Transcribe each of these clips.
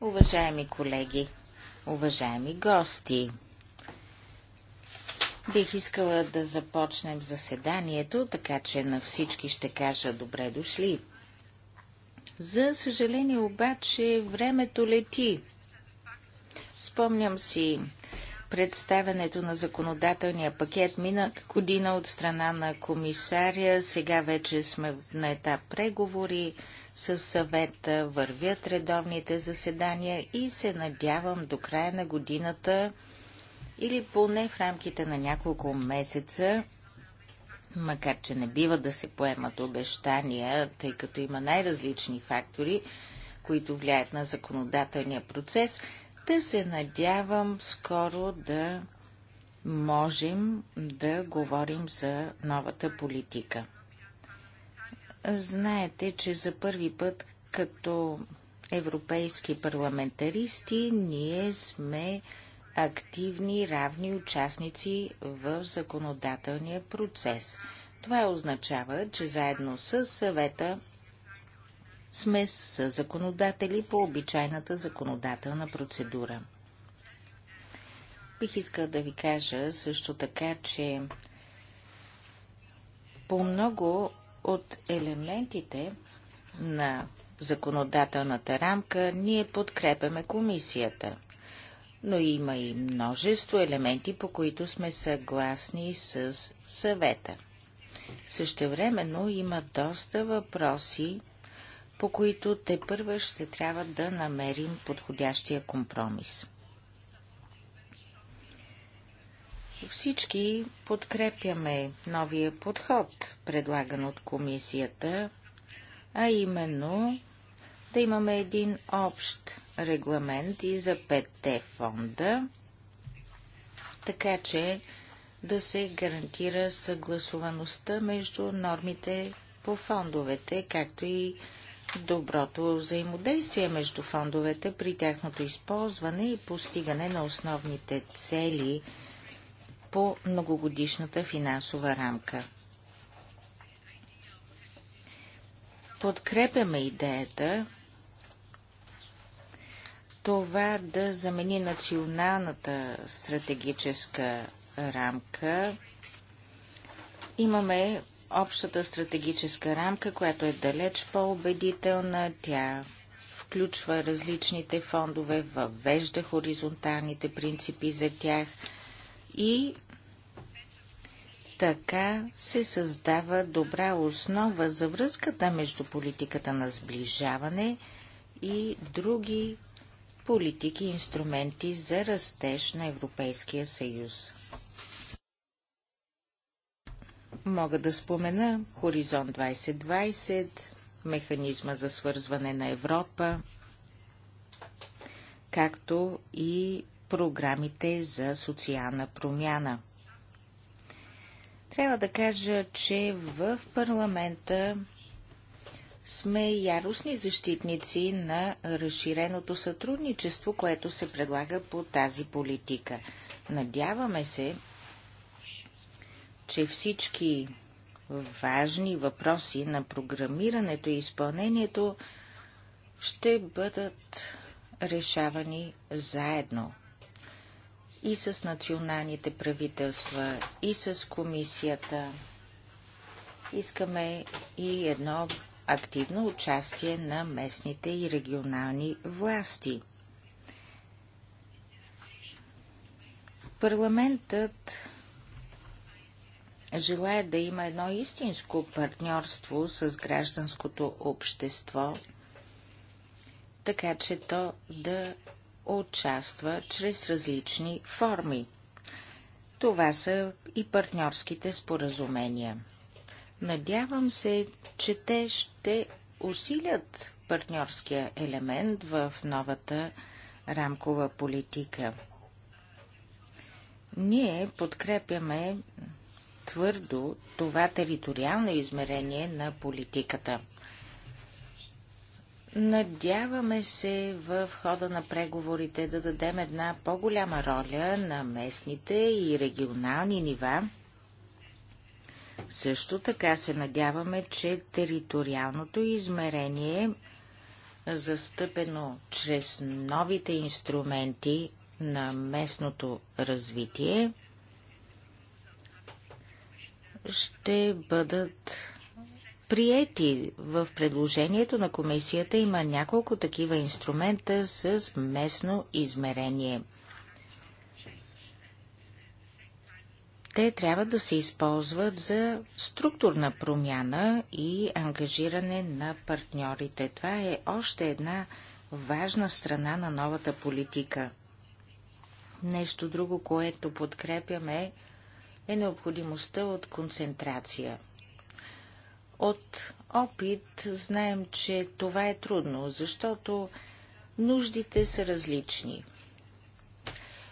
Уважаеми колеги, уважаеми гости, бих искала да започнем заседанието, така че на всички ще кажа добре дошли. За съжаление обаче времето лети. Спомням си представянето на законодателния пакет мина година от страна на комисаря. Сега вече сме на етап преговори с съвета, вървят редовните заседания и се надявам до края на годината или поне в рамките на няколко месеца, макар че не бива да се поемат обещания, тъй като има най-различни фактори, които влияят на законодателния процес, Та се надявам скоро да можем да говорим за новата политика. Знаете, че за първи път като европейски парламентаристи ние сме активни равни участници в законодателния процес. Това означава, че заедно с съвета сме с законодатели по обичайната законодателна процедура. Бих искал да ви кажа също така, че по много от елементите на законодателната рамка ние подкрепяме комисията. Но има и множество елементи, по които сме съгласни с съвета. Същевременно има доста въпроси, по които те първа ще трябва да намерим подходящия компромис. Всички подкрепяме новия подход, предлаган от комисията, а именно да имаме един общ регламент и за 5 фонда, така че да се гарантира съгласуваността между нормите по фондовете, както и доброто взаимодействие между фондовете при тяхното използване и постигане на основните цели по многогодишната финансова рамка. Подкрепяме идеята това да замени националната стратегическа рамка. Имаме общата стратегическа рамка, която е далеч по-убедителна. Тя включва различните фондове, въвежда хоризонталните принципи за тях и така се създава добра основа за връзката между политиката на сближаване и други политики и инструменти за растеж на Европейския съюз. Мога да спомена Хоризонт 2020, механизма за свързване на Европа, както и програмите за социална промяна. Трябва да кажа, че в парламента сме яростни защитници на разширеното сътрудничество, което се предлага по тази политика. Надяваме се, че всички важни въпроси на програмирането и изпълнението ще бъдат решавани заедно и с националните правителства, и с комисията. Искаме и едно активно участие на местните и регионални власти. Парламентът желая да има едно истинско партньорство с гражданското общество, така че то да участва чрез различни форми. Това са и партньорските споразумения. Надявам се, че те ще усилят партньорския елемент в новата рамкова политика. Ние подкрепяме твърдо това териториално измерение на политиката. Надяваме се в хода на преговорите да дадем една по-голяма роля на местните и регионални нива. Също така се надяваме, че териториалното измерение, застъпено чрез новите инструменти на местното развитие, ще бъдат приети. В предложението на комисията има няколко такива инструмента с местно измерение. Те трябва да се използват за структурна промяна и ангажиране на партньорите. Това е още една важна страна на новата политика. Нещо друго, което подкрепяме е е необходимостта от концентрация. От опит знаем, че това е трудно, защото нуждите са различни.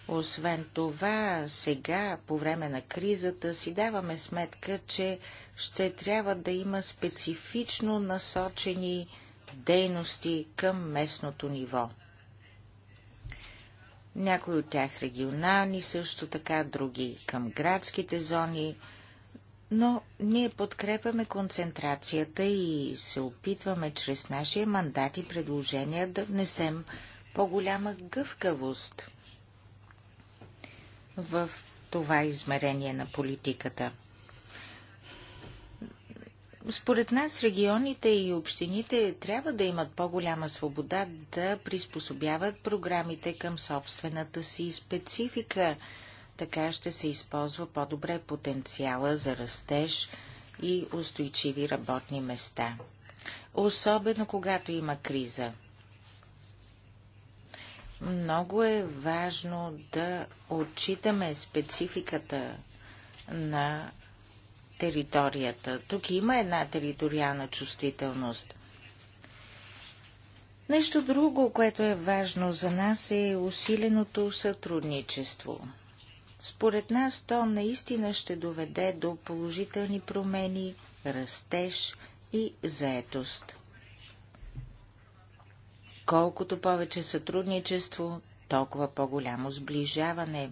Освен това, сега, по време на кризата, си даваме сметка, че ще трябва да има специфично насочени дейности към местното ниво някои от тях регионални, също така други към градските зони, но ние подкрепяме концентрацията и се опитваме чрез нашия мандат и предложения да внесем по-голяма гъвкавост в това измерение на политиката – според нас регионите и общините трябва да имат по-голяма свобода да приспособяват програмите към собствената си специфика. Така ще се използва по-добре потенциала за растеж и устойчиви работни места. Особено когато има криза. Много е важно да отчитаме спецификата на територията. Тук има една териториална чувствителност. Нещо друго, което е важно за нас е усиленото сътрудничество. Според нас то наистина ще доведе до положителни промени, растеж и заетост. Колкото повече сътрудничество, толкова по-голямо сближаване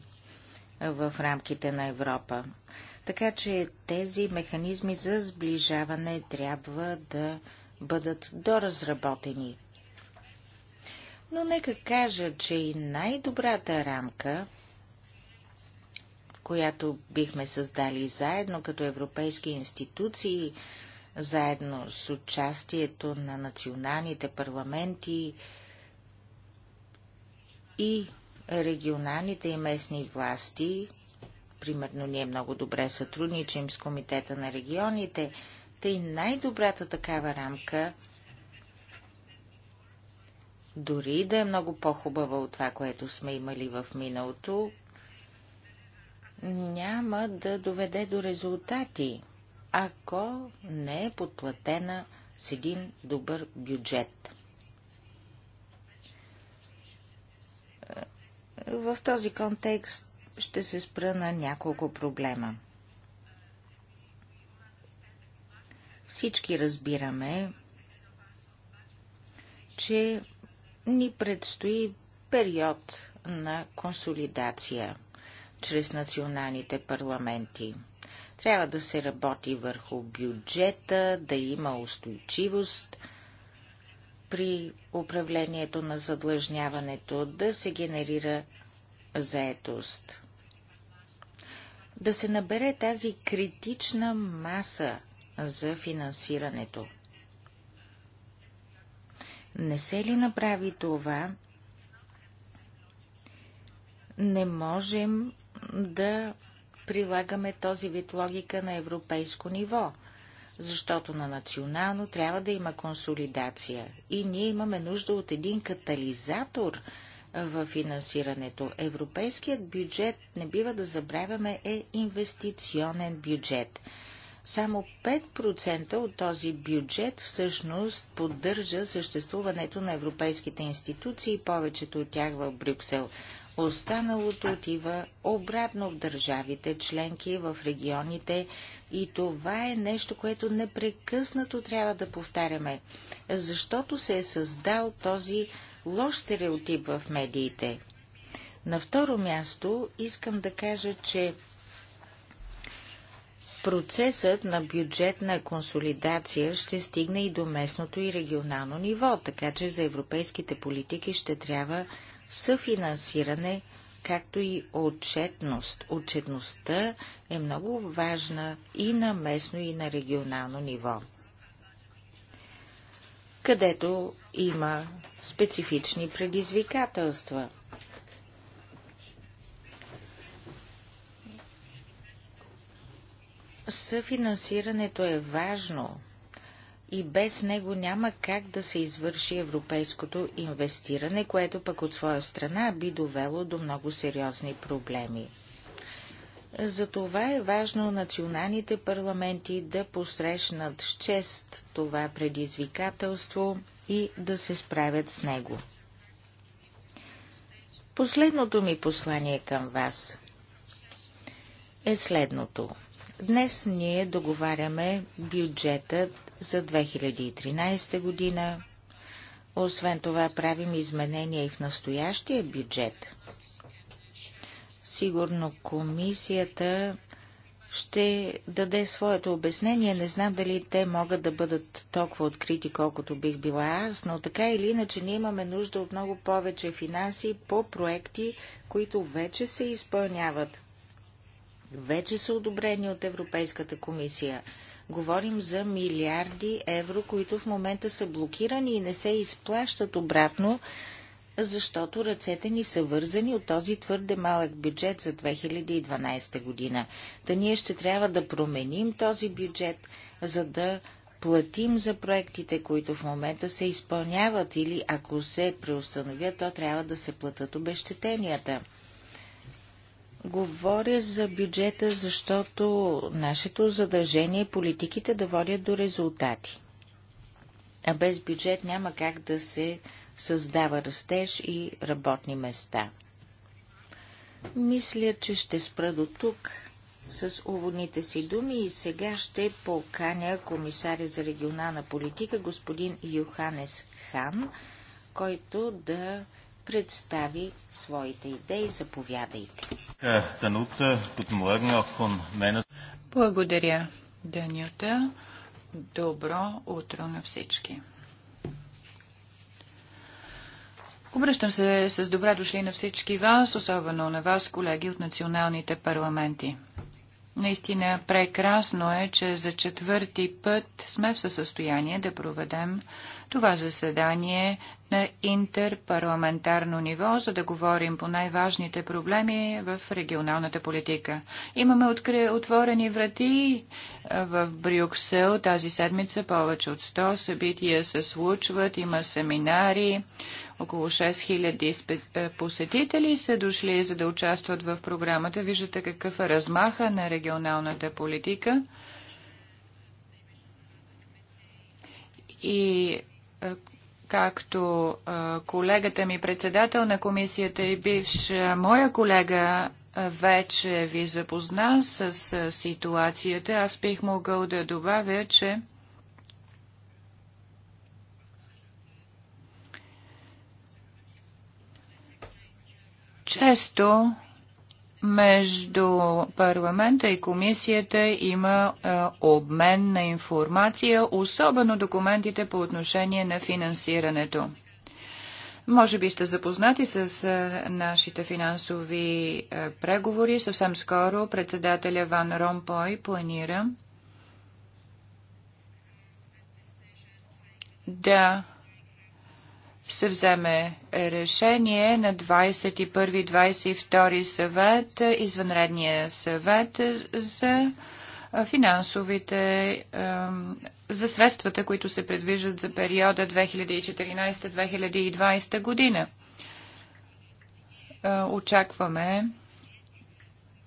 в рамките на Европа. Така че тези механизми за сближаване трябва да бъдат доразработени. Но нека кажа, че и най-добрата рамка, която бихме създали заедно като европейски институции, заедно с участието на националните парламенти и регионалните и местни власти, Примерно ние много добре сътрудничим с Комитета на регионите. Тъй най-добрата такава рамка, дори да е много по-хубава от това, което сме имали в миналото, няма да доведе до резултати, ако не е подплатена с един добър бюджет. Е, в този контекст ще се спра на няколко проблема. Всички разбираме, че ни предстои период на консолидация чрез националните парламенти. Трябва да се работи върху бюджета, да има устойчивост при управлението на задлъжняването, да се генерира заетост да се набере тази критична маса за финансирането. Не се ли направи това, не можем да прилагаме този вид логика на европейско ниво, защото на национално трябва да има консолидация и ние имаме нужда от един катализатор – в финансирането. Европейският бюджет, не бива да забравяме, е инвестиционен бюджет. Само 5% от този бюджет всъщност поддържа съществуването на европейските институции, повечето от тях в Брюксел. Останалото отива обратно в държавите членки, в регионите и това е нещо, което непрекъснато трябва да повтаряме, защото се е създал този лош стереотип в медиите. На второ място искам да кажа, че Процесът на бюджетна консолидация ще стигне и до местното и регионално ниво, така че за европейските политики ще трябва съфинансиране, както и отчетност. Отчетността е много важна и на местно, и на регионално ниво, където има специфични предизвикателства. Съфинансирането е важно и без него няма как да се извърши европейското инвестиране, което пък от своя страна би довело до много сериозни проблеми. Затова е важно националните парламенти да посрещнат с чест това предизвикателство – и да се справят с него. Последното ми послание към вас е следното. Днес ние договаряме бюджетът за 2013 година. Освен това правим изменения и в настоящия бюджет. Сигурно комисията ще даде своето обяснение. Не знам дали те могат да бъдат толкова открити, колкото бих била аз, но така или иначе ние имаме нужда от много повече финанси по проекти, които вече се изпълняват. Вече са одобрени от Европейската комисия. Говорим за милиарди евро, които в момента са блокирани и не се изплащат обратно защото ръцете ни са вързани от този твърде малък бюджет за 2012 година. Та ние ще трябва да променим този бюджет, за да платим за проектите, които в момента се изпълняват или ако се преустановят, то трябва да се платят обещетенията. Говоря за бюджета, защото нашето задължение е политиките да водят до резултати. А без бюджет няма как да се създава растеж и работни места. Мисля, че ще спра до тук с уводните си думи и сега ще поканя комисаря за регионална политика господин Йоханес Хан, който да представи своите идеи. Заповядайте. Е, Благодаря, Данията. Добро утро на всички. Обръщам се с добре дошли на всички вас, особено на вас, колеги от националните парламенти. Наистина прекрасно е, че за четвърти път сме в състояние да проведем това заседание на интерпарламентарно ниво, за да говорим по най-важните проблеми в регионалната политика. Имаме откри... отворени врати в Брюксел тази седмица. Повече от 100 събития се случват, има семинари. Около 6000 спе... посетители са дошли, за да участват в програмата. Виждате какъв е размаха на регионалната политика. И е, както е, колегата ми, председател на комисията и бивш е, моя колега, вече ви запозна с ситуацията, аз бих могъл да добавя, че често между парламента и комисията има а, е, обмен на информация, особено документите по отношение на финансирането. Може би сте запознати с а, е, нашите финансови а, е, преговори. Съвсем скоро председателя Ван Ромпой планира да се вземе решение на 21-22 съвет, извънредния съвет за финансовите, за средствата, които се предвиждат за периода 2014-2020 година. Е, очакваме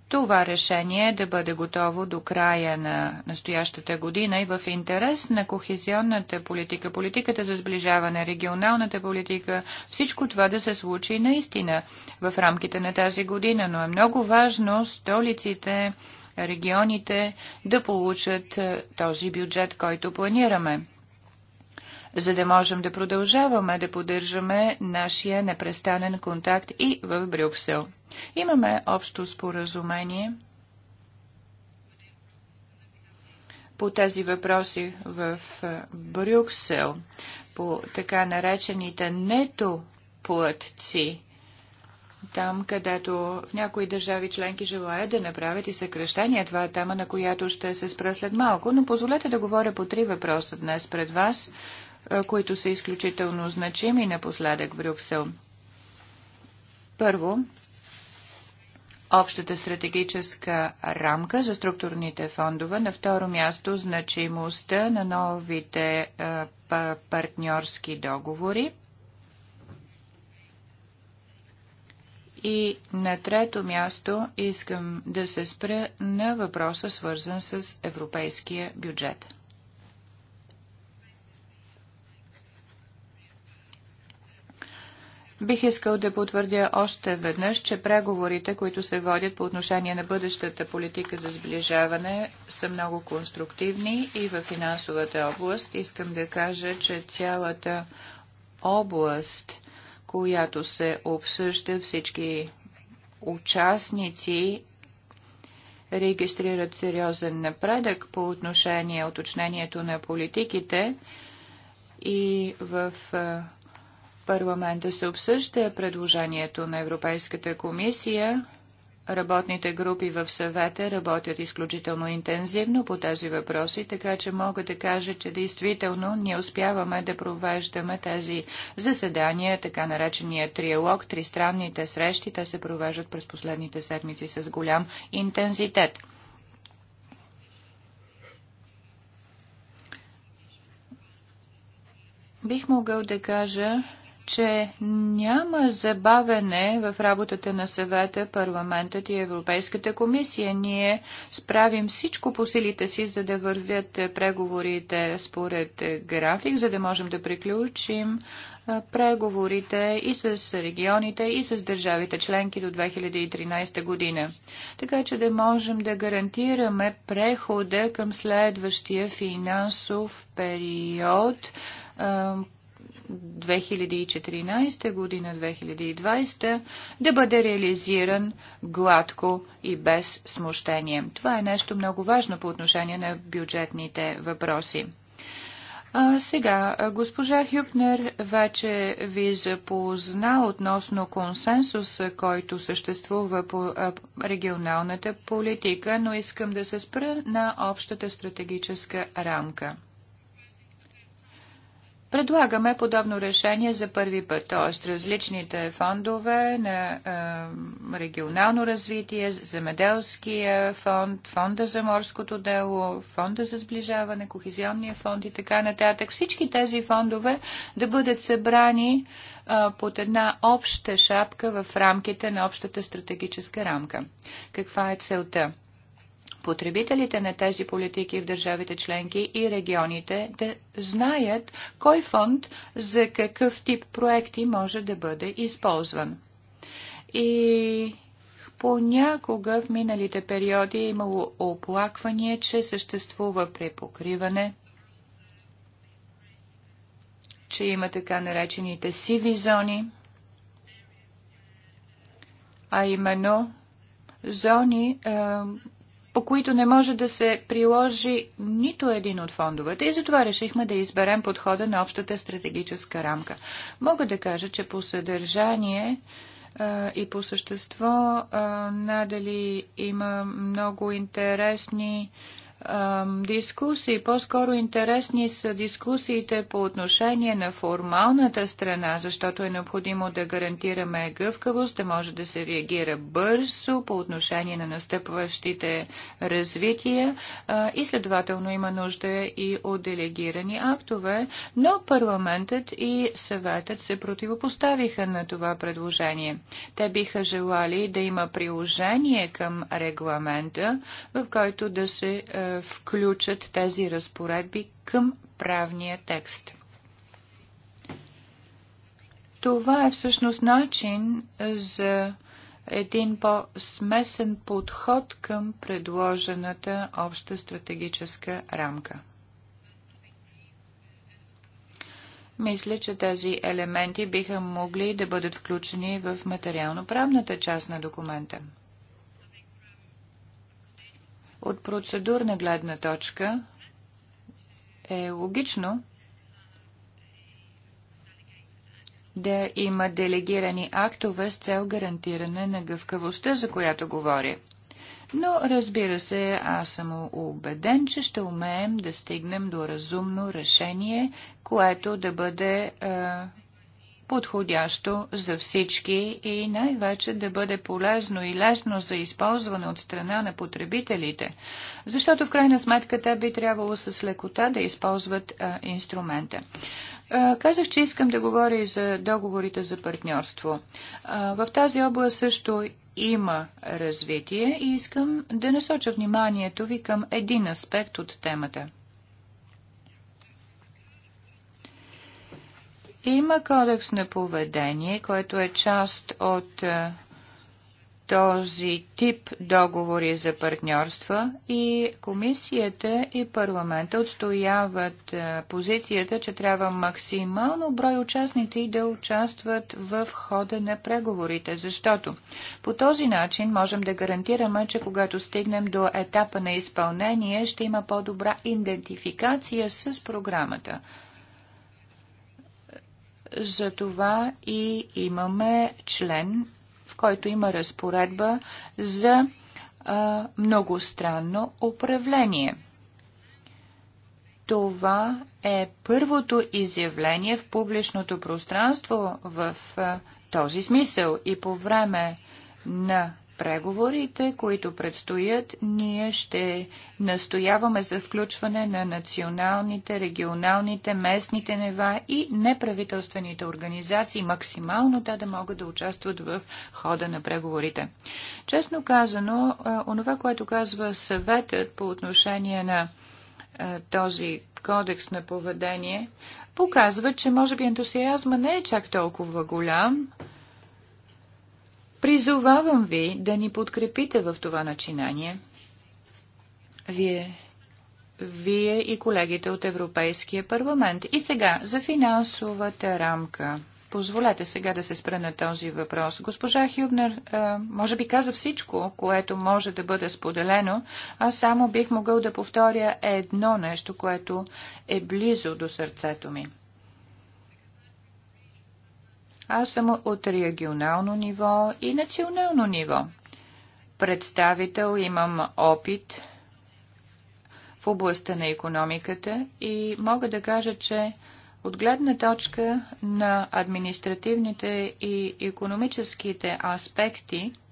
това решение е да бъде готово до края на настоящата година и в интерес на кохезионната политика, политиката за сближаване, регионалната политика, всичко това да се случи наистина в рамките на тази година. Но е много важно столиците, регионите да получат е, този бюджет, който планираме за да можем да продължаваме да поддържаме нашия непрестанен контакт и в Брюксел. Имаме общо споразумение по тези въпроси в Брюксел, по така наречените нетоплътци, там където в някои държави членки желаят да направят и съкрещение. Това е тема, на която ще се спра след малко, но позволете да говоря по три въпроса днес пред вас, които са изключително значими напоследък в Брюксел. Първо, общата стратегическа рамка за структурните фондове. На второ място значимостта на новите е, партньорски договори. И на трето място искам да се спра на въпроса, свързан с европейския бюджет. Бих искал да потвърдя още веднъж, че преговорите, които се водят по отношение на бъдещата политика за сближаване, са много конструктивни и в финансовата област. Искам да кажа, че цялата област, която се обсъжда, всички участници регистрират сериозен напредък по отношение уточнението на политиките и в парламента се обсъжда предложението на Европейската комисия. Работните групи в съвета работят изключително интензивно по тези въпроси, така че мога да кажа, че действително ние успяваме да провеждаме тези заседания, така наречения триалог, тристранните срещи. Те се провеждат през последните седмици с голям интензитет. Бих могъл да кажа, че няма забавене в работата на съвета, парламентът и Европейската комисия. Ние справим всичко по силите си, за да вървят преговорите според график, за да можем да приключим преговорите и с регионите, и с държавите членки до 2013 година. Така че да можем да гарантираме прехода към следващия финансов период, 2014 година, 2020, да бъде реализиран гладко и без смущение. Това е нещо много важно по отношение на бюджетните въпроси. А, сега, госпожа Хюпнер вече ви запозна относно консенсус, който съществува по регионалната политика, но искам да се спра на общата стратегическа рамка. Предлагаме подобно решение за първи път, т.е. различните фондове на е, регионално развитие, земеделския фонд, фонда за морското дело, фонда за сближаване, кохезионния фонд и така нататък. Всички тези фондове да бъдат събрани е, под една обща шапка в рамките на общата стратегическа рамка. Каква е целта? потребителите на тези политики в държавите членки и регионите да знаят кой фонд за какъв тип проекти може да бъде използван. И понякога в миналите периоди е имало оплакване, че съществува препокриване, че има така наречените сиви зони, а именно зони, по които не може да се приложи нито един от фондовете и затова решихме да изберем подхода на общата стратегическа рамка. Мога да кажа, че по съдържание и по същество надали има много интересни дискусии. По-скоро интересни са дискусиите по отношение на формалната страна, защото е необходимо да гарантираме гъвкавост, да може да се реагира бързо по отношение на настъпващите развития а, и следователно има нужда и от делегирани актове, но парламентът и съветът се противопоставиха на това предложение. Те биха желали да има приложение към регламента, в който да се е, включат тези разпоредби към правния текст. Това е всъщност начин за един по-смесен подход към предложената обща стратегическа рамка. Мисля, че тези елементи биха могли да бъдат включени в материално-правната част на документа. От процедурна гледна точка е логично да има делегирани актове с цел гарантиране на гъвкавостта, за която говоря. Но, разбира се, аз съм убеден, че ще умеем да стигнем до разумно решение, което да бъде е, подходящо за всички и най-вече да бъде полезно и лесно за използване от страна на потребителите, защото в крайна сметка те би трябвало с лекота да използват а, инструмента. А, казах, че искам да говоря и за договорите за партньорство. А, в тази област също има развитие и искам да насоча вниманието ви към един аспект от темата – Има кодекс на поведение, който е част от е, този тип договори за партньорства и комисията и парламента отстояват е, позицията, че трябва максимално брой участници да участват в хода на преговорите, защото по този начин можем да гарантираме, че когато стигнем до етапа на изпълнение, ще има по-добра идентификация с програмата. За това и имаме член, в който има разпоредба за а, многостранно управление. Това е първото изявление в публичното пространство в а, този смисъл и по време на преговорите, които предстоят, ние ще настояваме за включване на националните, регионалните, местните нива и неправителствените организации, максимално те да могат да участват в хода на преговорите. Честно казано, онова, което казва съветът по отношение на този кодекс на поведение, показва, че може би ентусиазма не е чак толкова голям, Призовавам ви да ни подкрепите в това начинание. Вие вие и колегите от Европейския парламент. И сега за финансовата рамка. Позволете сега да се спра на този въпрос. Госпожа Хюбнер, може би каза всичко, което може да бъде споделено. Аз само бих могъл да повторя едно нещо, което е близо до сърцето ми. Аз съм от регионално ниво и национално ниво. Представител имам опит в областта на економиката и мога да кажа, че от гледна точка на административните и економическите аспекти –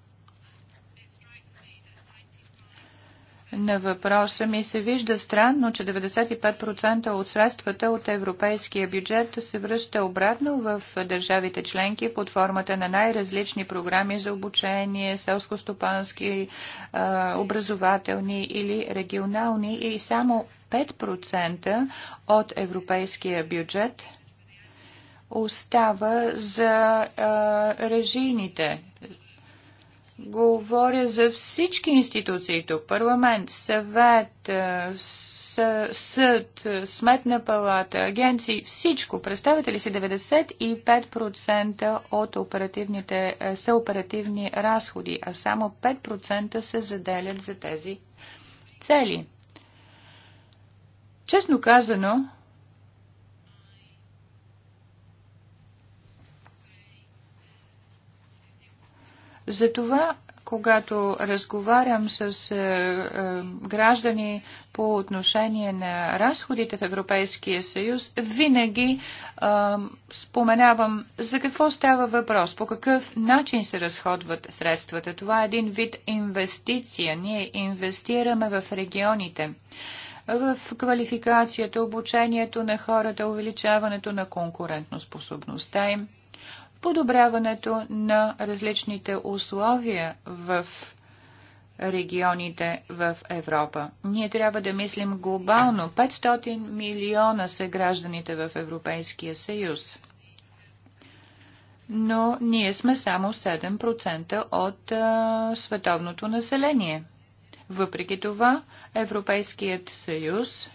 на въпроса ми се вижда странно, че 95% от средствата от европейския бюджет се връща обратно в държавите членки под формата на най-различни програми за обучение, селско-стопански, образователни или регионални и само 5% от европейския бюджет остава за а, режийните Говоря за всички институции тук. Парламент, съвет, е, съд, е, сметна палата, агенции, всичко. Представете ли си 95% от оперативните, е, са оперативни разходи, а само 5% се заделят за тези цели. Честно казано, Затова, когато разговарям с е, е, граждани по отношение на разходите в Европейския съюз, винаги е, споменавам за какво става въпрос, по какъв начин се разходват средствата. Това е един вид инвестиция. Ние инвестираме в регионите в квалификацията, обучението на хората, увеличаването на конкурентоспособността им – подобряването на различните условия в регионите в Европа. Ние трябва да мислим глобално. 500 милиона са гражданите в Европейския съюз. Но ние сме само 7% от а, световното население. Въпреки това, Европейският съюз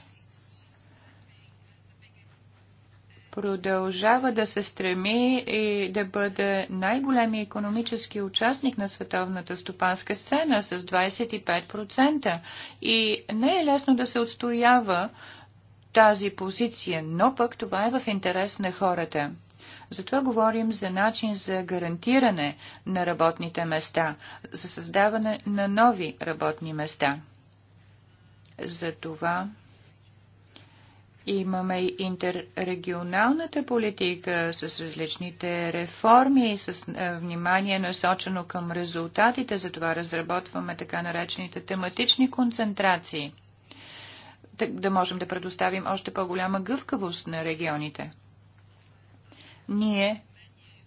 продължава да се стреми и да бъде най големият економически участник на световната стопанска сцена с 25%. И не е лесно да се отстоява тази позиция, но пък това е в интерес на хората. Затова говорим за начин за гарантиране на работните места, за създаване на нови работни места. За това Имаме и интеррегионалната политика с различните реформи и с е, внимание насочено към резултатите. Затова разработваме така наречените тематични концентрации, да можем да предоставим още по-голяма гъвкавост на регионите. Ние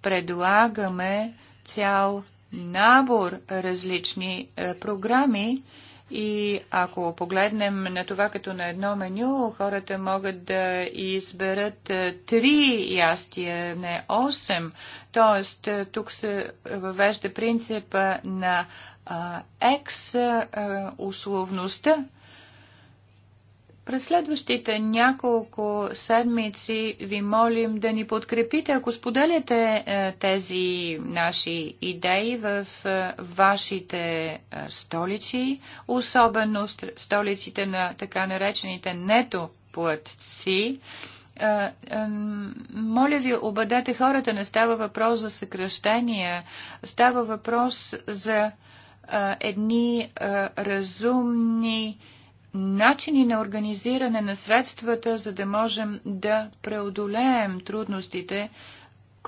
предлагаме цял набор различни е, програми, и ако погледнем на това като на едно меню, хората могат да изберат е, три ястия, не 8. Тоест, е, тук се въвежда принципа на екс е, условността през следващите няколко седмици ви молим да ни подкрепите, ако споделяте е, тези наши идеи в е, вашите е, столици, особено столиците на така наречените Нетоплътци, Моля ви, обадете хората, не става въпрос за съкръщения, става въпрос за едни разумни начини на организиране на средствата, за да можем да преодолеем трудностите,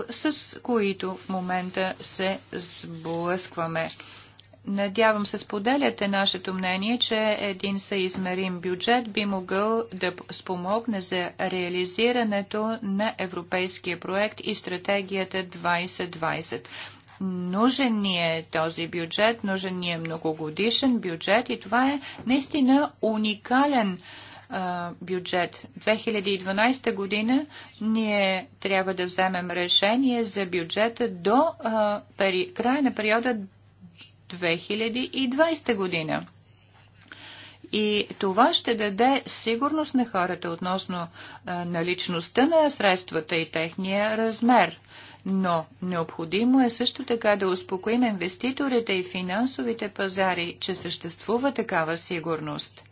с които в момента се сблъскваме. Надявам се споделяте нашето мнение, че един съизмерим бюджет би могъл да спомогне за реализирането на европейския проект и стратегията 2020. Нужен ни е този бюджет, нужен ни е многогодишен бюджет и това е наистина уникален а, бюджет. 2012 година ние трябва да вземем решение за бюджета до а, пери, края на периода 2020 година. И това ще даде сигурност на хората относно а, наличността на средствата и техния размер – но необходимо е също така да успокоим инвеститорите и финансовите пазари, че съществува такава сигурност,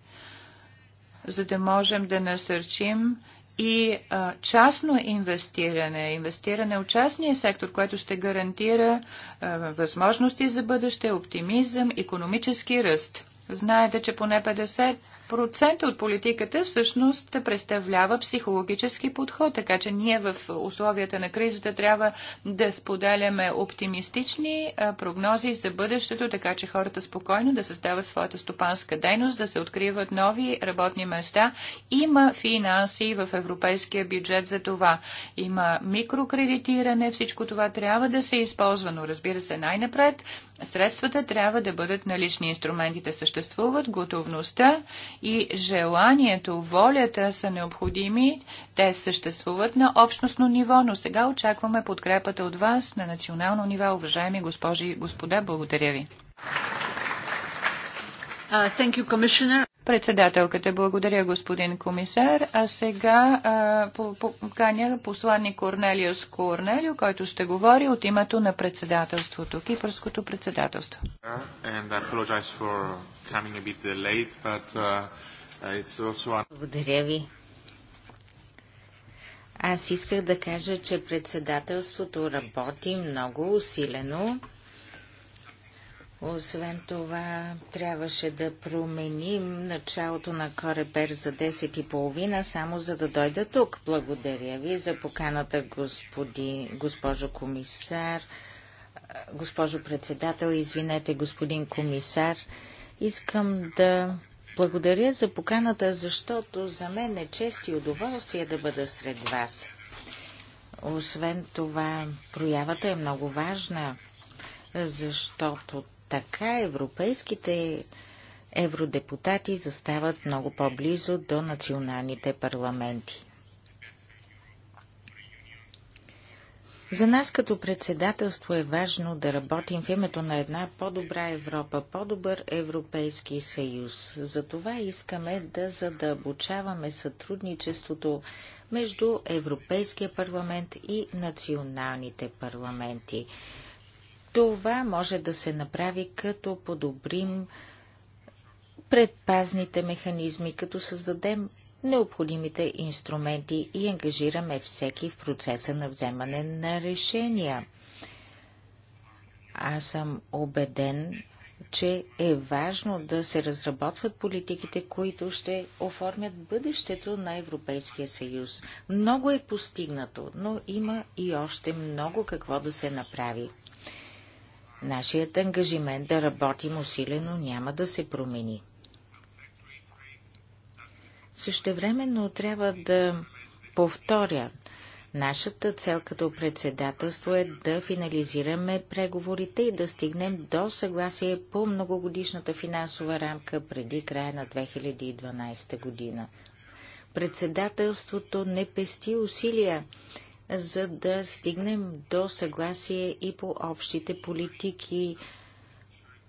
за да можем да насърчим и а, частно инвестиране, инвестиране в частния сектор, което ще гарантира а, възможности за бъдеще, оптимизъм, економически ръст. Знаете, че поне 50 Процента от политиката всъщност представлява психологически подход, така че ние в условията на кризата трябва да споделяме оптимистични прогнози за бъдещето, така че хората спокойно да създават своята стопанска дейност, да се откриват нови работни места. Има финанси в европейския бюджет за това. Има микрокредитиране, всичко това трябва да се използва, но разбира се най-напред Средствата трябва да бъдат налични. Инструментите съществуват, готовността и желанието, волята са необходими. Те съществуват на общностно ниво, но сега очакваме подкрепата от вас на национално ниво, уважаеми госпожи и господа. Благодаря ви. Uh, Председателката, благодаря господин комисар. А сега поканя посланник Корнелиус Корнелио, който ще говори от името на председателството, кипърското председателство. Uh, благодаря ви. Аз исках да кажа, че председателството работи много усилено. Освен това, трябваше да променим началото на Корепер за 10.30, само за да дойда тук. Благодаря ви за поканата, господи, госпожо комисар, госпожо председател, извинете, господин комисар. Искам да благодаря за поканата, защото за мен е чест и удоволствие да бъда сред вас. Освен това, проявата е много важна, защото така европейските евродепутати застават много по-близо до националните парламенти. За нас като председателство е важно да работим в името на една по-добра Европа, по-добър Европейски съюз. Затова искаме да задълбочаваме сътрудничеството между Европейския парламент и националните парламенти. Това може да се направи като подобрим предпазните механизми, като създадем необходимите инструменти и ангажираме всеки в процеса на вземане на решения. Аз съм убеден, че е важно да се разработват политиките, които ще оформят бъдещето на Европейския съюз. Много е постигнато, но има и още много какво да се направи. Нашият ангажимент да работим усилено няма да се промени. Същевременно трябва да повторя. Нашата цел като председателство е да финализираме преговорите и да стигнем до съгласие по многогодишната финансова рамка преди края на 2012 година. Председателството не пести усилия за да стигнем до съгласие и по общите политики,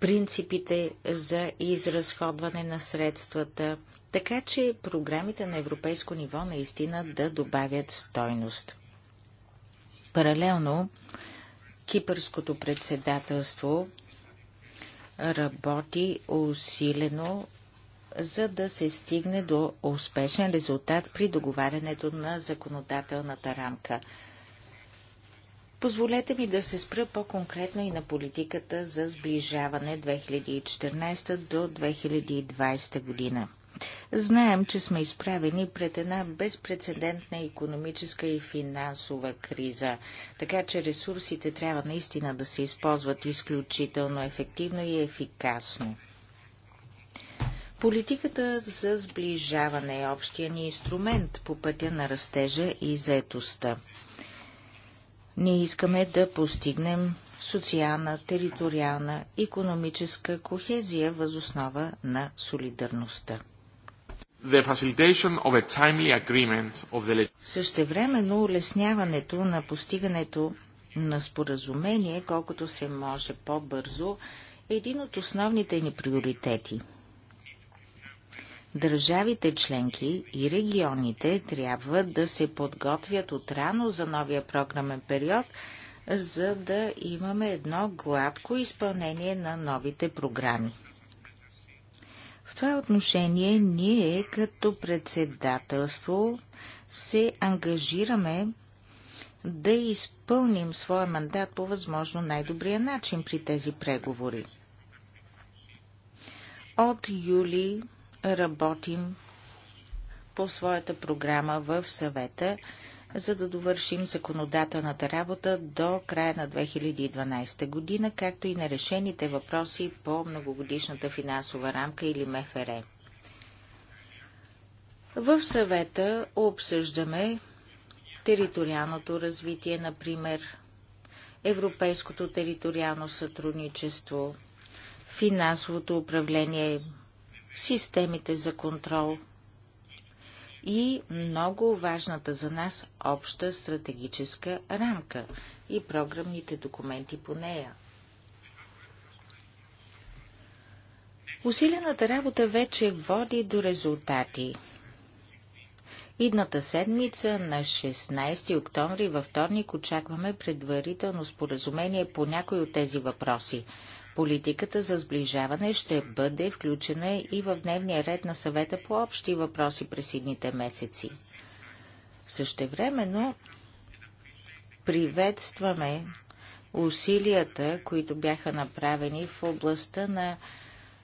принципите за изразходване на средствата, така че програмите на европейско ниво наистина да добавят стойност. Паралелно, Кипърското председателство работи усилено за да се стигне до успешен резултат при договарянето на законодателната рамка. Позволете ми да се спра по-конкретно и на политиката за сближаване 2014 до 2020 година. Знаем, че сме изправени пред една безпредседентна економическа и финансова криза, така че ресурсите трябва наистина да се използват изключително ефективно и ефикасно. Политиката за сближаване е общия ни инструмент по пътя на растежа и заетостта. Ние искаме да постигнем социална, териториална, економическа кохезия въз основа на солидарността. The... Същевременно улесняването на постигането на споразумение, колкото се може по-бързо, е един от основните ни приоритети – Държавите членки и регионите трябва да се подготвят отрано за новия програмен период, за да имаме едно гладко изпълнение на новите програми. В това отношение ние като председателство се ангажираме да изпълним своя мандат по възможно най-добрия начин при тези преговори. От юли работим по своята програма в съвета, за да довършим законодателната работа до края на 2012 година, както и на решените въпроси по многогодишната финансова рамка или МФР. В съвета обсъждаме териториалното развитие, например, европейското териториално сътрудничество, финансовото управление, системите за контрол и много важната за нас обща стратегическа рамка и програмните документи по нея. Усилената работа вече води до резултати. Идната седмица на 16 октомври във вторник очакваме предварително споразумение по някои от тези въпроси. Политиката за сближаване ще бъде включена и в дневния ред на съвета по общи въпроси през едните месеци. Същевременно приветстваме усилията, които бяха направени в областта на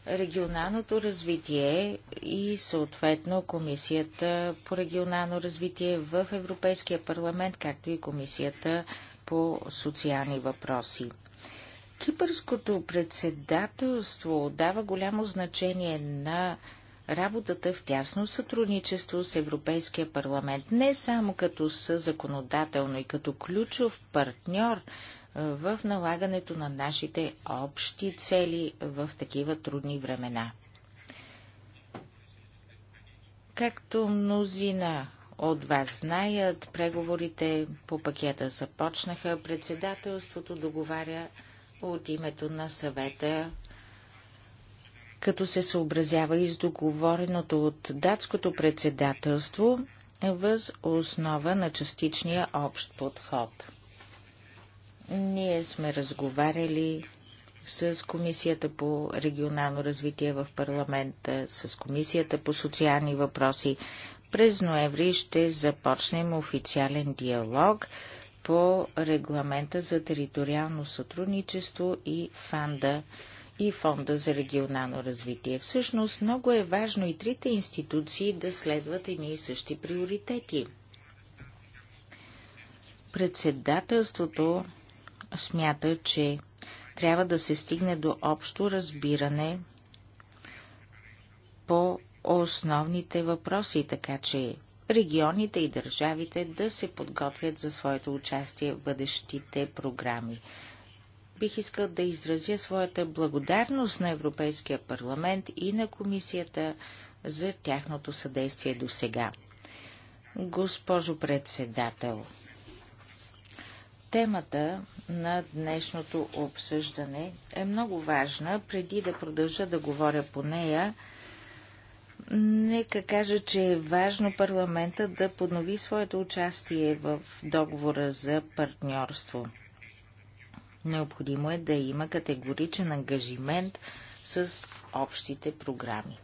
регионалното развитие и съответно Комисията по регионално развитие в Европейския парламент, както и Комисията по социални въпроси. Кипърското председателство дава голямо значение на работата в тясно сътрудничество с Европейския парламент, не само като съзаконодателно и като ключов партньор в налагането на нашите общи цели в такива трудни времена. Както мнозина от вас знаят, преговорите по пакета започнаха, председателството договаря от името на съвета, като се съобразява и с договореното от датското председателство въз основа на частичния общ подход. Ние сме разговаряли с Комисията по регионално развитие в парламента, с Комисията по социални въпроси. През ноември ще започнем официален диалог – по регламента за териториално сътрудничество и фанда и Фонда за регионално развитие. Всъщност много е важно и трите институции да следват едни и същи приоритети. Председателството смята, че трябва да се стигне до общо разбиране по основните въпроси, така че регионите и държавите да се подготвят за своето участие в бъдещите програми. Бих искал да изразя своята благодарност на Европейския парламент и на комисията за тяхното съдействие до сега. Госпожо председател, темата на днешното обсъждане е много важна. Преди да продължа да говоря по нея, Нека кажа, че е важно парламента да поднови своето участие в договора за партньорство. Необходимо е да има категоричен ангажимент с общите програми.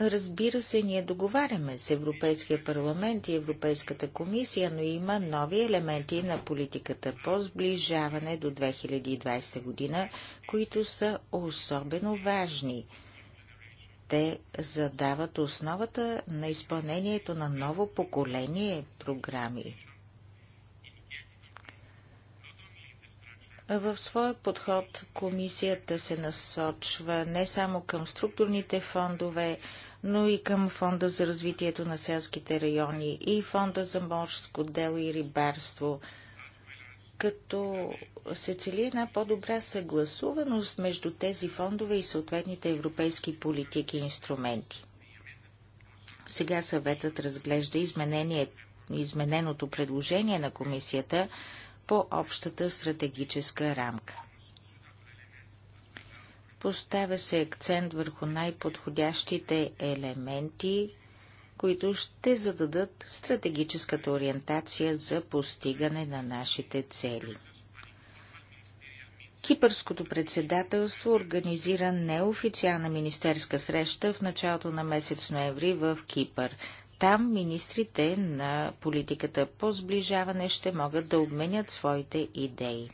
Разбира се, ние договаряме с Европейския парламент и Европейската комисия, но има нови елементи на политиката по сближаване до 2020 година, които са особено важни. Те задават основата на изпълнението на ново поколение програми. В своя подход комисията се насочва не само към структурните фондове, но и към Фонда за развитието на селските райони и Фонда за морско дело и рибарство, като се цели една по-добра съгласуваност между тези фондове и съответните европейски политики и инструменти. Сега съветът разглежда измененото предложение на комисията по общата стратегическа рамка. Поставя се акцент върху най-подходящите елементи, които ще зададат стратегическата ориентация за постигане на нашите цели. Кипърското председателство организира неофициална министерска среща в началото на месец ноември в Кипър. Там министрите на политиката по сближаване ще могат да обменят своите идеи.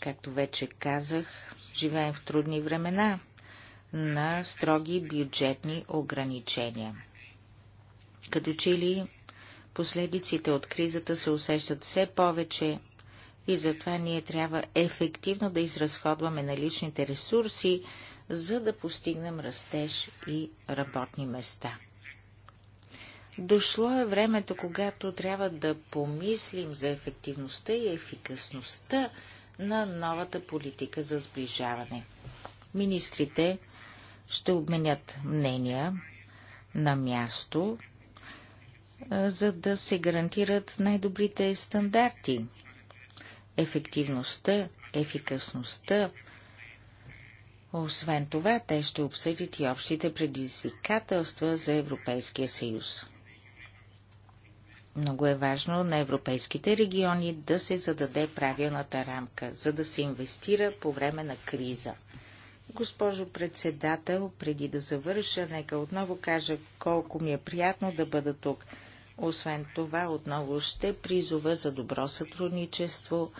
Както вече казах, Живеем в трудни времена на строги бюджетни ограничения. Като че ли последиците от кризата се усещат все повече и затова ние трябва ефективно да изразходваме наличните ресурси, за да постигнем растеж и работни места. Дошло е времето, когато трябва да помислим за ефективността и ефикасността на новата политика за сближаване. Министрите ще обменят мнения на място, за да се гарантират най-добрите стандарти, ефективността, ефикасността. Освен това, те ще обсъдят и общите предизвикателства за Европейския съюз. Много е важно на европейските региони да се зададе правилната рамка, за да се инвестира по време на криза. Госпожо председател, преди да завърша, нека отново кажа колко ми е приятно да бъда тук. Освен това, отново ще призова за добро сътрудничество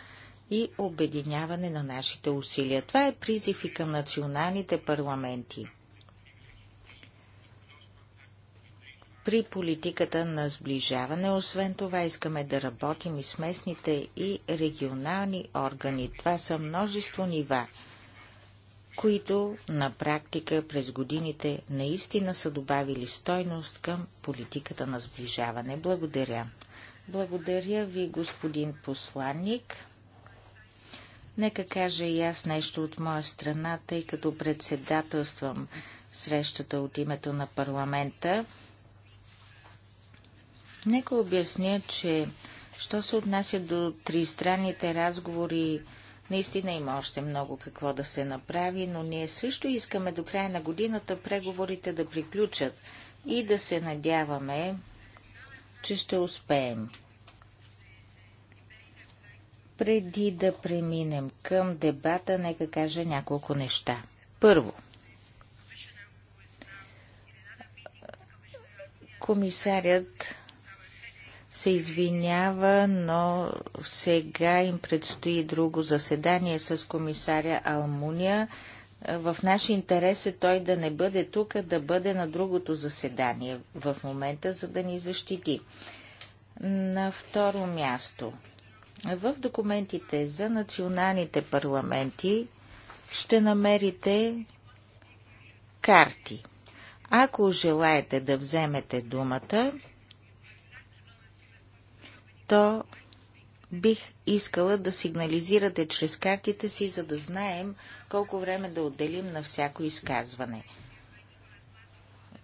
и обединяване на нашите усилия. Това е призив и към националните парламенти. при политиката на сближаване. Освен това искаме да работим и с местните и регионални органи. Това са множество нива, които на практика през годините наистина са добавили стойност към политиката на сближаване. Благодаря. Благодаря ви, господин посланник. Нека кажа и аз нещо от моя страна, тъй като председателствам срещата от името на парламента. Нека обясня, че що се отнася до тристранните разговори, наистина има още много какво да се направи, но ние също искаме до края на годината преговорите да приключат и да се надяваме, че ще успеем. Преди да преминем към дебата, нека кажа няколко неща. Първо, комисарят се извинява, но сега им предстои друго заседание с комисаря Алмуния. В наш интерес е той да не бъде тук, а да бъде на другото заседание в момента, за да ни защити. На второ място. В документите за националните парламенти ще намерите карти. Ако желаете да вземете думата, то бих искала да сигнализирате чрез картите си, за да знаем колко време да отделим на всяко изказване.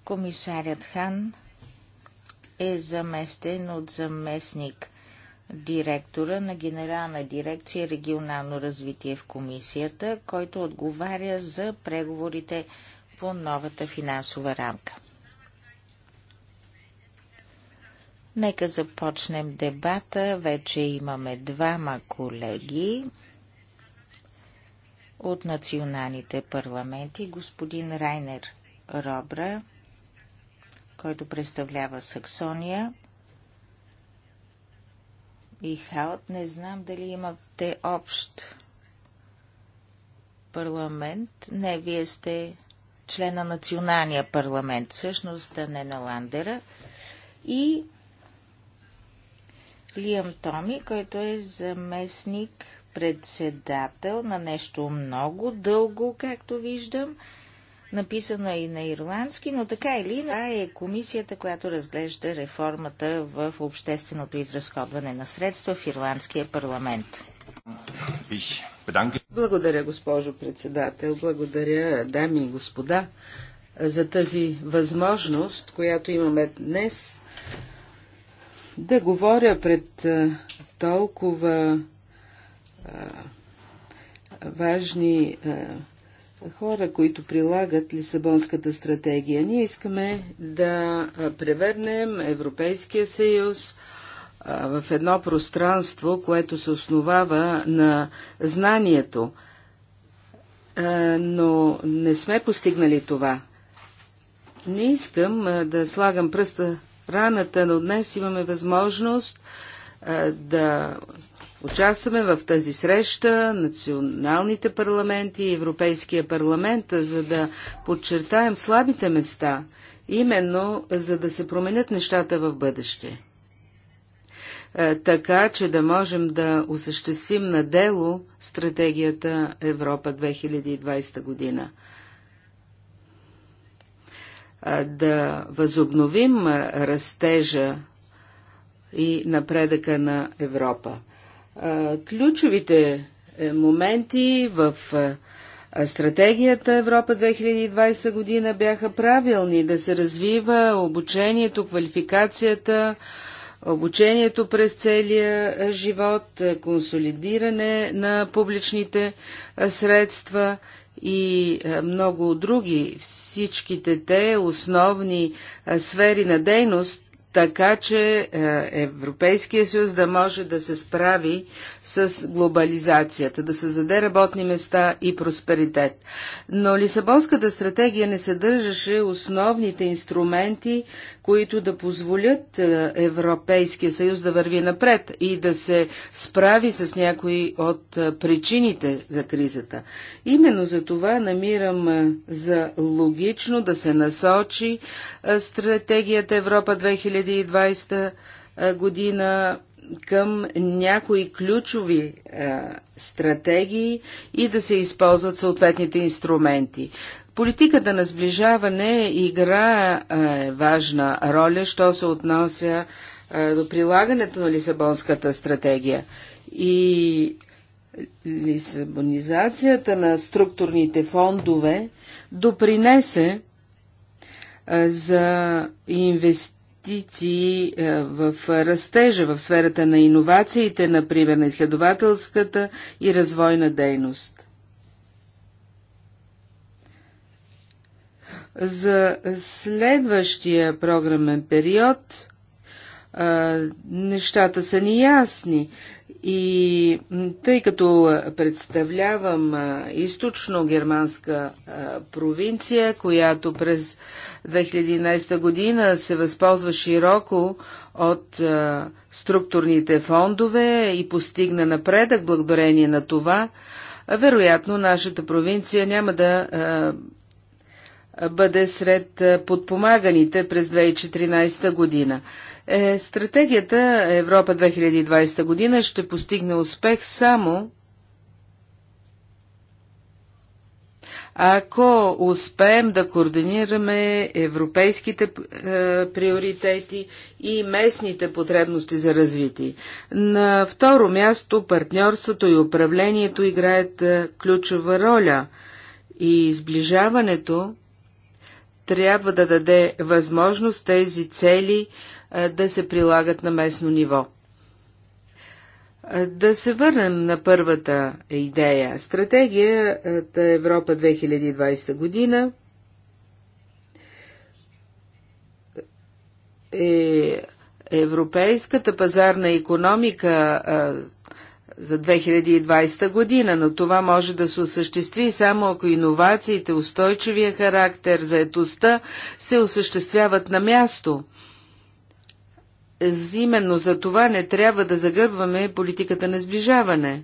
Комисарят Хан е заместен от заместник директора на Генерална дирекция регионално развитие в комисията, който отговаря за преговорите по новата финансова рамка. Нека започнем дебата. Вече имаме двама колеги от националните парламенти. Господин Райнер Робра, който представлява Саксония. И Хаот, не знам дали имате общ парламент. Не, вие сте член на националния парламент, всъщност, а не на Ландера. И Лиам Томи, който е заместник председател на нещо много дълго, както виждам. Написано е и на ирландски, но така или иначе е комисията, която разглежда реформата в общественото изразходване на средства в ирландския парламент. Благодаря, госпожо председател. Благодаря, дами и господа, за тази възможност, която имаме днес да говоря пред толкова важни хора, които прилагат Лисабонската стратегия. Ние искаме да превърнем Европейския съюз в едно пространство, което се основава на знанието. Но не сме постигнали това. Не искам да слагам пръста Раната но днес имаме възможност а, да участваме в тази среща, националните парламенти и Европейския парламент, за да подчертаем слабите места, именно за да се променят нещата в бъдеще. А, така, че да можем да осъществим на дело стратегията Европа 2020 година да възобновим растежа и напредъка на Европа. Ключовите е, моменти в стратегията Европа 2020 година бяха правилни да се развива обучението, квалификацията, обучението през целия живот, консолидиране на публичните средства и е, много други, всичките те основни е, сфери на дейност, така че е, Европейския съюз да може да се справи с глобализацията, да създаде работни места и просперитет. Но Лисабонската стратегия не съдържаше основните инструменти които да позволят е, Европейския съюз да върви напред и да се справи с някои от е, причините за кризата. Именно за това намирам е, за логично да се насочи стратегията Европа 2020 година към някои ключови стратегии и да се използват съответните инструменти. Политиката на сближаване игра е важна роля, що се отнася до прилагането на Лисабонската стратегия. И лисабонизацията на структурните фондове допринесе за инвестиции в растежа в сферата на иновациите, например на изследователската и развойна дейност. За следващия програмен период а, нещата са неясни. И тъй като представлявам източно-германска провинция, която през 2011 година се възползва широко от структурните фондове и постигна напредък благодарение на това, вероятно нашата провинция няма да бъде сред подпомаганите през 2014 година. Е, стратегията Европа 2020 година ще постигне успех само ако успеем да координираме европейските е, приоритети и местните потребности за развитие. На второ място партньорството и управлението играят е, ключова роля и сближаването трябва да даде възможност тези цели да се прилагат на местно ниво. Да се върнем на първата идея. Стратегията Европа 2020 година е европейската пазарна економика за 2020 година, но това може да се осъществи само ако иновациите, устойчивия характер, заетостта се осъществяват на място. Именно за това не трябва да загърбваме политиката на сближаване.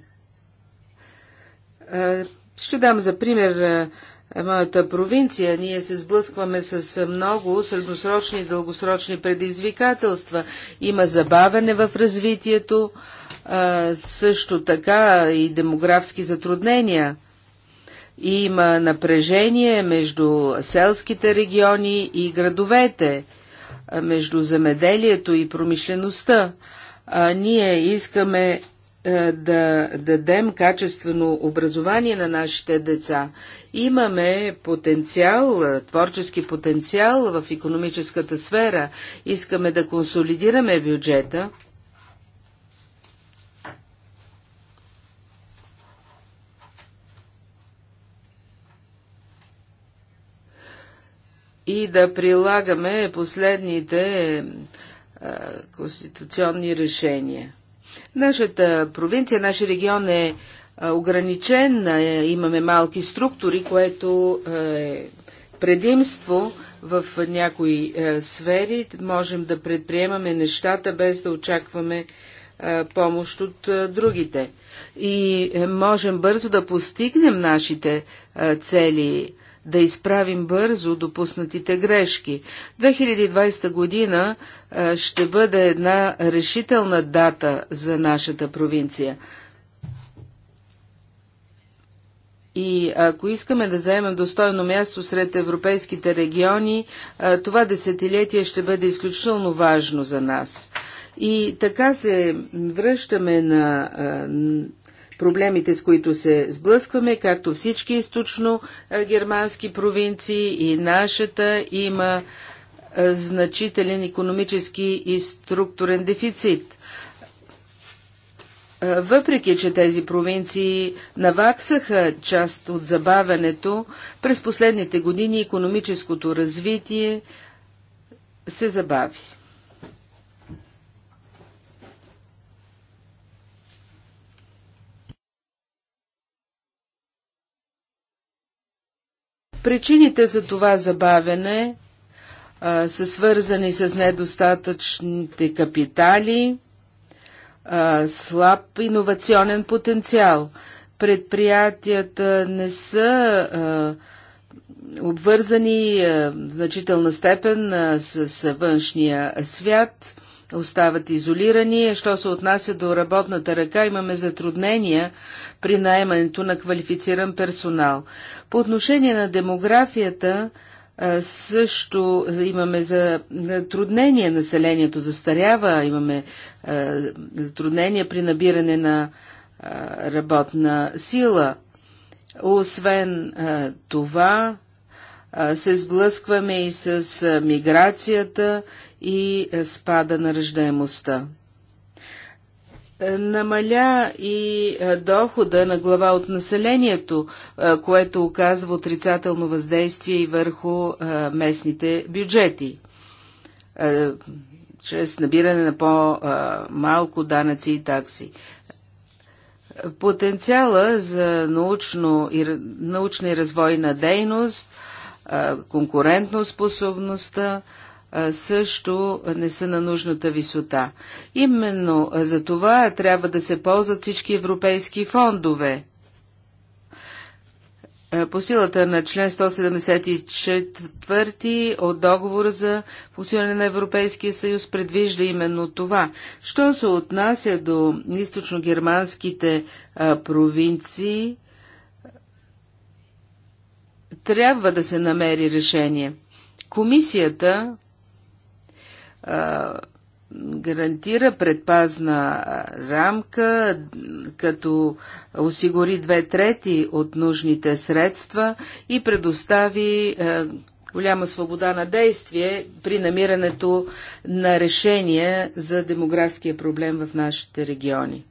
Ще дам за пример моята провинция. Ние се сблъскваме с много средносрочни и дългосрочни предизвикателства. Има забавене в развитието, а, също така и демографски затруднения. И има напрежение между селските региони и градовете, между земеделието и промишлеността. А, ние искаме да дадем качествено образование на нашите деца. Имаме потенциал, творчески потенциал в економическата сфера. Искаме да консолидираме бюджета и да прилагаме последните конституционни решения. Нашата провинция, нашия регион е ограничен, имаме малки структури, което е предимство в някои сфери. Можем да предприемаме нещата без да очакваме помощ от другите. И е, можем бързо да постигнем нашите цели да изправим бързо допуснатите грешки. 2020 година ще бъде една решителна дата за нашата провинция. И ако искаме да заемем достойно място сред европейските региони, това десетилетие ще бъде изключително важно за нас. И така се връщаме на проблемите, с които се сблъскваме, както всички източно германски провинции и нашата има значителен економически и структурен дефицит. Въпреки, че тези провинции наваксаха част от забавянето, през последните години економическото развитие се забави. Причините за това забавяне а, са свързани с недостатъчните капитали, а, слаб иновационен потенциал. Предприятията не са а, обвързани в значителна степен с външния свят – остават изолирани. Е, що се отнася до работната ръка, имаме затруднения при найемането на квалифициран персонал. По отношение на демографията, също имаме затруднения. населението застарява, имаме затруднения при набиране на работна сила. Освен това, се сблъскваме и с миграцията и спада на ръждаемостта. Е, намаля и дохода на глава от населението, което оказва отрицателно въздействие и върху местните бюджети. Е, чрез набиране на по-малко данъци и такси. Потенциала за научно и, научна и развойна дейност – конкурентно способността също не са на нужната висота. Именно за това трябва да се ползват всички европейски фондове. По силата на член 174 от договора за функциониране на Европейския съюз предвижда именно това. Що се отнася до източно-германските провинции, трябва да се намери решение. Комисията а, гарантира предпазна рамка, като осигури две трети от нужните средства и предостави а, голяма свобода на действие при намирането на решение за демографския проблем в нашите региони.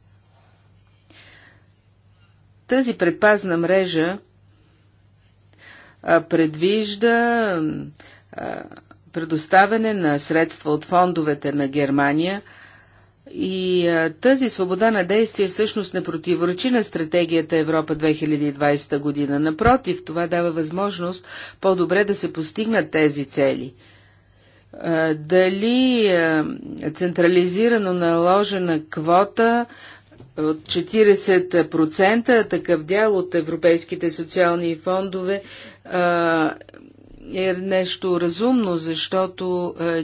Тази предпазна мрежа предвижда предоставяне на средства от фондовете на Германия и тази свобода на действие всъщност не противоречи на стратегията Европа 2020 година. Напротив, това дава възможност по-добре да се постигнат тези цели дали централизирано наложена квота от 40% такъв дял от европейските социални фондове е нещо разумно, защото е,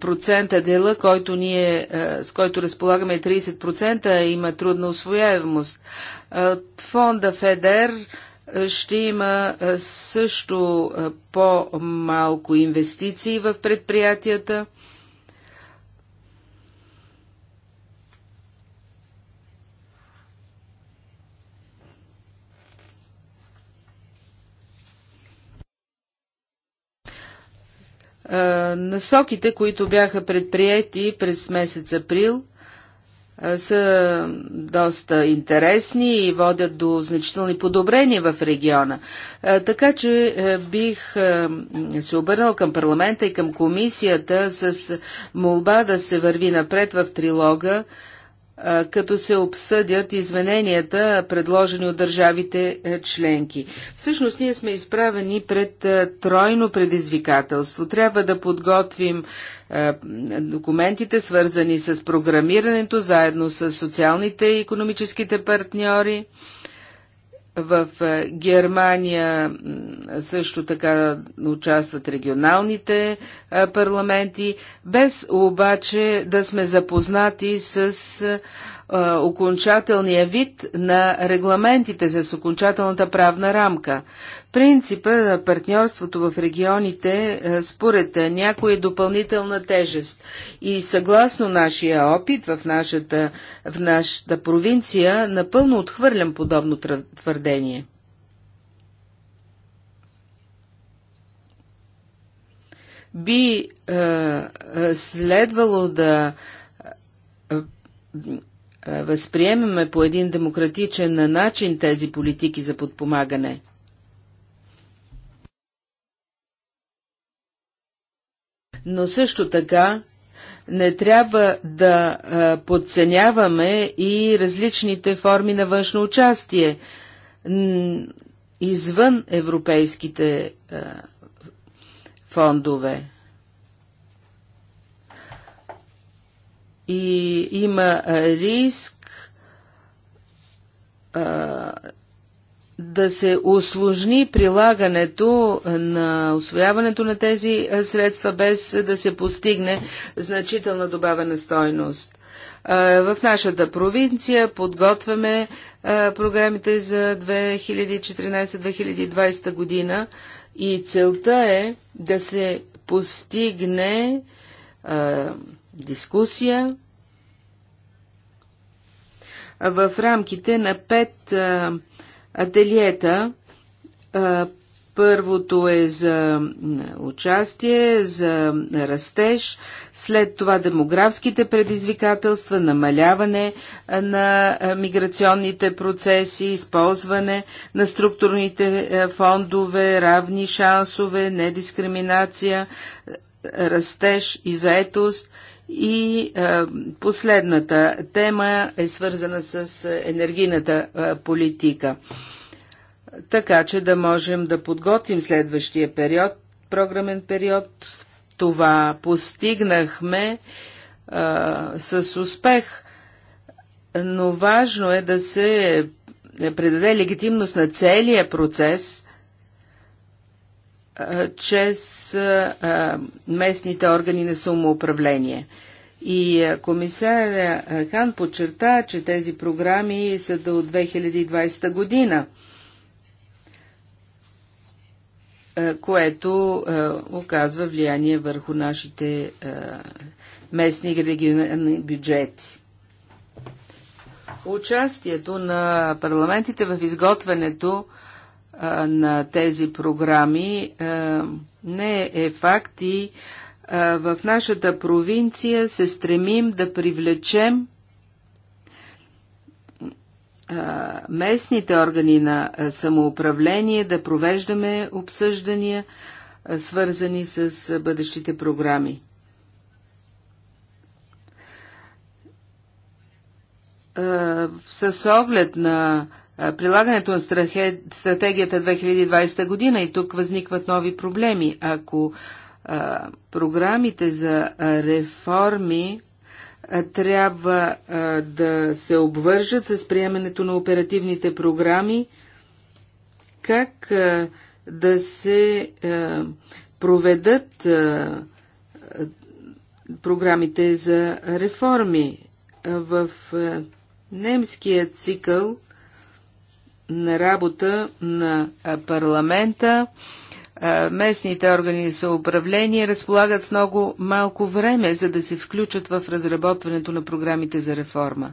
процента дела, който ние, е, с който разполагаме 30%, е има трудна освояемост. От фонда ФЕДЕР ще има също по-малко инвестиции в предприятията – Е, насоките, които бяха предприяти през месец април, е, са доста интересни и водят до значителни подобрения в региона. Е, така че бих се обърнал към парламента и към комисията с молба да се върви напред в трилога като се обсъдят измененията, предложени от държавите членки. Всъщност ние сме изправени пред тройно предизвикателство. Трябва да подготвим документите, свързани с програмирането, заедно с социалните и економическите партньори в е, Германия също така участват регионалните е, парламенти, без обаче да сме запознати с е, е, окончателния вид на регламентите с окончателната правна рамка. Принципа на партньорството в регионите е, според е, някоя е допълнителна тежест. И съгласно нашия опит в нашата, в нашата провинция, напълно отхвърлям подобно твърдение. Би е, следвало да е, възприемеме по един демократичен начин тези политики за подпомагане. Но също така не трябва да е, подценяваме и различните форми на външно участие извън европейските е, фондове. и има риск а, да се осложни прилагането на освояването на тези средства, без да се постигне значителна добавена стойност. В нашата провинция подготвяме програмите за 2014-2020 година и целта е да се постигне дискусия в рамките на пет ателиета. Първото е за участие, за растеж, след това демографските предизвикателства, намаляване на миграционните процеси, използване на структурните фондове, равни шансове, недискриминация, растеж и заетост – и е, последната тема е свързана с енергийната е, политика. Така че да можем да подготвим следващия период, програмен период. Това постигнахме е, с успех, но важно е да се е, предаде легитимност на целия процес – чрез местните органи на самоуправление. И комисаря Хан подчерта, че тези програми са до 2020 година, което оказва влияние върху нашите местни и регионални бюджети. Участието на парламентите в изготвянето на тези програми не е факт и в нашата провинция се стремим да привлечем местните органи на самоуправление, да провеждаме обсъждания, свързани с бъдещите програми. С оглед на прилагането на стратегията 2020 година и тук възникват нови проблеми. Ако програмите за реформи трябва да се обвържат с приемането на оперативните програми, как да се проведат програмите за реформи в немския цикъл – на работа на парламента. Местните органи за управление разполагат с много малко време, за да се включат в разработването на програмите за реформа.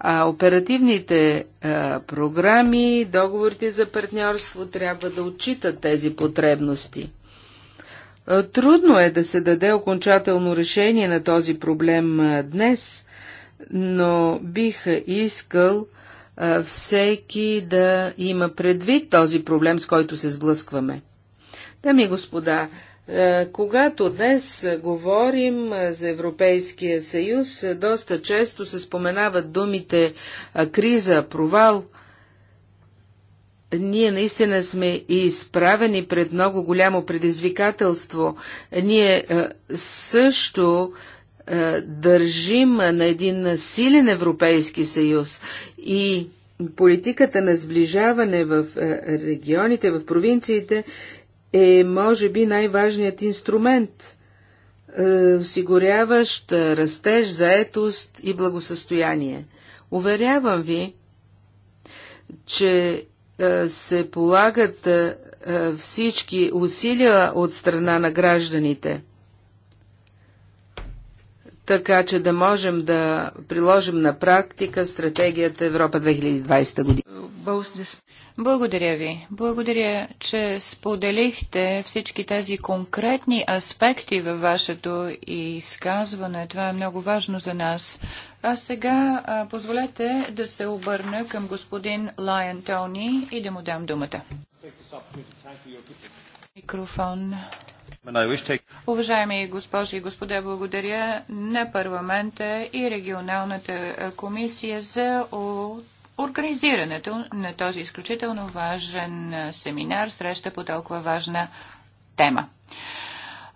А оперативните а, програми, договорите за партньорство трябва да отчитат тези потребности. Трудно е да се даде окончателно решение на този проблем днес, но бих искал всеки да има предвид този проблем, с който се сблъскваме. Дами и господа, когато днес говорим за Европейския съюз, доста често се споменават думите криза, провал. Ние наистина сме изправени пред много голямо предизвикателство. Ние също е, държим на един силен Европейски съюз и политиката на сближаване в е, регионите, в провинциите е, може би, най-важният инструмент, е, осигуряващ растеж, заетост и благосъстояние. Уверявам ви, че се полагат всички усилия от страна на гражданите – така че да можем да приложим на практика стратегията Европа 2020 година. Благодаря ви. Благодаря, че споделихте всички тези конкретни аспекти във вашето изказване. Това е много важно за нас. А сега а, позволете да се обърна към господин Лайон Тони и да му дам думата. Микрофон. Уважаеми госпожи и господа, благодаря на парламента и регионалната комисия за организирането на този изключително важен семинар, среща по толкова важна тема.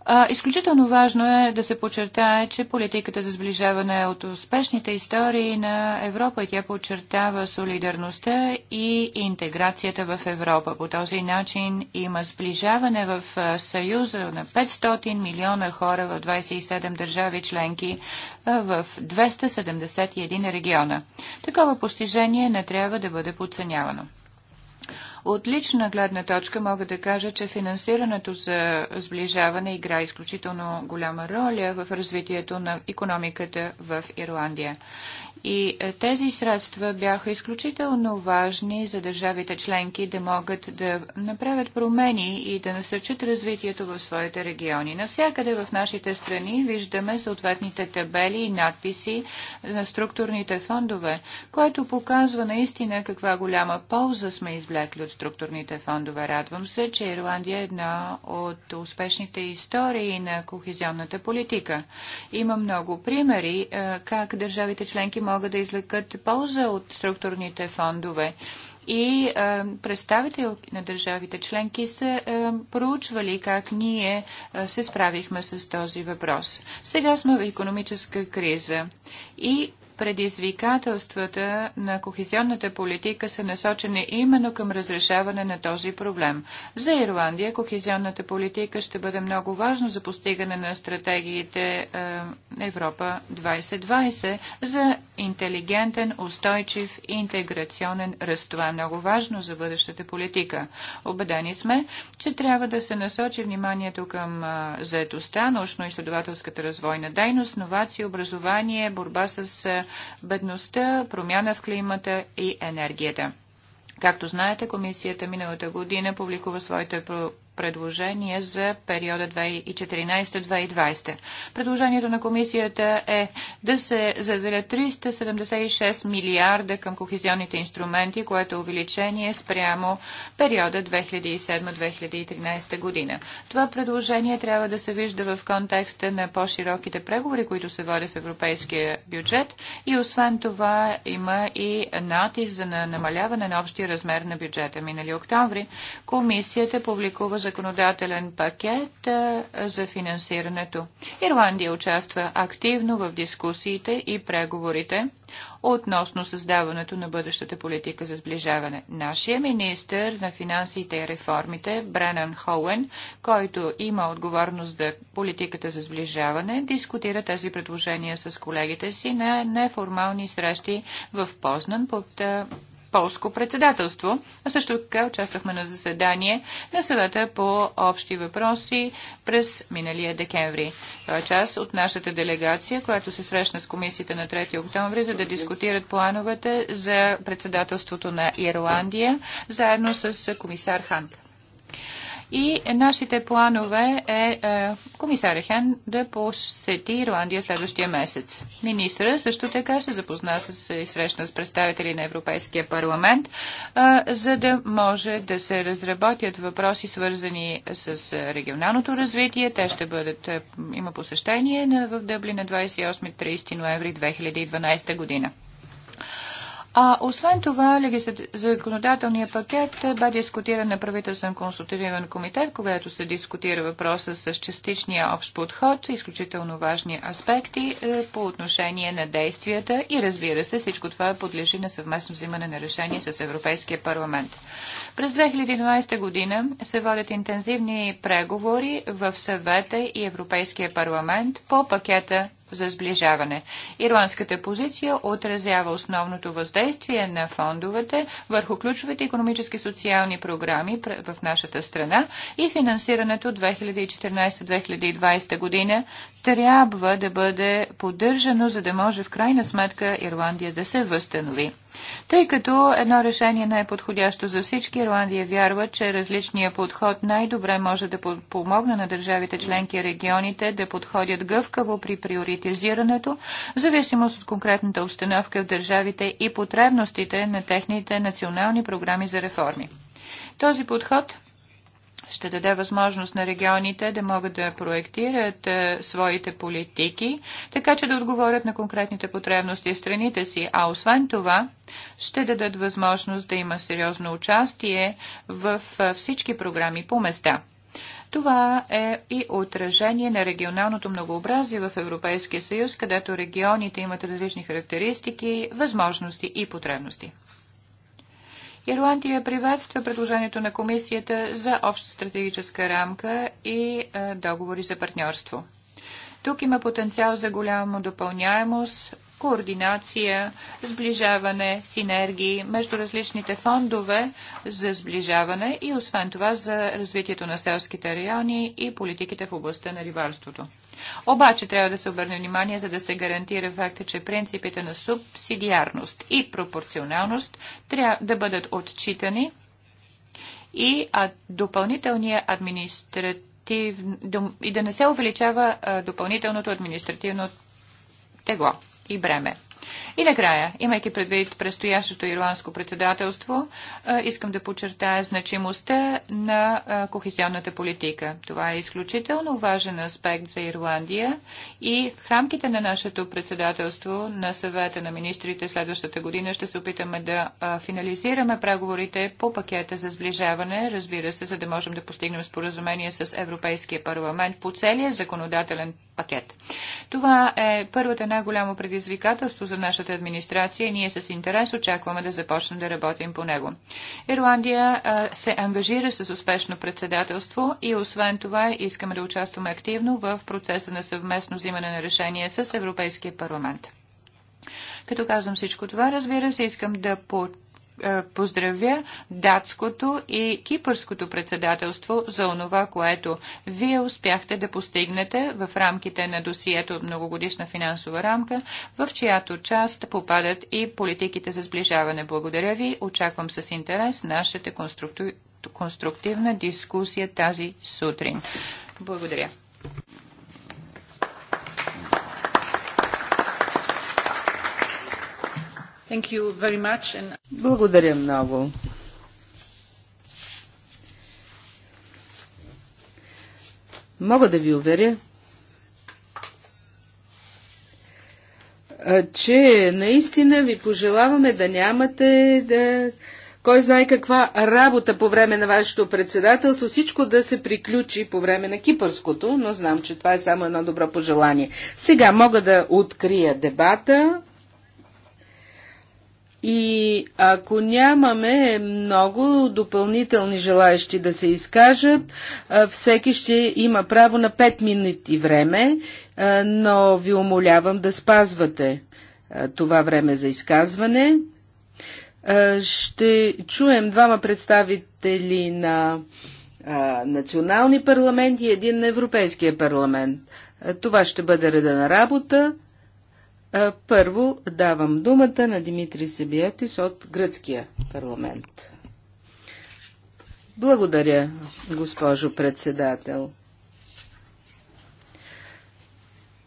А, изключително важно е да се подчертае, че политиката за сближаване е от успешните истории на Европа и тя подчертава солидарността и интеграцията в Европа. По този начин има сближаване в Съюза на 500 милиона хора в 27 държави членки в 271 региона. Такова постижение не трябва да бъде подценявано. От лична гледна точка мога да кажа, че финансирането за сближаване игра изключително голяма роля в развитието на економиката в Ирландия. И е, тези средства бяха изключително важни за държавите членки да могат да направят промени и да насърчат развитието в своите региони. Навсякъде в нашите страни виждаме съответните табели и надписи на структурните фондове, което показва наистина каква голяма полза сме извлекли от структурните фондове. Радвам се, че Ирландия е една от успешните истории на кохезионната политика. Има много примери е, как държавите членки могат могат да извлекат полза от структурните фондове. И е, представители на държавите членки са е, проучвали как ние е, се справихме с този въпрос. Сега сме в економическа криза и предизвикателствата на кохезионната политика са насочени именно към разрешаване на този проблем. За Ирландия кохезионната политика ще бъде много важно за постигане на стратегиите е, Европа 2020 за интелигентен, устойчив и интеграционен ръст. Това е много важно за бъдещата политика. Обедени сме, че трябва да се насочи вниманието към заедостта, научно-изследователската развойна дейност, новации, образование, борба с бедността, промяна в климата и енергията. Както знаете, комисията миналата година публикува своите предложение за периода 2014-2020. Предложението на комисията е да се заделят 376 милиарда към кохезионните инструменти, което е увеличение спрямо периода 2007-2013 година. Това предложение трябва да се вижда в контекста на по-широките преговори, които се водят в европейския бюджет и освен това има и натиск за намаляване на общия размер на бюджета. Минали октомври комисията публикува законодателен пакет за финансирането. Ирландия участва активно в дискусиите и преговорите относно създаването на бъдещата политика за сближаване. Нашия министр на финансите и реформите, Бренан Хоуен, който има отговорност за политиката за сближаване, дискутира тези предложения с колегите си на неформални срещи в Познан под полско председателство. А също така участвахме на заседание на съвета по общи въпроси през миналия декември. Това е част от нашата делегация, която се срещна с комисията на 3 октомври, за да дискутират плановете за председателството на Ирландия, заедно с комисар Ханк. И нашите планове е, е комисар Хен да посети Ирландия следващия месец. Министра също така се запозна с и срещна с представители на Европейския парламент, е, за да може да се разработят въпроси свързани с е, регионалното развитие. Те ще бъдат, има посещение в Дъбли на 28-30 ноември 2012 година. А освен това, законодателният пакет е, бе дискутиран на правителствен консултативен комитет, когато се дискутира въпроса с частичния общ подход, изключително важни аспекти е, по отношение на действията и разбира се, всичко това подлежи на съвместно взимане на решение с Европейския парламент. През 2012 година се водят интензивни преговори в съвета и Европейския парламент по пакета за сближаване. Ирландската позиция отразява основното въздействие на фондовете върху ключовите економически и социални програми в нашата страна и финансирането 2014-2020 година трябва да бъде поддържано, за да може в крайна сметка Ирландия да се възстанови. Тъй като едно решение не е подходящо за всички, Ирландия вярва, че различния подход най-добре може да помогне на държавите членки и регионите да подходят гъвкаво при приоритизирането, в зависимост от конкретната установка в държавите и потребностите на техните национални програми за реформи. Този подход – ще даде възможност на регионите да могат да проектират е, своите политики, така че да отговорят на конкретните потребности в страните си. А освен това, ще дадат възможност да има сериозно участие в е, всички програми по места. Това е и отражение на регионалното многообразие в Европейския съюз, където регионите имат различни характеристики, възможности и потребности. Ирландия приветства предложението на комисията за обща стратегическа рамка и е, договори за партньорство. Тук има потенциал за голяма допълняемост, координация, сближаване, синергии между различните фондове за сближаване и освен това за развитието на селските райони и политиките в областта на рибарството. Обаче трябва да се обърне внимание, за да се гарантира факта, че принципите на субсидиарност и пропорционалност трябва да бъдат отчитани и допълнителния административен и да не се увеличава допълнителното административно тегло и бреме. И накрая, имайки предвид предстоящото ирландско председателство, е, искам да подчертая значимостта на е, кохезионната политика. Това е изключително важен аспект за Ирландия и в рамките на нашето председателство на съвета на министрите следващата година ще се опитаме да е, финализираме преговорите по пакета за сближаване, разбира се, за да можем да постигнем споразумение с Европейския парламент по целия законодателен пакет. Това е първата най-голямо предизвикателство за нашата администрация и ние с интерес очакваме да започнем да работим по него. Ирландия а, се ангажира с успешно председателство и освен това искаме да участваме активно в процеса на съвместно взимане на решение с Европейския парламент. Като казвам всичко това, разбира се, искам да под е, поздравя датското и кипърското председателство за онова, което вие успяхте да постигнете в рамките на досието многогодишна финансова рамка, в чиято част попадат и политиките за сближаване. Благодаря ви. Очаквам с интерес нашата конструктивна дискусия тази сутрин. Благодаря. And... Благодаря много. Мога да ви уверя, че наистина ви пожелаваме да нямате да... кой знае каква работа по време на вашето председателство, всичко да се приключи по време на кипърското, но знам, че това е само едно добро пожелание. Сега мога да открия дебата. И ако нямаме много допълнителни желаящи да се изкажат, всеки ще има право на 5 минути време, но ви умолявам да спазвате това време за изказване. Ще чуем двама представители на национални парламенти и един на Европейския парламент. Това ще бъде реда на работа. Първо давам думата на Димитри Себиятис от Гръцкия парламент. Благодаря, госпожо председател.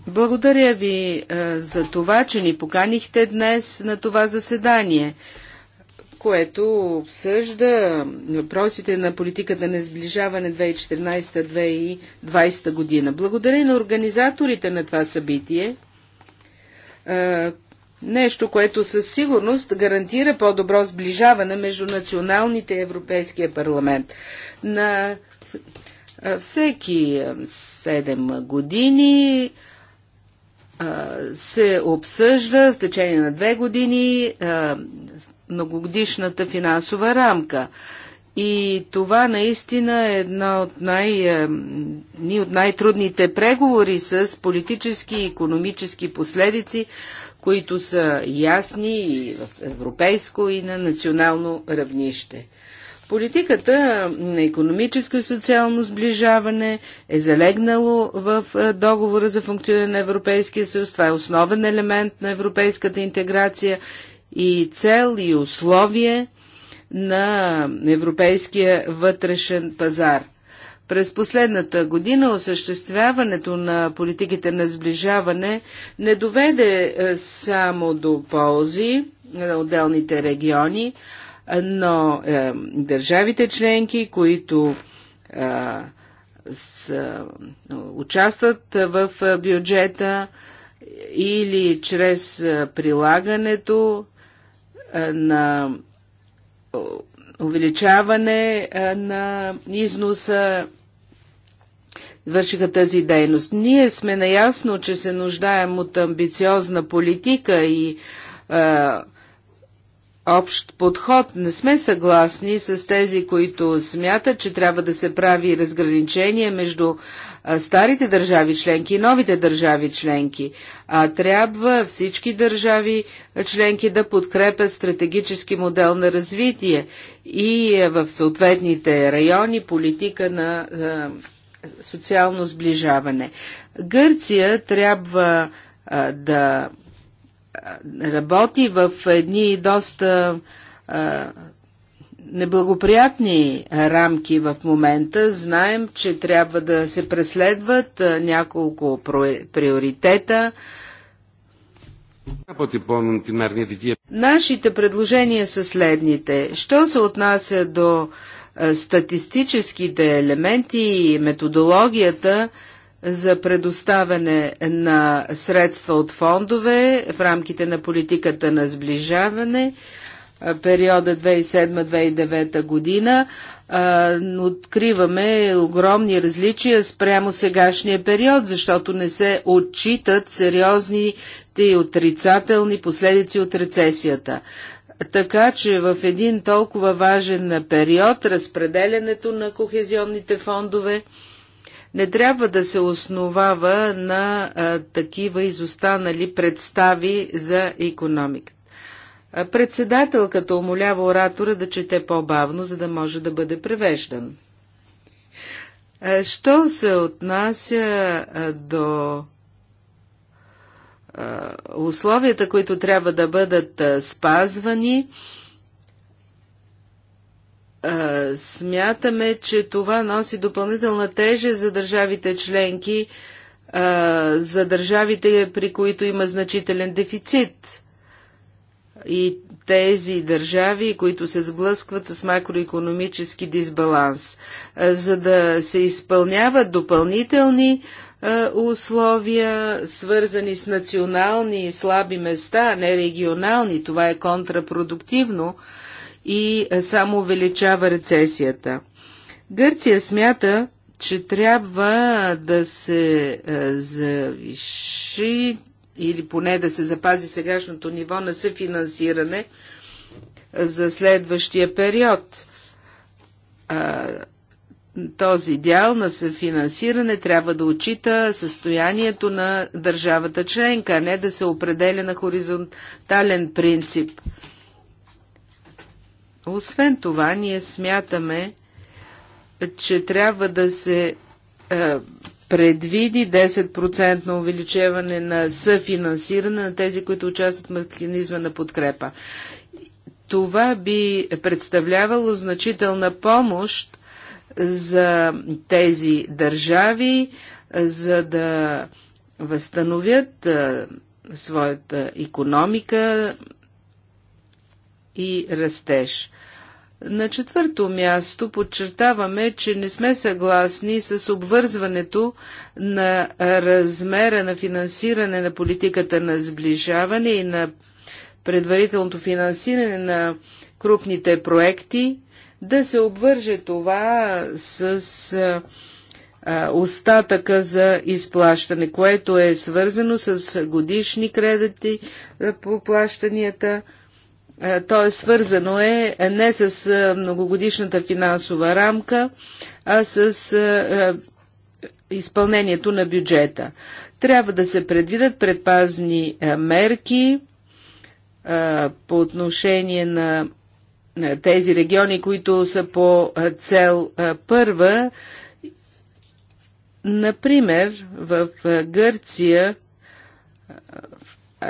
Благодаря ви за това, че ни поканихте днес на това заседание, което обсъжда въпросите на политиката на сближаване 2014-2020 година. Благодаря и на организаторите на това събитие, е, нещо, което със сигурност гарантира по-добро сближаване между националните и Европейския парламент. На е, всеки 7 е, години се обсъжда в течение на две години многогодишната финансова рамка. И това наистина е една от най, ни от най-трудните преговори с политически и економически последици, които са ясни и в европейско и на национално равнище. Политиката на економическо и социално сближаване е залегнало в е, договора за функциониране на Европейския съюз. Това е основен елемент на европейската интеграция и цел и условие на европейския вътрешен пазар. През последната година осъществяването на политиките на сближаване не доведе е, само до ползи на отделните региони, но е, държавите членки, които е, с, е, участват в е, бюджета или чрез прилагането на увеличаване на износа вършиха тази дейност. Ние сме наясно, че се нуждаем от амбициозна политика и е, общ подход. Не сме съгласни с тези, които смятат, че трябва да се прави разграничение между старите държави членки и новите държави членки, а трябва всички държави членки да подкрепят стратегически модел на развитие и в съответните райони политика на социално сближаване. Гърция трябва да работи в едни доста неблагоприятни рамки в момента. Знаем, че трябва да се преследват няколко приоритета. Нашите предложения са следните. Що се отнася до статистическите елементи и методологията за предоставяне на средства от фондове в рамките на политиката на сближаване – периода 2007-2009 година, откриваме огромни различия спрямо сегашния период, защото не се отчитат сериозни и отрицателни последици от рецесията. Така че в един толкова важен период разпределянето на кохезионните фондове не трябва да се основава на а, такива изостанали представи за економика. Председателката умолява оратора да чете по-бавно, за да може да бъде превеждан. Що се отнася до условията, които трябва да бъдат спазвани, смятаме, че това носи допълнителна тежест за държавите членки, за държавите, при които има значителен дефицит и тези държави, които се сблъскват с макроекономически дисбаланс, за да се изпълняват допълнителни условия, свързани с национални и слаби места, а не регионални. Това е контрапродуктивно и само увеличава рецесията. Гърция смята, че трябва да се завиши или поне да се запази сегашното ниво на съфинансиране за следващия период. А, този дял на съфинансиране трябва да отчита състоянието на държавата членка, а не да се определя на хоризонтален принцип. Освен това, ние смятаме, че трябва да се предвиди 10% увеличаване на съфинансиране на тези, които участват в механизма на подкрепа. Това би представлявало значителна помощ за тези държави, за да възстановят своята економика и растеж. На четвърто място подчертаваме, че не сме съгласни с обвързването на размера на финансиране на политиката на сближаване и на предварителното финансиране на крупните проекти, да се обвърже това с остатъка за изплащане, което е свързано с годишни кредити по плащанията – е, то е свързано е, е не с е, многогодишната финансова рамка, а с изпълнението на бюджета. Трябва да се предвидат предпазни мерки по отношение на тези региони, които са по цел първа. Например, в Гърция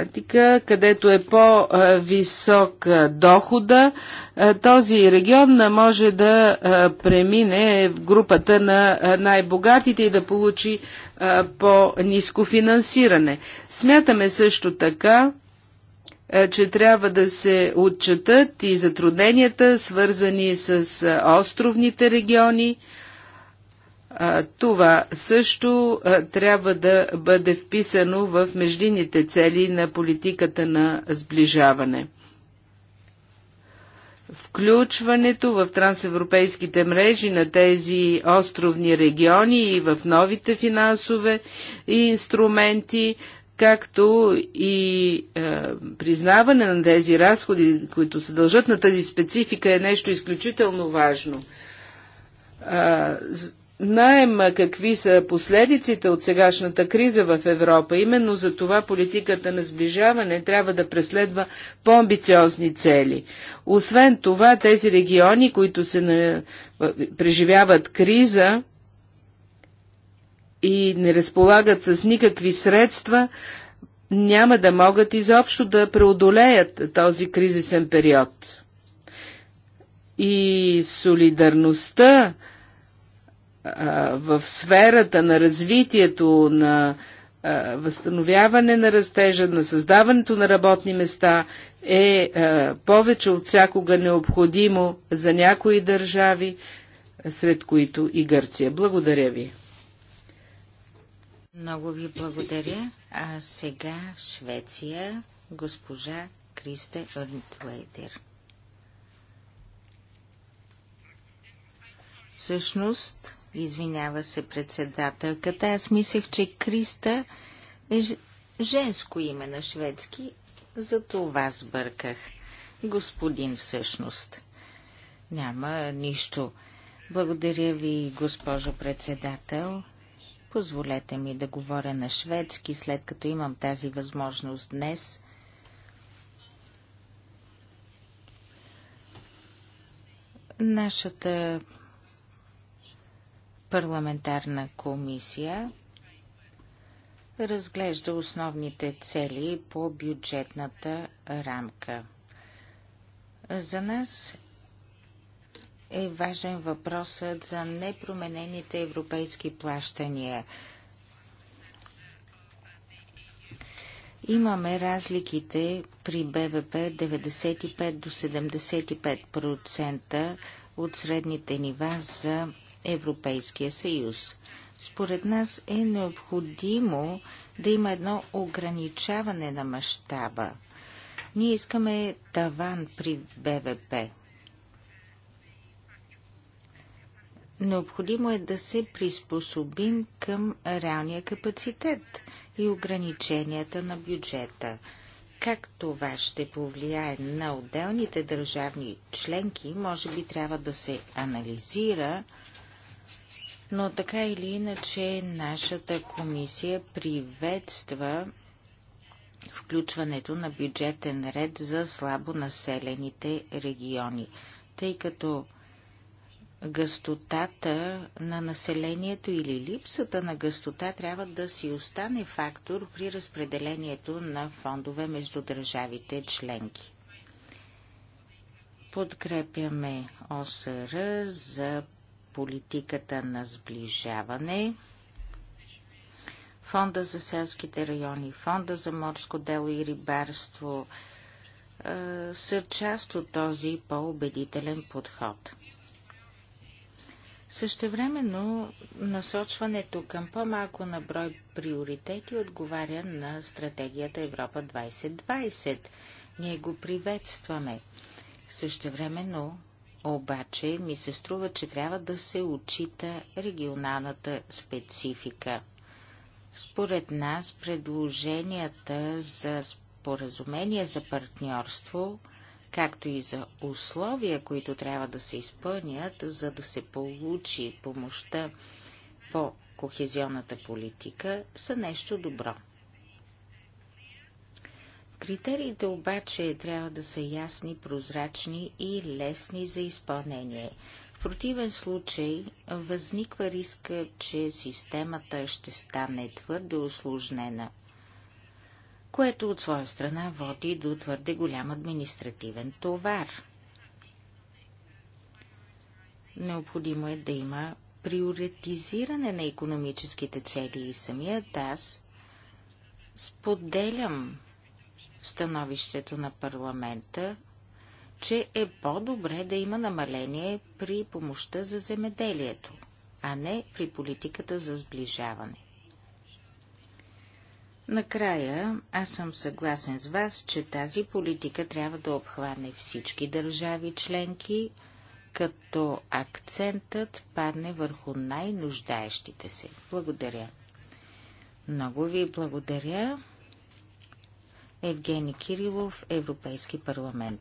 Атика, където е по-висок дохода, този регион може да премине в групата на най-богатите и да получи по-низко финансиране. Смятаме също така, че трябва да се отчетат и затрудненията, свързани с островните региони, това също трябва да бъде вписано в междинните цели на политиката на сближаване. Включването в трансевропейските мрежи на тези островни региони и в новите финансове и инструменти, както и е, признаване на тези разходи, които се дължат на тази специфика, е нещо изключително важно. Е, знаем какви са последиците от сегашната криза в Европа. Именно за това политиката на сближаване трябва да преследва по-амбициозни цели. Освен това, тези региони, които се на... преживяват криза и не разполагат с никакви средства, няма да могат изобщо да преодолеят този кризисен период. И солидарността, в сферата на развитието, на възстановяване на растежа, на създаването на работни места е повече от всякога необходимо за някои държави, сред които и Гърция. Благодаря ви. Много ви благодаря. А сега в Швеция госпожа Кристе Орнтвейдер. Всъщност, Извинява се председателката. Аз мислех, че Криста е женско име на шведски. За това сбърках. Господин всъщност. Няма нищо. Благодаря ви, госпожо председател. Позволете ми да говоря на шведски, след като имам тази възможност днес. Нашата парламентарна комисия разглежда основните цели по бюджетната рамка. За нас е важен въпросът за непроменените европейски плащания. Имаме разликите при БВП 95 до 75% от средните нива за Европейския съюз. Според нас е необходимо да има едно ограничаване на мащаба. Ние искаме таван при БВП. Необходимо е да се приспособим към реалния капацитет и ограниченията на бюджета. Как това ще повлияе на отделните държавни членки, може би трябва да се анализира но така или иначе, нашата комисия приветства включването на бюджетен ред за слабо населените региони, тъй като гъстотата на населението или липсата на гъстота трябва да си остане фактор при разпределението на фондове между държавите членки. Подкрепяме ОСР за политиката на сближаване, Фонда за селските райони, Фонда за морско дело и рибарство е, са част от този по-убедителен подход. Същевременно насочването към по-малко на брой приоритети отговаря на стратегията Европа 2020. Ние го приветстваме. Същевременно обаче ми се струва, че трябва да се отчита регионалната специфика. Според нас предложенията за споразумение за партньорство, както и за условия, които трябва да се изпълнят, за да се получи помощта по кохезионната политика, са нещо добро. Критериите обаче трябва да са ясни, прозрачни и лесни за изпълнение. В противен случай възниква риска, че системата ще стане твърде осложнена, което от своя страна води до твърде голям административен товар. Необходимо е да има приоритизиране на економическите цели и самият аз споделям становището на парламента, че е по-добре да има намаление при помощта за земеделието, а не при политиката за сближаване. Накрая, аз съм съгласен с вас, че тази политика трябва да обхване всички държави членки, като акцентът падне върху най-нуждаещите се. Благодаря. Много ви благодаря. Евгений Кирилов, Европейски парламент.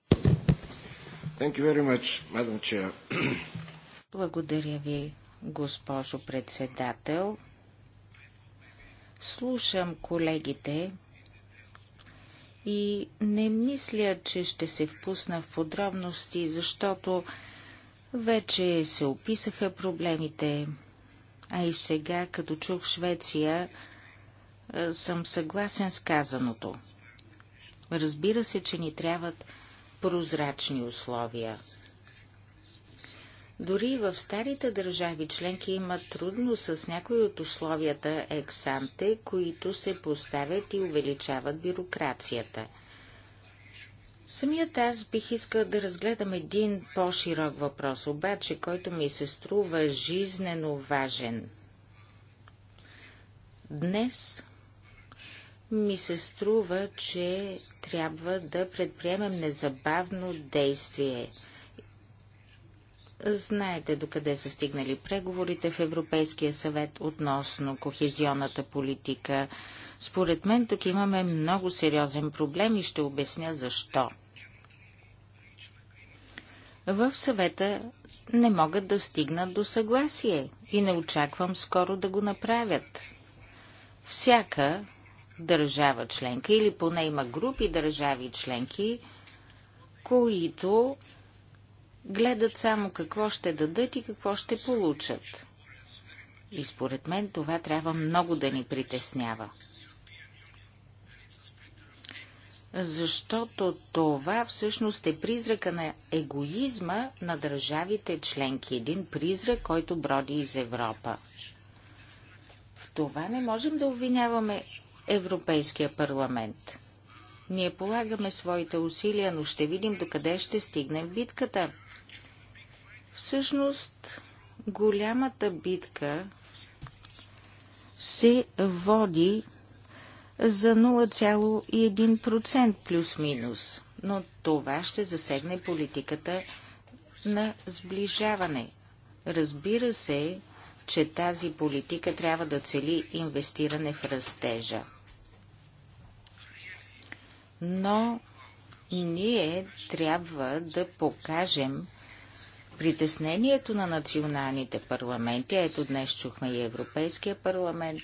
Thank you very much, Madam Chair. Благодаря ви, госпожо председател. Слушам колегите и не мисля, че ще се впусна в подробности, защото вече се описаха проблемите, а и сега, като чух Швеция, съм съгласен с казаното. Разбира се, че ни трябват прозрачни условия. Дори в старите държави членки има трудно с някои от условията ексанте, които се поставят и увеличават бюрокрацията. Самият аз бих искал да разгледам един по-широк въпрос, обаче, който ми се струва жизнено важен. Днес ми се струва, че трябва да предприемем незабавно действие. Знаете докъде са стигнали преговорите в Европейския съвет относно кохезионната политика. Според мен тук имаме много сериозен проблем и ще обясня защо. В съвета не могат да стигнат до съгласие и не очаквам скоро да го направят. Всяка държава членка или поне има групи държави членки, които гледат само какво ще дадат и какво ще получат. И според мен това трябва много да ни притеснява. Защото това всъщност е призрака на егоизма на държавите членки. Един призрак, който броди из Европа. В това не можем да обвиняваме Европейския парламент. Ние полагаме своите усилия, но ще видим докъде ще стигнем битката. Всъщност, голямата битка се води за 0,1% плюс-минус, но това ще засегне политиката на сближаване. Разбира се, че тази политика трябва да цели инвестиране в растежа но и ние трябва да покажем притеснението на националните парламенти, ето днес чухме и Европейския парламент,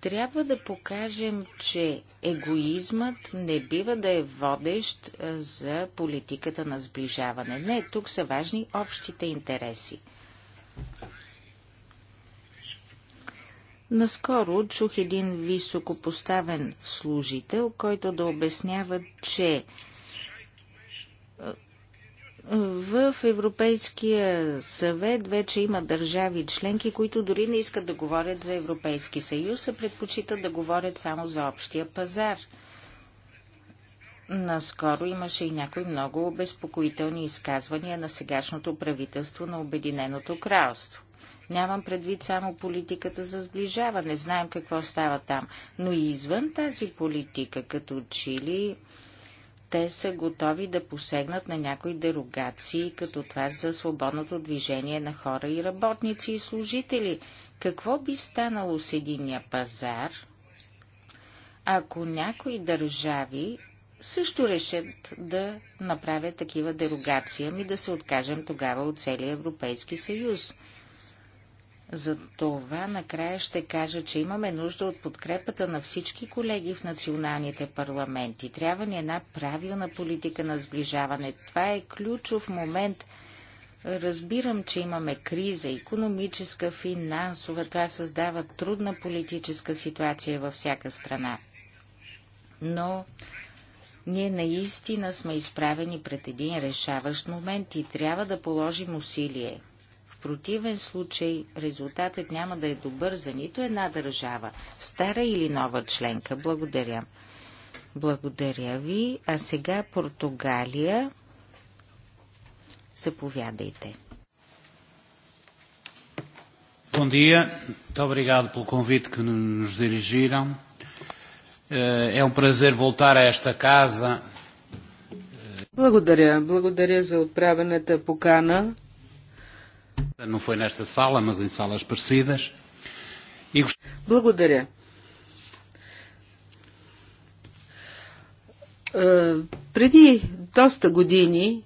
трябва да покажем, че егоизмът не бива да е водещ за политиката на сближаване. Не, тук са важни общите интереси. Наскоро чух един високопоставен служител, който да обяснява, че е, в Европейския съвет вече има държави членки, които дори не искат да говорят за Европейски съюз, а предпочитат да говорят само за общия пазар. Наскоро имаше и някои много обезпокоителни изказвания на сегашното правителство на Обединеното кралство. Нямам предвид само политиката за сближаване. Знаем какво става там. Но и извън тази политика, като Чили, те са готови да посегнат на някои дерогации, като това за свободното движение на хора и работници и служители. Какво би станало с единия пазар, ако някои държави също решат да направят такива дерогации, ами да се откажем тогава от целия Европейски съюз? За това накрая ще кажа, че имаме нужда от подкрепата на всички колеги в националните парламенти. Трябва ни една правилна политика на сближаване. Това е ключов момент. Разбирам, че имаме криза, економическа, финансова. Това създава трудна политическа ситуация във всяка страна. Но ние наистина сме изправени пред един решаващ момент и трябва да положим усилие – противен случай резултатът няма да е добър за нито една държава, стара или нова членка. Благодаря. Благодаря ви. А сега Португалия. Заповядайте. Bom dia, muito obrigado pelo convite que nos dirigiram. Eh, é um prazer voltar a esta casa. Благодаря, благодаря за отправената покана. Благодаря. преди доста години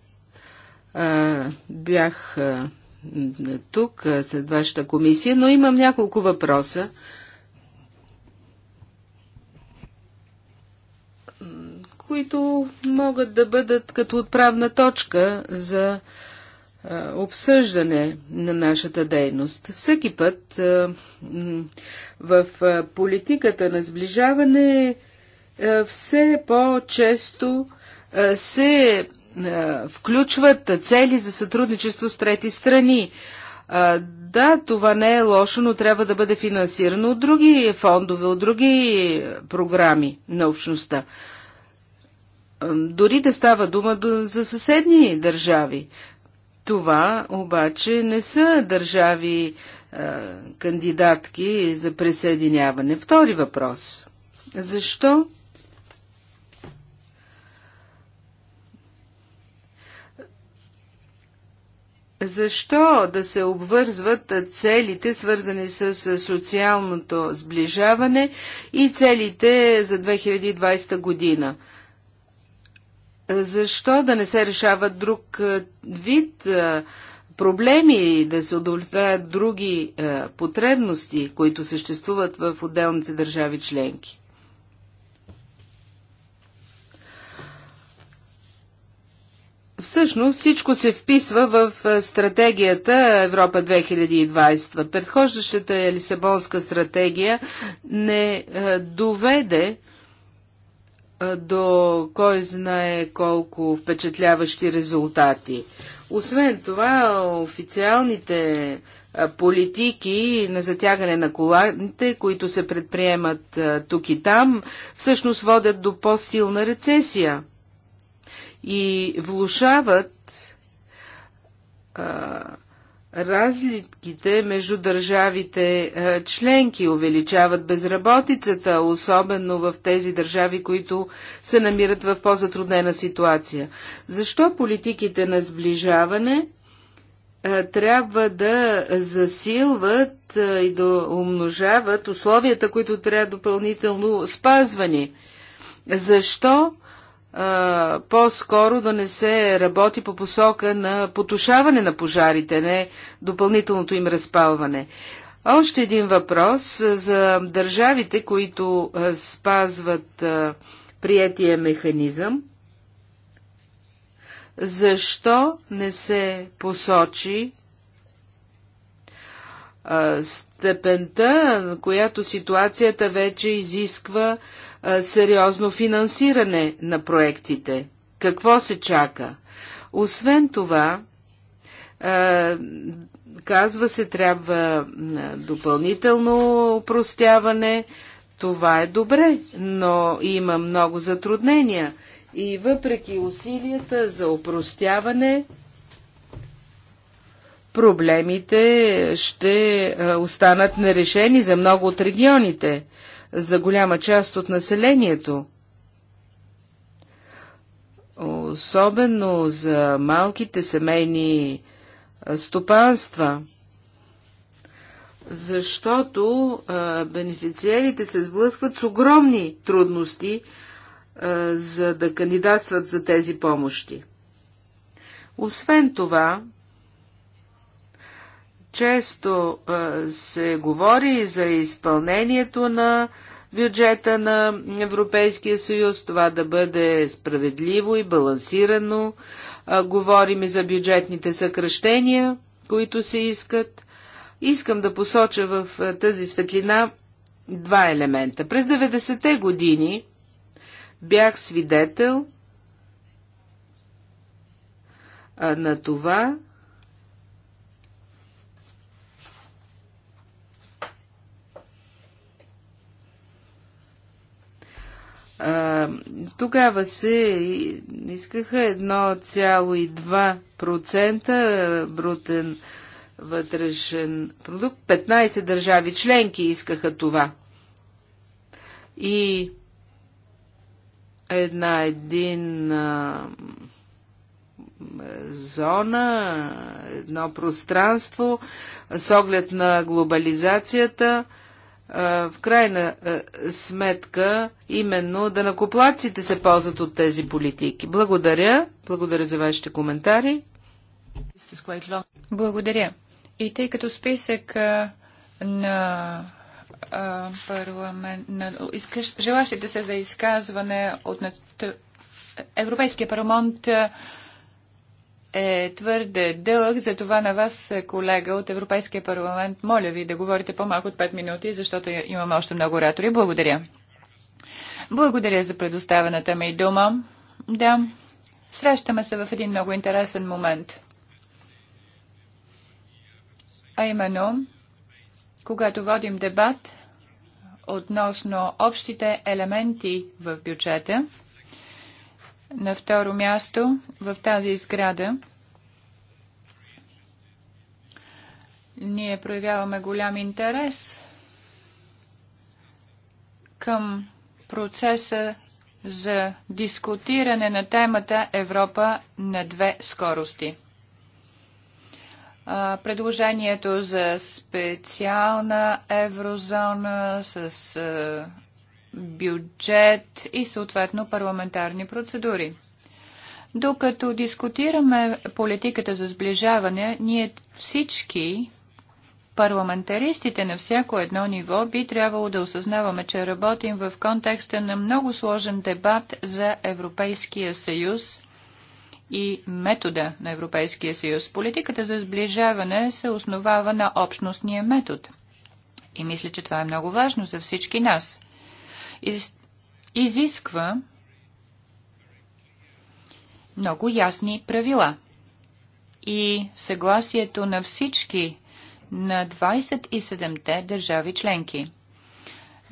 бях тук а, след вашата комисия, но имам няколко въпроса. които могат да бъдат като отправна точка за обсъждане на нашата дейност. Всеки път в политиката на сближаване все по-често се включват цели за сътрудничество с трети страни. Да, това не е лошо, но трябва да бъде финансирано от други фондове, от други програми на общността. Дори да става дума за съседни държави. Това обаче не са държави а, е, кандидатки за присъединяване. Втори въпрос. Защо? Защо да се обвързват целите, свързани с социалното сближаване и целите за 2020 година? Защо да не се решават друг вид проблеми, и да се удовлетворят други потребности, които съществуват в отделните държави членки? Всъщност всичко се вписва в стратегията Европа 2020. Предхождащата Лисабонска стратегия не доведе до кой знае колко впечатляващи резултати. Освен това, официалните политики на затягане на коланите, които се предприемат тук и там, всъщност водят до по-силна рецесия и влушават а, Разликите между държавите е, членки увеличават безработицата, особено в тези държави, които се намират в по-затруднена ситуация. Защо политиките на сближаване е, трябва да засилват е, и да умножават условията, които трябва допълнително спазвани? Защо по-скоро да не се работи по посока на потушаване на пожарите, не допълнителното им разпалване. Още един въпрос за държавите, които спазват приятия механизъм. Защо не се посочи степента, на която ситуацията вече изисква сериозно финансиране на проектите. Какво се чака? Освен това, казва се, трябва допълнително упростяване. Това е добре, но има много затруднения. И въпреки усилията за упростяване, проблемите ще останат нерешени за много от регионите за голяма част от населението. Особено за малките семейни стопанства защото а, бенефициерите се сблъскват с огромни трудности, а, за да кандидатстват за тези помощи. Освен това, често се говори за изпълнението на бюджета на Европейския съюз, това да бъде справедливо и балансирано. Говорим и за бюджетните съкръщения, които се искат. Искам да посоча в тази светлина два елемента. През 90-те години бях свидетел на това, Тогава се искаха 1,2% брутен вътрешен продукт. 15 държави членки искаха това. И една един а, зона, едно пространство с оглед на глобализацията – в крайна сметка именно да накоплаците се ползват от тези политики. Благодаря. Благодаря за вашите коментари. Благодаря. И тъй като списък на парламент, на желащите се за изказване от Европейския парламент е твърде дълъг, затова на вас, колега от Европейския парламент, моля ви да говорите по-малко от 5 минути, защото имаме още много оратори. Благодаря. Благодаря за предоставената ми дума. Да, срещаме се в един много интересен момент. А именно, когато водим дебат относно общите елементи в бюджета, на второ място в тази сграда ние проявяваме голям интерес към процеса за дискутиране на темата Европа на две скорости. Предложението за специална еврозона с бюджет и съответно парламентарни процедури. Докато дискутираме политиката за сближаване, ние всички Парламентаристите на всяко едно ниво би трябвало да осъзнаваме, че работим в контекста на много сложен дебат за Европейския съюз и метода на Европейския съюз. Политиката за сближаване се основава на общностния метод. И мисля, че това е много важно за всички нас изисква много ясни правила. И съгласието на всички на 27-те държави членки –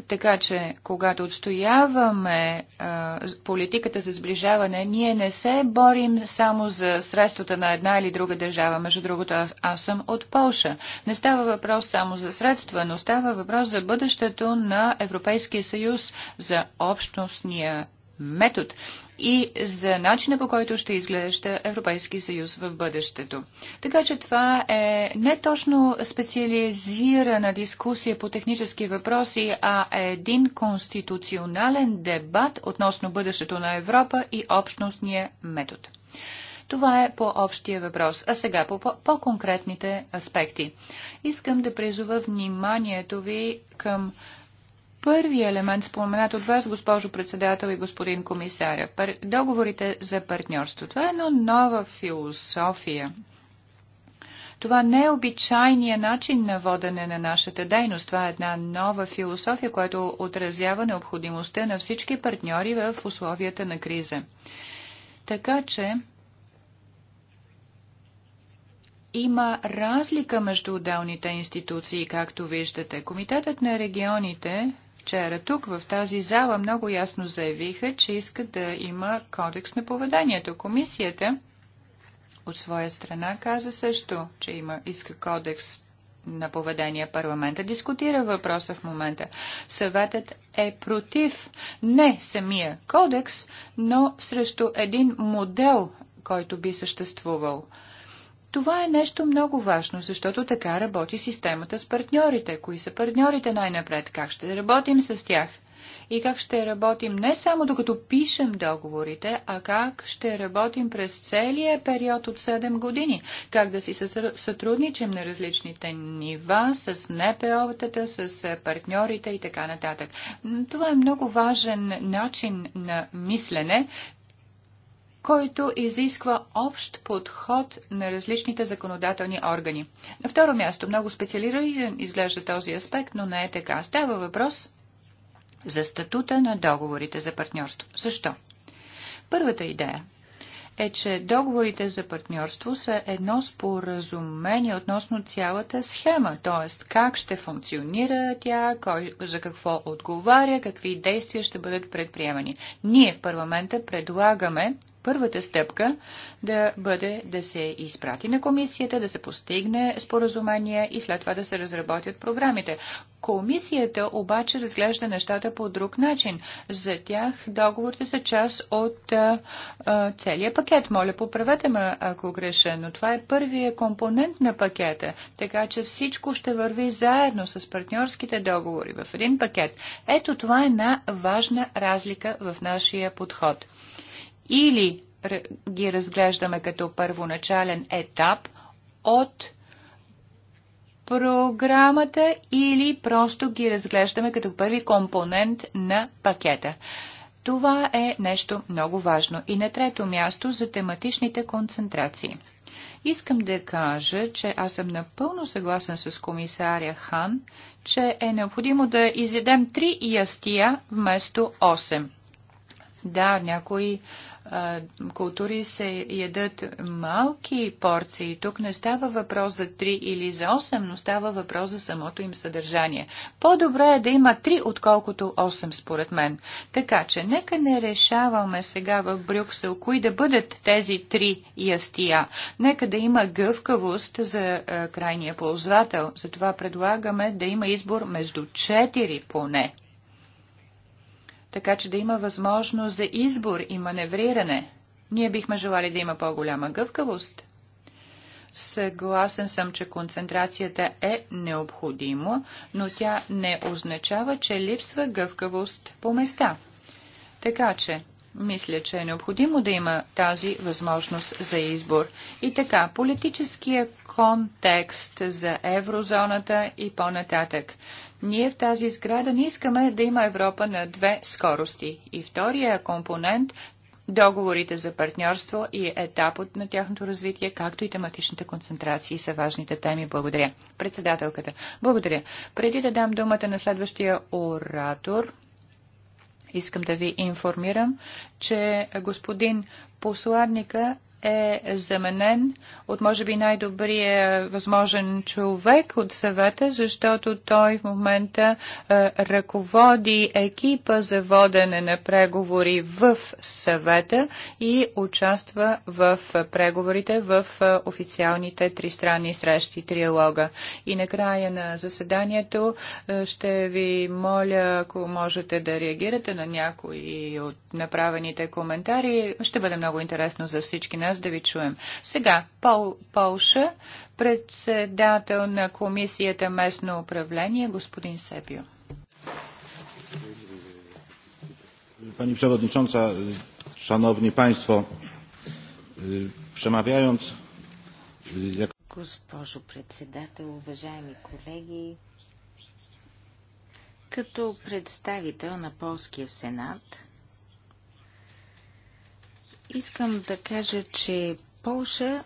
така че, когато отстояваме а, политиката за сближаване, ние не се борим само за средствата на една или друга държава. Между другото, аз, аз съм от Полша. Не става въпрос само за средства, но става въпрос за бъдещето на Европейския съюз, за общностния метод и за начина по който ще изглежда Европейски съюз в бъдещето. Така че това е не точно специализирана дискусия по технически въпроси, а един конституционален дебат относно бъдещето на Европа и общностния метод. Това е по общия въпрос. А сега по по-конкретните аспекти. Искам да призова вниманието ви към първия елемент, споменат от вас, госпожо председател и господин комисаря. Договорите за партньорство. Това е една нова философия. Това не е обичайният начин на водене на нашата дейност. Това е една нова философия, която отразява необходимостта на всички партньори в условията на криза. Така че има разлика между отделните институции, както виждате. Комитетът на регионите вчера тук в тази зала много ясно заявиха, че иска да има кодекс на поведението. Комисията от своя страна каза също, че има иска кодекс на поведение. Парламента дискутира въпроса в момента. Съветът е против не самия кодекс, но срещу един модел, който би съществувал. Това е нещо много важно, защото така работи системата с партньорите. Кои са партньорите най-напред? Как ще работим с тях? И как ще работим не само докато пишем договорите, а как ще работим през целия период от 7 години. Как да си сътрудничим на различните нива, с НПО-тата, с партньорите и така нататък. Това е много важен начин на мислене, който изисква общ подход на различните законодателни органи. На второ място, много специализиран изглежда този аспект, но не е така. Става въпрос за статута на договорите за партньорство. Защо? Първата идея е, че договорите за партньорство са едно споразумение относно цялата схема, т.е. как ще функционира тя, кой, за какво отговаря, какви действия ще бъдат предприемани. Ние в парламента предлагаме първата стъпка да бъде да се изпрати на комисията, да се постигне споразумение и след това да се разработят програмите. Комисията обаче разглежда нещата по друг начин. За тях договорите са част от а, а, целия пакет. Моля, поправете ме, ако греша, но това е първия компонент на пакета, така че всичко ще върви заедно с партньорските договори в един пакет. Ето това е една важна разлика в нашия подход или ги разглеждаме като първоначален етап от програмата или просто ги разглеждаме като първи компонент на пакета. Това е нещо много важно. И на трето място за тематичните концентрации. Искам да кажа, че аз съм напълно съгласен с комисаря Хан, че е необходимо да изядем три ястия вместо 8. Да, някои култури се ядат малки порции. Тук не става въпрос за 3 или за 8, но става въпрос за самото им съдържание. По-добре е да има 3, отколкото 8, според мен. Така че, нека не решаваме сега в Брюксел, кои да бъдат тези 3 ястия. Нека да има гъвкавост за крайния ползвател. Затова предлагаме да има избор между 4 поне така че да има възможност за избор и маневриране. Ние бихме желали да има по-голяма гъвкавост. Съгласен съм, че концентрацията е необходима, но тя не означава, че липсва гъвкавост по места. Така че, мисля, че е необходимо да има тази възможност за избор. И така, политическия контекст за еврозоната и по-нататък. Ние в тази сграда не искаме да има Европа на две скорости. И втория компонент Договорите за партньорство и етапът на тяхното развитие, както и тематичните концентрации са важните теми. Благодаря. Председателката. Благодаря. Преди да дам думата на следващия оратор, искам да ви информирам, че господин посладника е заменен от може би най-добрия възможен човек от съвета, защото той в момента е, ръководи екипа за водене на преговори в съвета и участва в преговорите в официалните тристранни срещи, триалога. И накрая на заседанието ще ви моля, ако можете да реагирате на някои от направените коментари. Ще бъде много интересно за всички нас нас да ви чуем. Сега, Пол, Полша, председател на Комисията местно управление, господин Себио. Пани Przewodnicząca, шановни панство, przemawiając... Госпожо председател, уважаеми колеги, като представител на Полския сенат, Искам да кажа, че Полша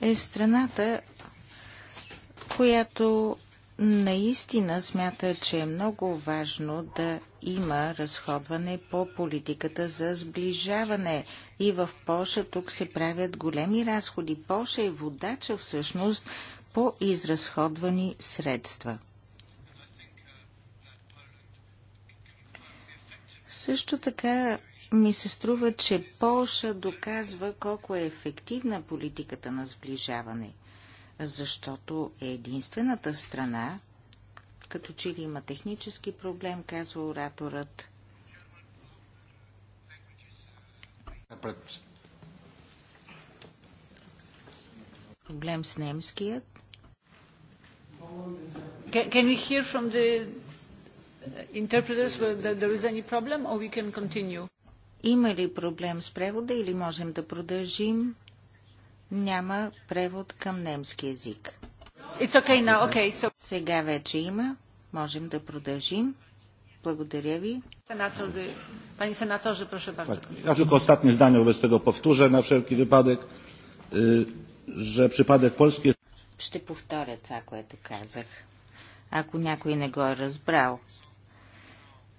е страната, която наистина смята, че е много важно да има разходване по политиката за сближаване. И в Польша тук се правят големи разходи. Польша е водача всъщност по изразходвани средства. Също така ми се струва, че Полша доказва колко е ефективна политиката на сближаване, защото е единствената страна, като че ли има технически проблем, казва ораторът. Проблем с немският. Can hear from the interpreters that there is any problem or we can continue? Има ли проблем с превода или можем да продължим? Няма превод към немски язик. It's okay now. Okay, so... Сега вече има. Можем да продължим. Благодаря ви. Senator, panie senatorze, proszę bardzo. Tak. Ja tylko ostatnie zdanie wobec tego powtórzę na wszelki wypadek, że przypadek Polski... Ще повторя това, което казах, ако някой не го е разбрал.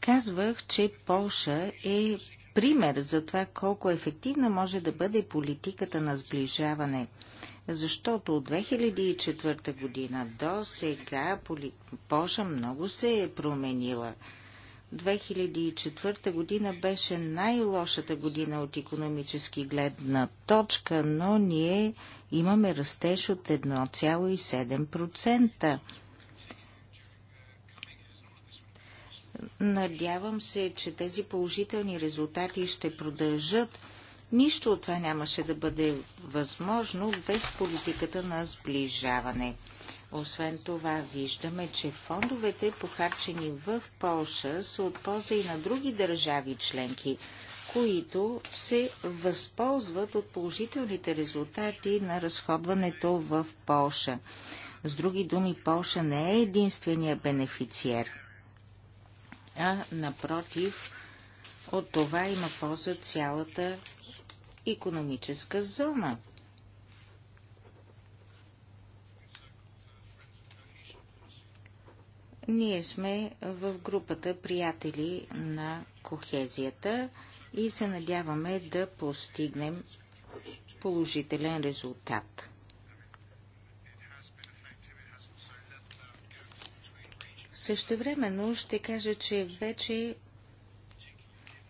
Казвах, че Полша е пример за това колко ефективна може да бъде политиката на сближаване. Защото от 2004 година до сега поли... много се е променила. 2004 година беше най-лошата година от економически гледна точка, но ние имаме растеж от 1,7%. Надявам се, че тези положителни резултати ще продължат. Нищо от това нямаше да бъде възможно без политиката на сближаване. Освен това, виждаме, че фондовете, похарчени в Полша, са от полза и на други държави членки, които се възползват от положителните резултати на разходването в Полша. С други думи, Полша не е единствения бенефициер а напротив, от това има полза цялата економическа зона. Ние сме в групата приятели на кохезията и се надяваме да постигнем положителен резултат. Същевременно ще кажа, че вече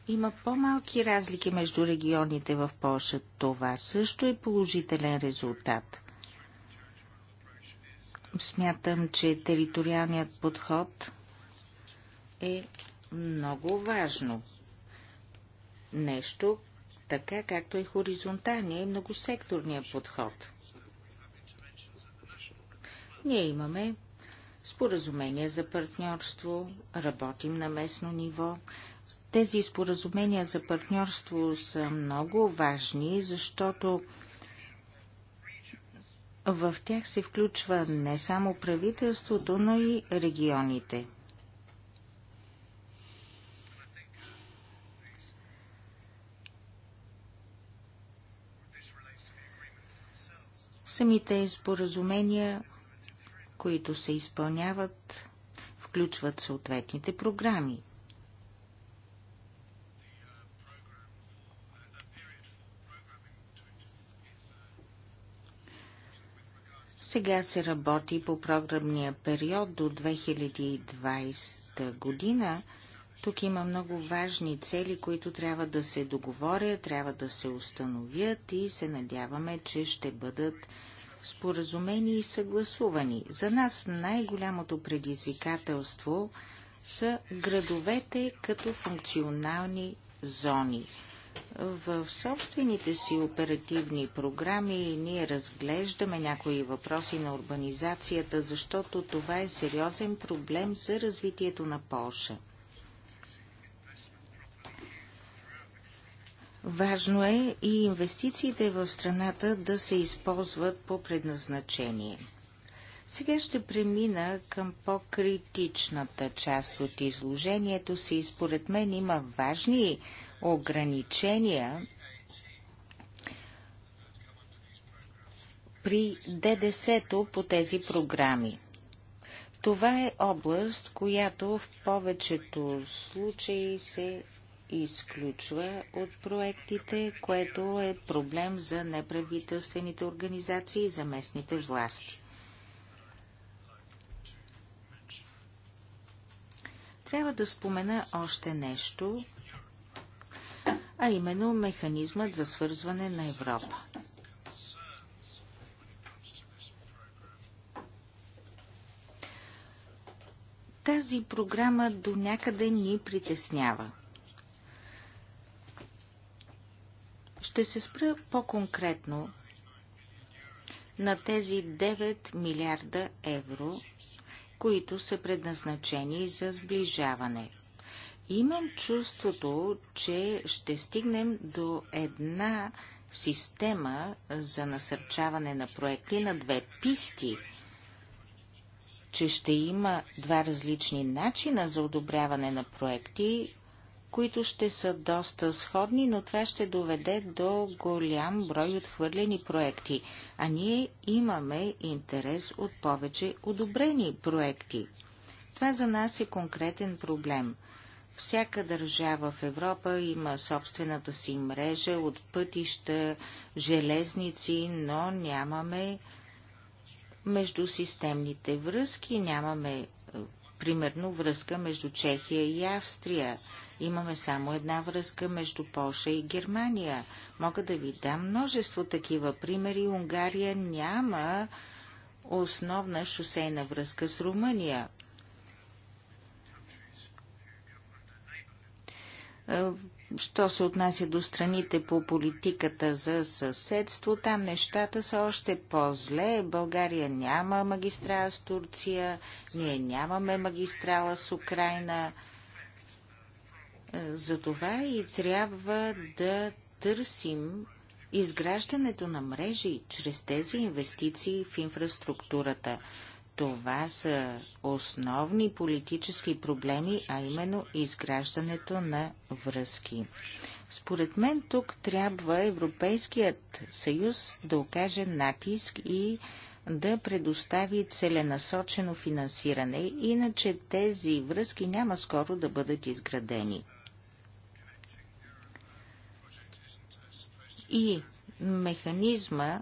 има по-малки разлики между регионите в Польша. Това също е положителен резултат. Смятам, че териториалният подход е много важно. Нещо, така както е хоризонталния и многосекторния подход. Ние имаме споразумения за партньорство, работим на местно ниво. Тези споразумения за партньорство са много важни, защото в тях се включва не само правителството, но и регионите. Самите споразумения които се изпълняват, включват съответните програми. Сега се работи по програмния период до 2020 година. Тук има много важни цели, които трябва да се договорят, трябва да се установят и се надяваме, че ще бъдат споразумени и съгласувани. За нас най-голямото предизвикателство са градовете като функционални зони. В собствените си оперативни програми ние разглеждаме някои въпроси на урбанизацията, защото това е сериозен проблем за развитието на Польша. Важно е и инвестициите в страната да се използват по предназначение. Сега ще премина към по-критичната част от изложението си и според мен има важни ограничения при ДДС-то по тези програми. Това е област, която в повечето случаи се изключва от проектите, което е проблем за неправителствените организации и за местните власти. Трябва да спомена още нещо, а именно механизмът за свързване на Европа. Тази програма до някъде ни притеснява. Ще се спра по-конкретно на тези 9 милиарда евро, които са предназначени за сближаване. Имам чувството, че ще стигнем до една система за насърчаване на проекти на две писти, че ще има два различни начина за одобряване на проекти, които ще са доста сходни, но това ще доведе до голям брой отхвърлени проекти. А ние имаме интерес от повече одобрени проекти. Това за нас е конкретен проблем. Всяка държава в Европа има собствената си мрежа от пътища, железници, но нямаме междусистемните връзки, нямаме е, примерно връзка между Чехия и Австрия. Имаме само една връзка между Польша и Германия. Мога да ви дам множество такива примери. Унгария няма основна шосейна връзка с Румъния. Е, що се отнася до страните по политиката за съседство, там нещата са още по-зле. България няма магистрала с Турция, ние нямаме магистрала с Украина. Затова и трябва да търсим изграждането на мрежи чрез тези инвестиции в инфраструктурата. Това са основни политически проблеми, а именно изграждането на връзки. Според мен тук трябва Европейският съюз да окаже натиск и да предостави целенасочено финансиране, иначе тези връзки няма скоро да бъдат изградени. И механизма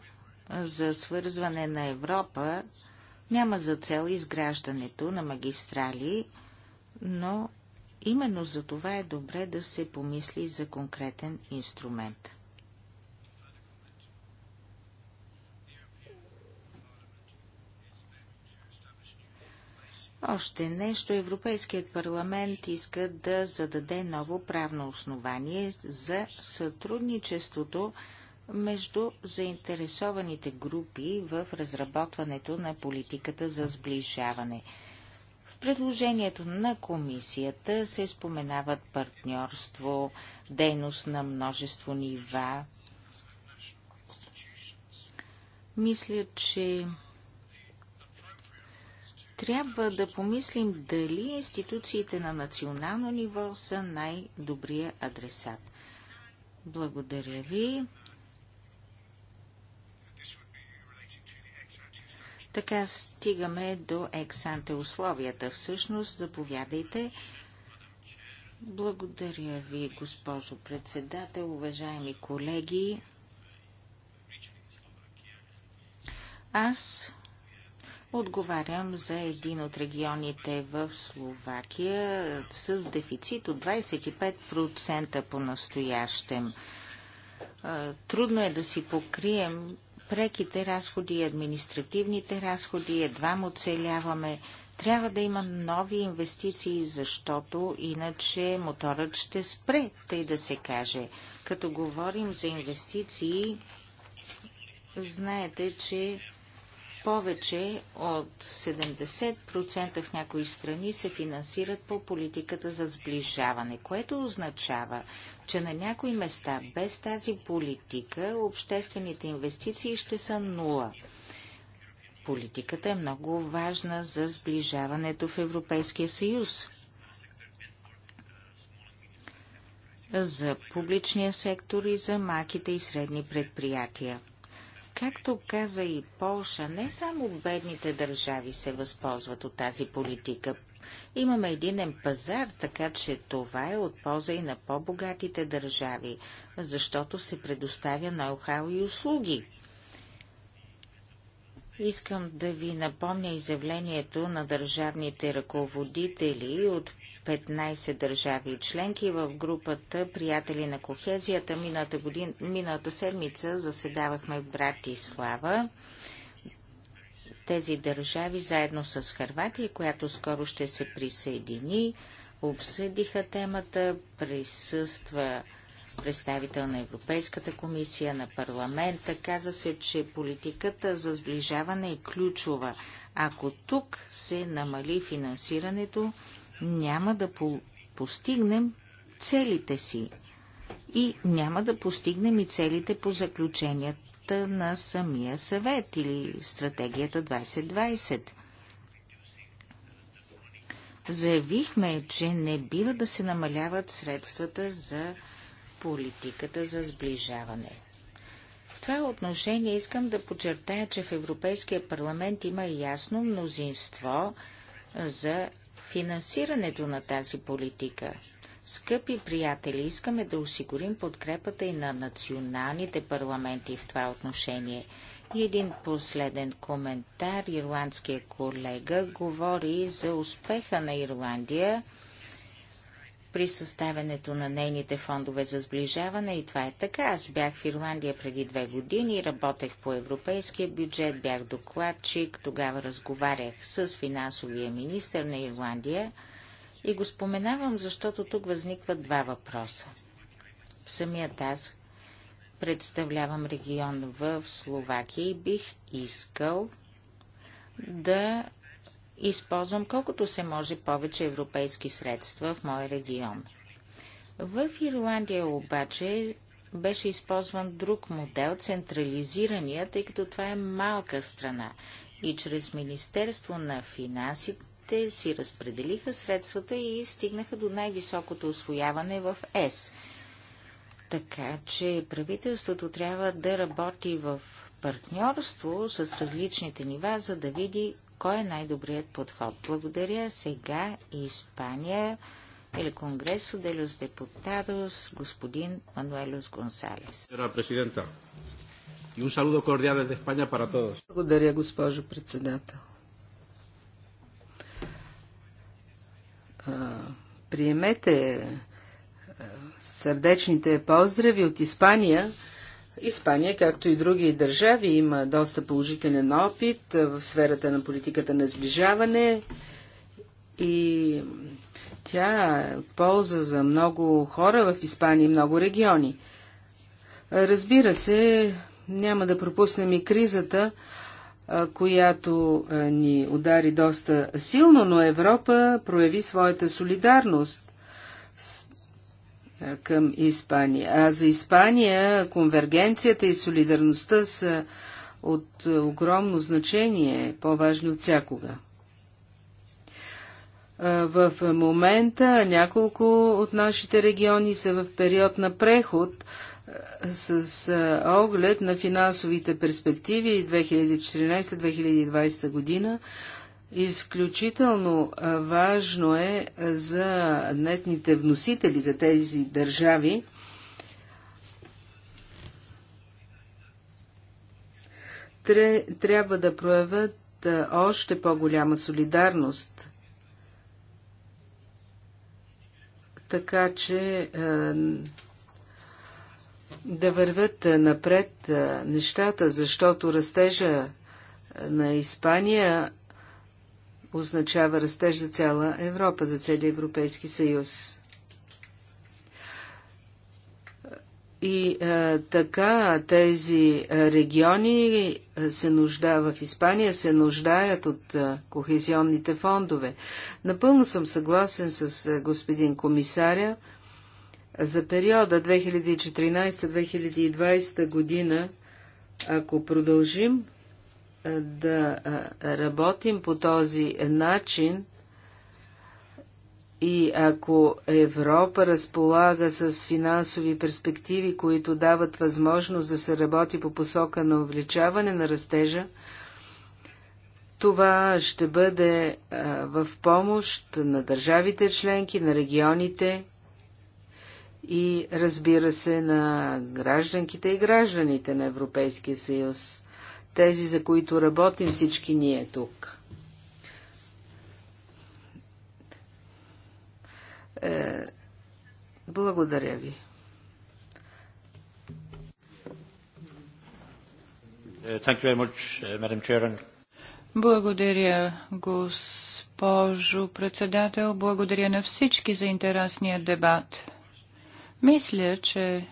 за свързване на Европа няма за цел изграждането на магистрали, но именно за това е добре да се помисли за конкретен инструмент. Още нещо, Европейският парламент иска да зададе ново правно основание за сътрудничеството между заинтересованите групи в разработването на политиката за сближаване. В предложението на комисията се споменават партньорство, дейност на множество нива. Мисля, че трябва да помислим дали институциите на национално ниво са най-добрия адресат. Благодаря ви. Така стигаме до ексанте условията. Всъщност, заповядайте. Благодаря ви, госпожо председател, уважаеми колеги. Аз Отговарям за един от регионите в Словакия с дефицит от 25% по настоящем. Трудно е да си покрием преките разходи, административните разходи, едва му оцеляваме. Трябва да има нови инвестиции, защото иначе моторът ще спре, тъй да се каже. Като говорим за инвестиции, знаете, че повече от 70% в някои страни се финансират по политиката за сближаване, което означава, че на някои места без тази политика обществените инвестиции ще са нула. Политиката е много важна за сближаването в Европейския съюз. за публичния сектор и за малките и средни предприятия. Както каза и Полша, не само бедните държави се възползват от тази политика. Имаме единен пазар, така че това е от полза и на по-богатите държави, защото се предоставя ноу-хау и услуги. Искам да ви напомня изявлението на държавните ръководители от 15 държави и членки в групата Приятели на кохезията. Миналата, годин, миналата седмица заседавахме в Братислава. Тези държави, заедно с Харватия, която скоро ще се присъедини, обсъдиха темата. Присъства представител на Европейската комисия, на парламента. Каза се, че политиката за сближаване е ключова. Ако тук се намали финансирането, няма да по постигнем целите си и няма да постигнем и целите по заключенията на самия съвет или стратегията 2020. Заявихме, че не бива да се намаляват средствата за политиката за сближаване. В това отношение искам да подчертая, че в Европейския парламент има ясно мнозинство за финансирането на тази политика. Скъпи приятели, искаме да осигурим подкрепата и на националните парламенти в това отношение. И един последен коментар. Ирландския колега говори за успеха на Ирландия – при съставянето на нейните фондове за сближаване и това е така. Аз бях в Ирландия преди две години, работех по европейския бюджет, бях докладчик, тогава разговарях с финансовия министр на Ирландия и го споменавам, защото тук възникват два въпроса. Самият аз представлявам регион в Словакия и бих искал да използвам колкото се може повече европейски средства в моя регион. В Ирландия обаче беше използван друг модел, централизирания, тъй като това е малка страна. И чрез Министерство на финансите си разпределиха средствата и стигнаха до най-високото освояване в ЕС. Така че правителството трябва да работи в партньорство с различните нива, за да види кой е най-добрият подход? Благодаря сега Испания, или Конгресо де los Депутадос, господин Мануелос Гонсалес. Благодаря, госпожо председател. Приемете сърдечните поздрави от Испания. Испания, както и други държави, има доста положителен опит в сферата на политиката на сближаване и тя полза за много хора в Испания и много региони. Разбира се, няма да пропуснем и кризата, която ни удари доста силно, но Европа прояви своята солидарност към Испания. А за Испания конвергенцията и солидарността са от огромно значение, по-важни от всякога. В момента няколко от нашите региони са в период на преход с оглед на финансовите перспективи 2014-2020 година, Изключително важно е за нетните вносители, за тези държави, трябва да проявят още по-голяма солидарност, така че да вървят напред нещата, защото растежа на Испания означава растеж за цяла Европа, за целия Европейски съюз. И а, така тези региони се нужда в Испания се нуждаят от а, кохезионните фондове. Напълно съм съгласен с а, господин комисаря. За периода 2014-2020 година, ако продължим е, да е, работим по този начин и ако Европа разполага с финансови перспективи, които дават възможност да се работи по посока на увеличаване на растежа, това ще бъде е, в помощ на държавите членки, на регионите и разбира се на гражданките и гражданите на Европейския съюз тези, за които работим всички ние тук. Е, благодаря ви. Е, е, благодаря, госпожо председател. Благодаря на всички за интересния дебат. Мисля, че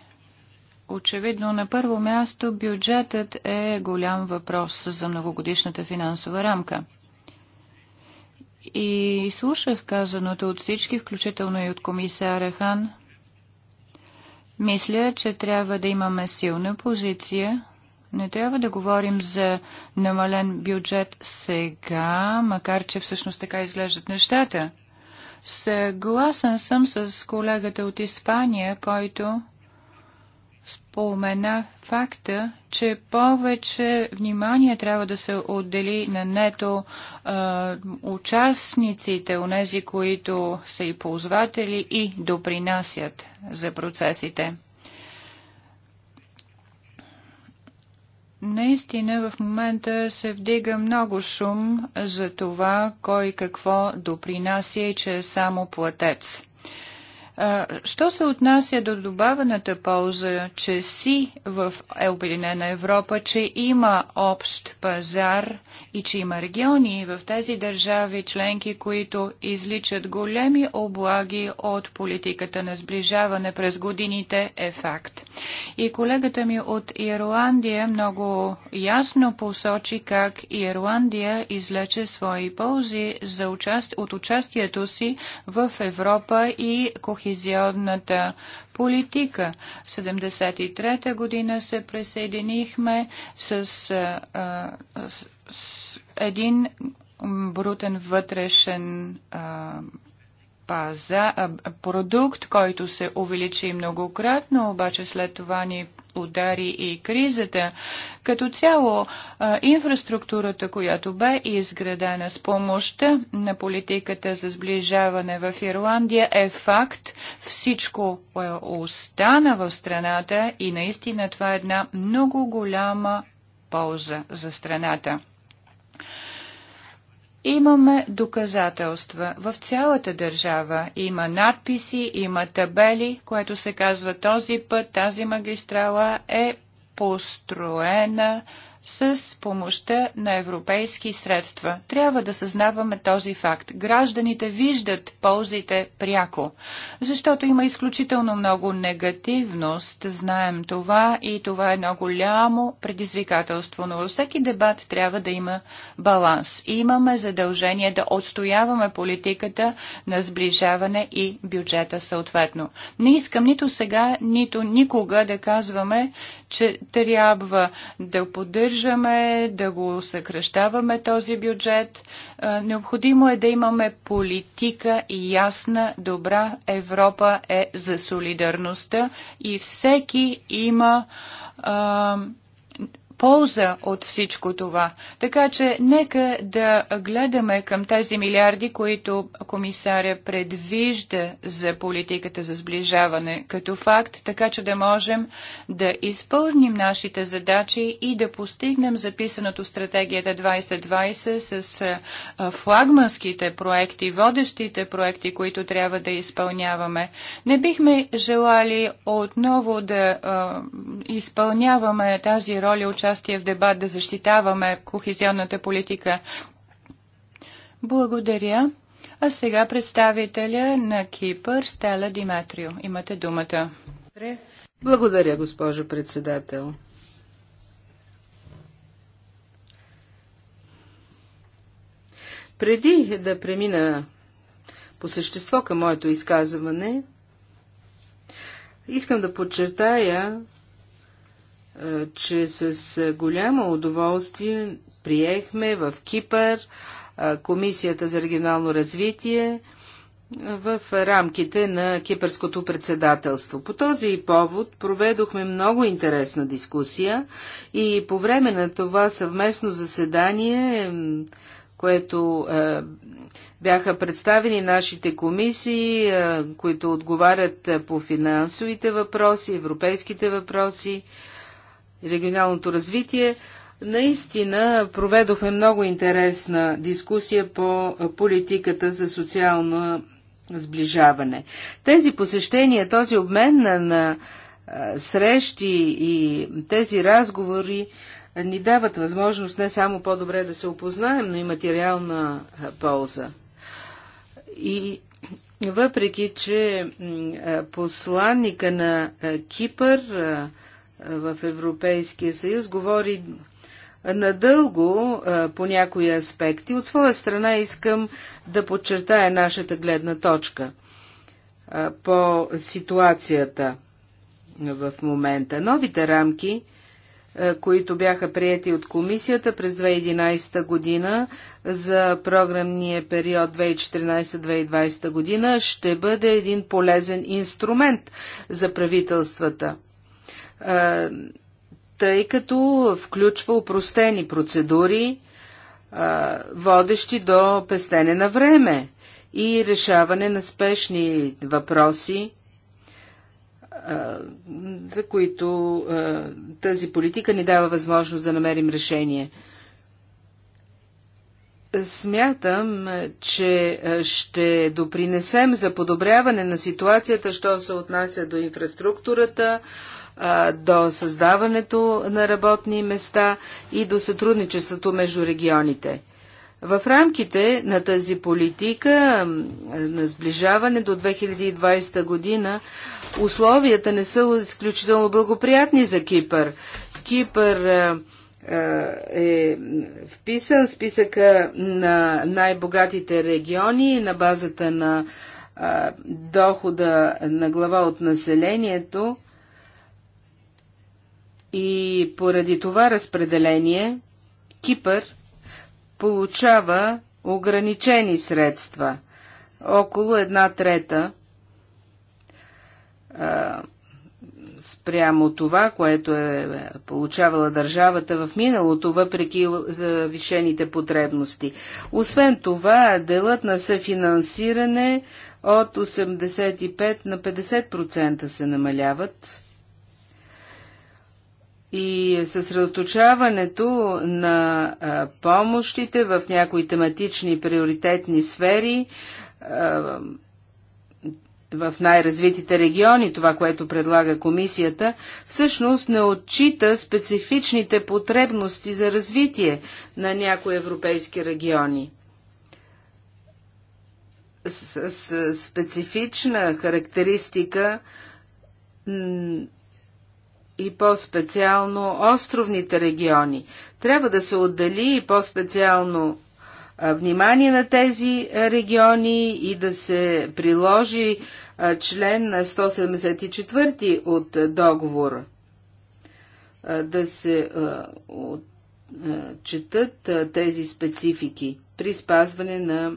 Очевидно, на първо място бюджетът е голям въпрос за многогодишната финансова рамка. И слушах казаното от всички, включително и от комисаря Хан. Мисля, че трябва да имаме силна позиция. Не трябва да говорим за намален бюджет сега, макар че всъщност така изглеждат нещата. Съгласен съм с колегата от Испания, който спомена факта, че повече внимание трябва да се отдели на нето а, участниците, онези, които са и ползватели и допринасят за процесите. Наистина в момента се вдига много шум за това кой какво допринася и че е само платец. Що се отнася до добавената полза, че си в е Обединена Европа, че има общ пазар и че има региони в тези държави членки, които изличат големи облаги от политиката на сближаване през годините, е факт. И колегата ми от Ирландия много ясно посочи как Ирландия излече свои ползи за участ... от участието си в Европа и кохи кохезионната политика. 73-та година се присъединихме с, а, с един брутен вътрешен а, паза, продукт, който се увеличи многократно, обаче след това ни удари и кризата. Като цяло, инфраструктурата, която бе изградена с помощта на политиката за сближаване в Ирландия е факт. Всичко е, остана в страната и наистина това е една много голяма полза за страната. Имаме доказателства. В цялата държава има надписи, има табели, което се казва този път, тази магистрала е построена с помощта на европейски средства. Трябва да съзнаваме този факт. Гражданите виждат ползите пряко, защото има изключително много негативност, знаем това и това е много голямо предизвикателство, но във всеки дебат трябва да има баланс. Имаме задължение да отстояваме политиката на сближаване и бюджета съответно. Не искам нито сега, нито никога да казваме, че трябва да поддържаме поддържаме, да го съкръщаваме този бюджет. Необходимо е да имаме политика и ясна, добра Европа е за солидарността и всеки има полза от всичко това. Така че нека да гледаме към тези милиарди, които комисаря предвижда за политиката за сближаване като факт, така че да можем да изпълним нашите задачи и да постигнем записаното стратегията 2020 с флагманските проекти, водещите проекти, които трябва да изпълняваме. Не бихме желали отново да а, изпълняваме тази роля, участие в дебат, да защитаваме кохезионната политика. Благодаря. А сега представителя на Кипър Стела Диматрио. Имате думата. Благодаря, госпожо председател. Преди да премина по същество към моето изказване, искам да подчертая, че с е, голямо удоволствие приехме в Кипър е, Комисията за регионално развитие е, в рамките на кипърското председателство. По този повод проведохме много интересна дискусия и по време на това съвместно заседание, което бяха представени нашите комисии, които отговарят по финансовите въпроси, европейските въпроси, регионалното развитие. Наистина проведохме много интересна дискусия по политиката за социално сближаване. Тези посещения, този обмен на, на срещи и тези разговори ни дават възможност не само по-добре да се опознаем, но и материална полза. И въпреки, че посланника на Кипър в Европейския съюз говори надълго по някои аспекти. От своя страна искам да подчертая нашата гледна точка по ситуацията в момента. Новите рамки, които бяха прияти от комисията през 2011 година за програмния период 2014-2020 година, ще бъде един полезен инструмент за правителствата – тъй като включва упростени процедури, водещи до пестене на време и решаване на спешни въпроси, за които тази политика ни дава възможност да намерим решение. Смятам, че ще допринесем за подобряване на ситуацията, що се отнася до инфраструктурата, до създаването на работни места и до сътрудничеството между регионите. В рамките на тази политика на сближаване до 2020 година условията не са изключително благоприятни за Кипър. Кипър е вписан в списъка на най-богатите региони на базата на дохода на глава от населението и поради това разпределение Кипър получава ограничени средства, около една трета спрямо това, което е получавала държавата в миналото, въпреки завишените потребности. Освен това, делът на съфинансиране от 85 на 50% се намаляват и съсредоточаването на помощите в някои тематични приоритетни сфери в най-развитите региони, това, което предлага комисията, всъщност не отчита специфичните потребности за развитие на някои европейски региони. С, специфична характеристика и по-специално островните региони. Трябва да се отдели и по-специално внимание на тези региони и да се приложи член на 174 от договор. Да се четат тези специфики при спазване на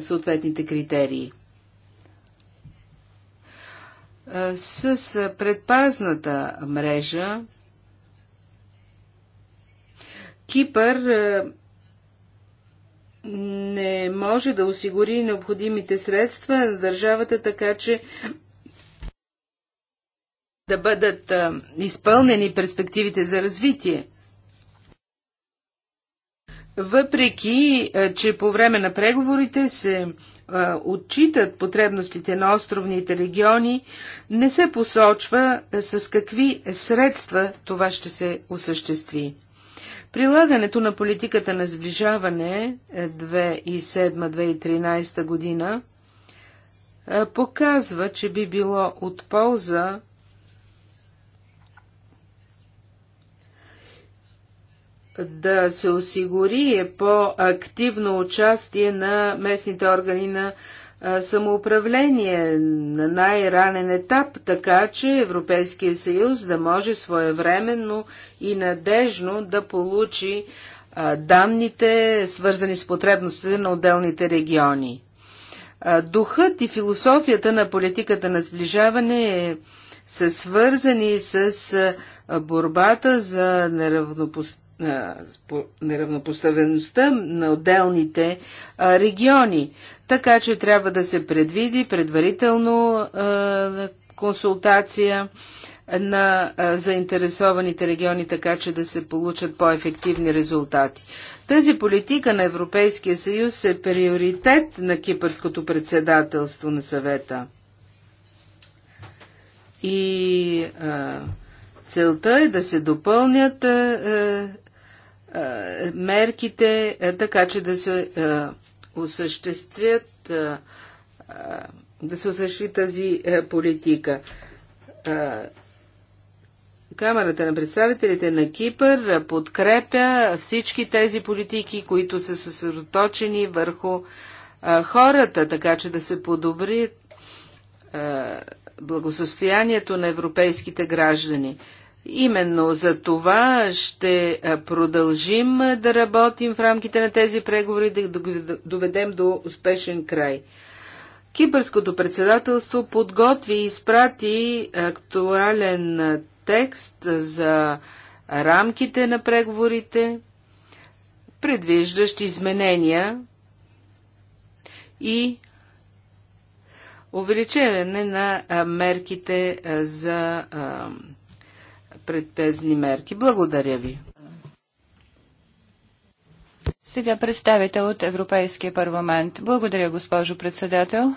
съответните критерии с предпазната мрежа. Кипър не може да осигури необходимите средства на държавата, така че да бъдат изпълнени перспективите за развитие. Въпреки, е, че по време на преговорите се е, отчитат потребностите на островните региони, не се посочва е, с какви средства това ще се осъществи. Прилагането на политиката на сближаване 2007-2013 година показва, че би било от полза да се осигури е по-активно участие на местните органи на самоуправление на най-ранен етап, така че Европейския съюз да може своевременно и надежно да получи данните, свързани с потребностите на отделните региони. духът и философията на политиката на сближаване е, са свързани с борбата за неравнопост неравнопоставеността на отделните региони. Така че трябва да се предвиди предварително консултация на заинтересованите региони, така че да се получат по-ефективни резултати. Тази политика на Европейския съюз е приоритет на кипърското председателство на съвета. И а, целта е да се допълнят а, мерките, така че да се осъществят, да се осъществи тази политика. Камерата на представителите на Кипър подкрепя всички тези политики, които са съсредоточени върху хората, така че да се подобри благосъстоянието на европейските граждани. Именно за това ще продължим да работим в рамките на тези преговори, да доведем до успешен край. Кипърското председателство подготви и изпрати актуален текст за рамките на преговорите, предвиждащ изменения и увеличение на мерките за предпезни мерки. Благодаря ви. Сега представител от Европейския парламент. Благодаря, госпожо председател.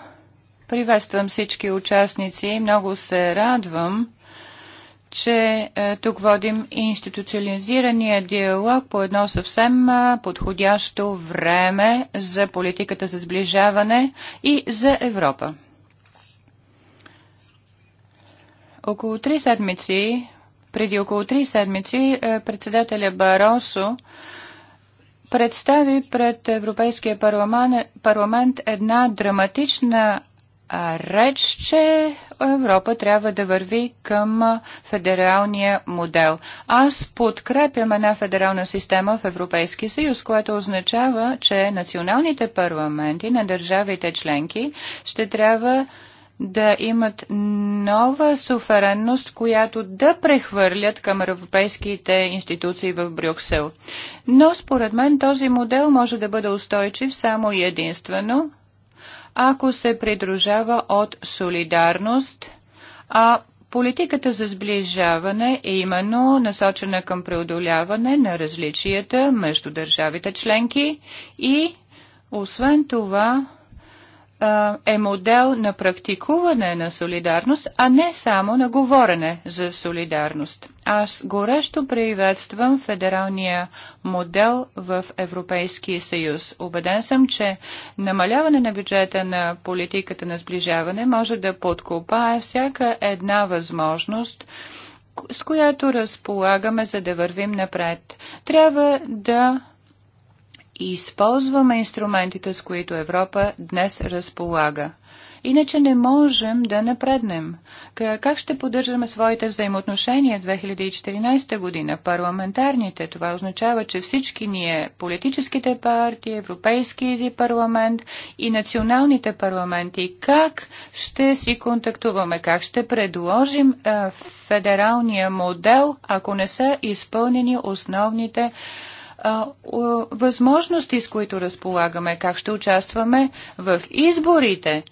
Приветствам всички участници много се радвам, че е, тук водим институционализирания диалог по едно съвсем е, подходящо време за политиката за сближаване и за Европа. Около три седмици преди около три седмици е, председателя Баросо представи пред Европейския парламент, парламент една драматична реч, че Европа трябва да върви към федералния модел. Аз подкрепям една федерална система в Европейски съюз, което означава, че националните парламенти на държавите членки ще трябва да имат нова суверенност, която да прехвърлят към европейските институции в Брюксел. Но според мен този модел може да бъде устойчив само и единствено, ако се придружава от солидарност, а Политиката за сближаване е именно насочена към преодоляване на различията между държавите членки и освен това е модел на практикуване на солидарност, а не само на говорене за солидарност. Аз горещо приветствам федералния модел в Европейския съюз. Обеден съм, че намаляване на бюджета на политиката на сближаване може да подкопае всяка една възможност, с която разполагаме, за да вървим напред. Трябва да използваме инструментите, с които Европа днес разполага. Иначе не можем да напреднем. Как ще поддържаме своите взаимоотношения 2014 година, парламентарните? Това означава, че всички ние, политическите партии, Европейски парламент и националните парламенти, как ще си контактуваме, как ще предложим федералния модел, ако не са изпълнени основните възможности, с които разполагаме, как ще участваме в изборите,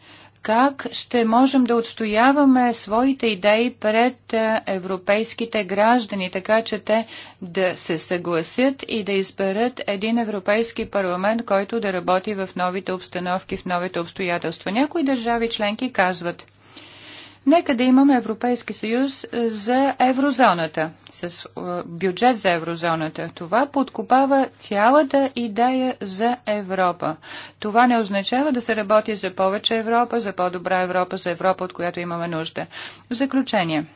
как ще можем да отстояваме своите идеи пред европейските граждани, така че те да се съгласят и да изберат един европейски парламент, който да работи в новите обстановки, в новите обстоятелства. Някои държави членки казват, Нека да имаме Европейски съюз за еврозоната, с е, бюджет за еврозоната. Това подкопава цялата идея за Европа. Това не означава да се работи за повече Европа, за по-добра Европа, за Европа, от която имаме нужда. В заключение,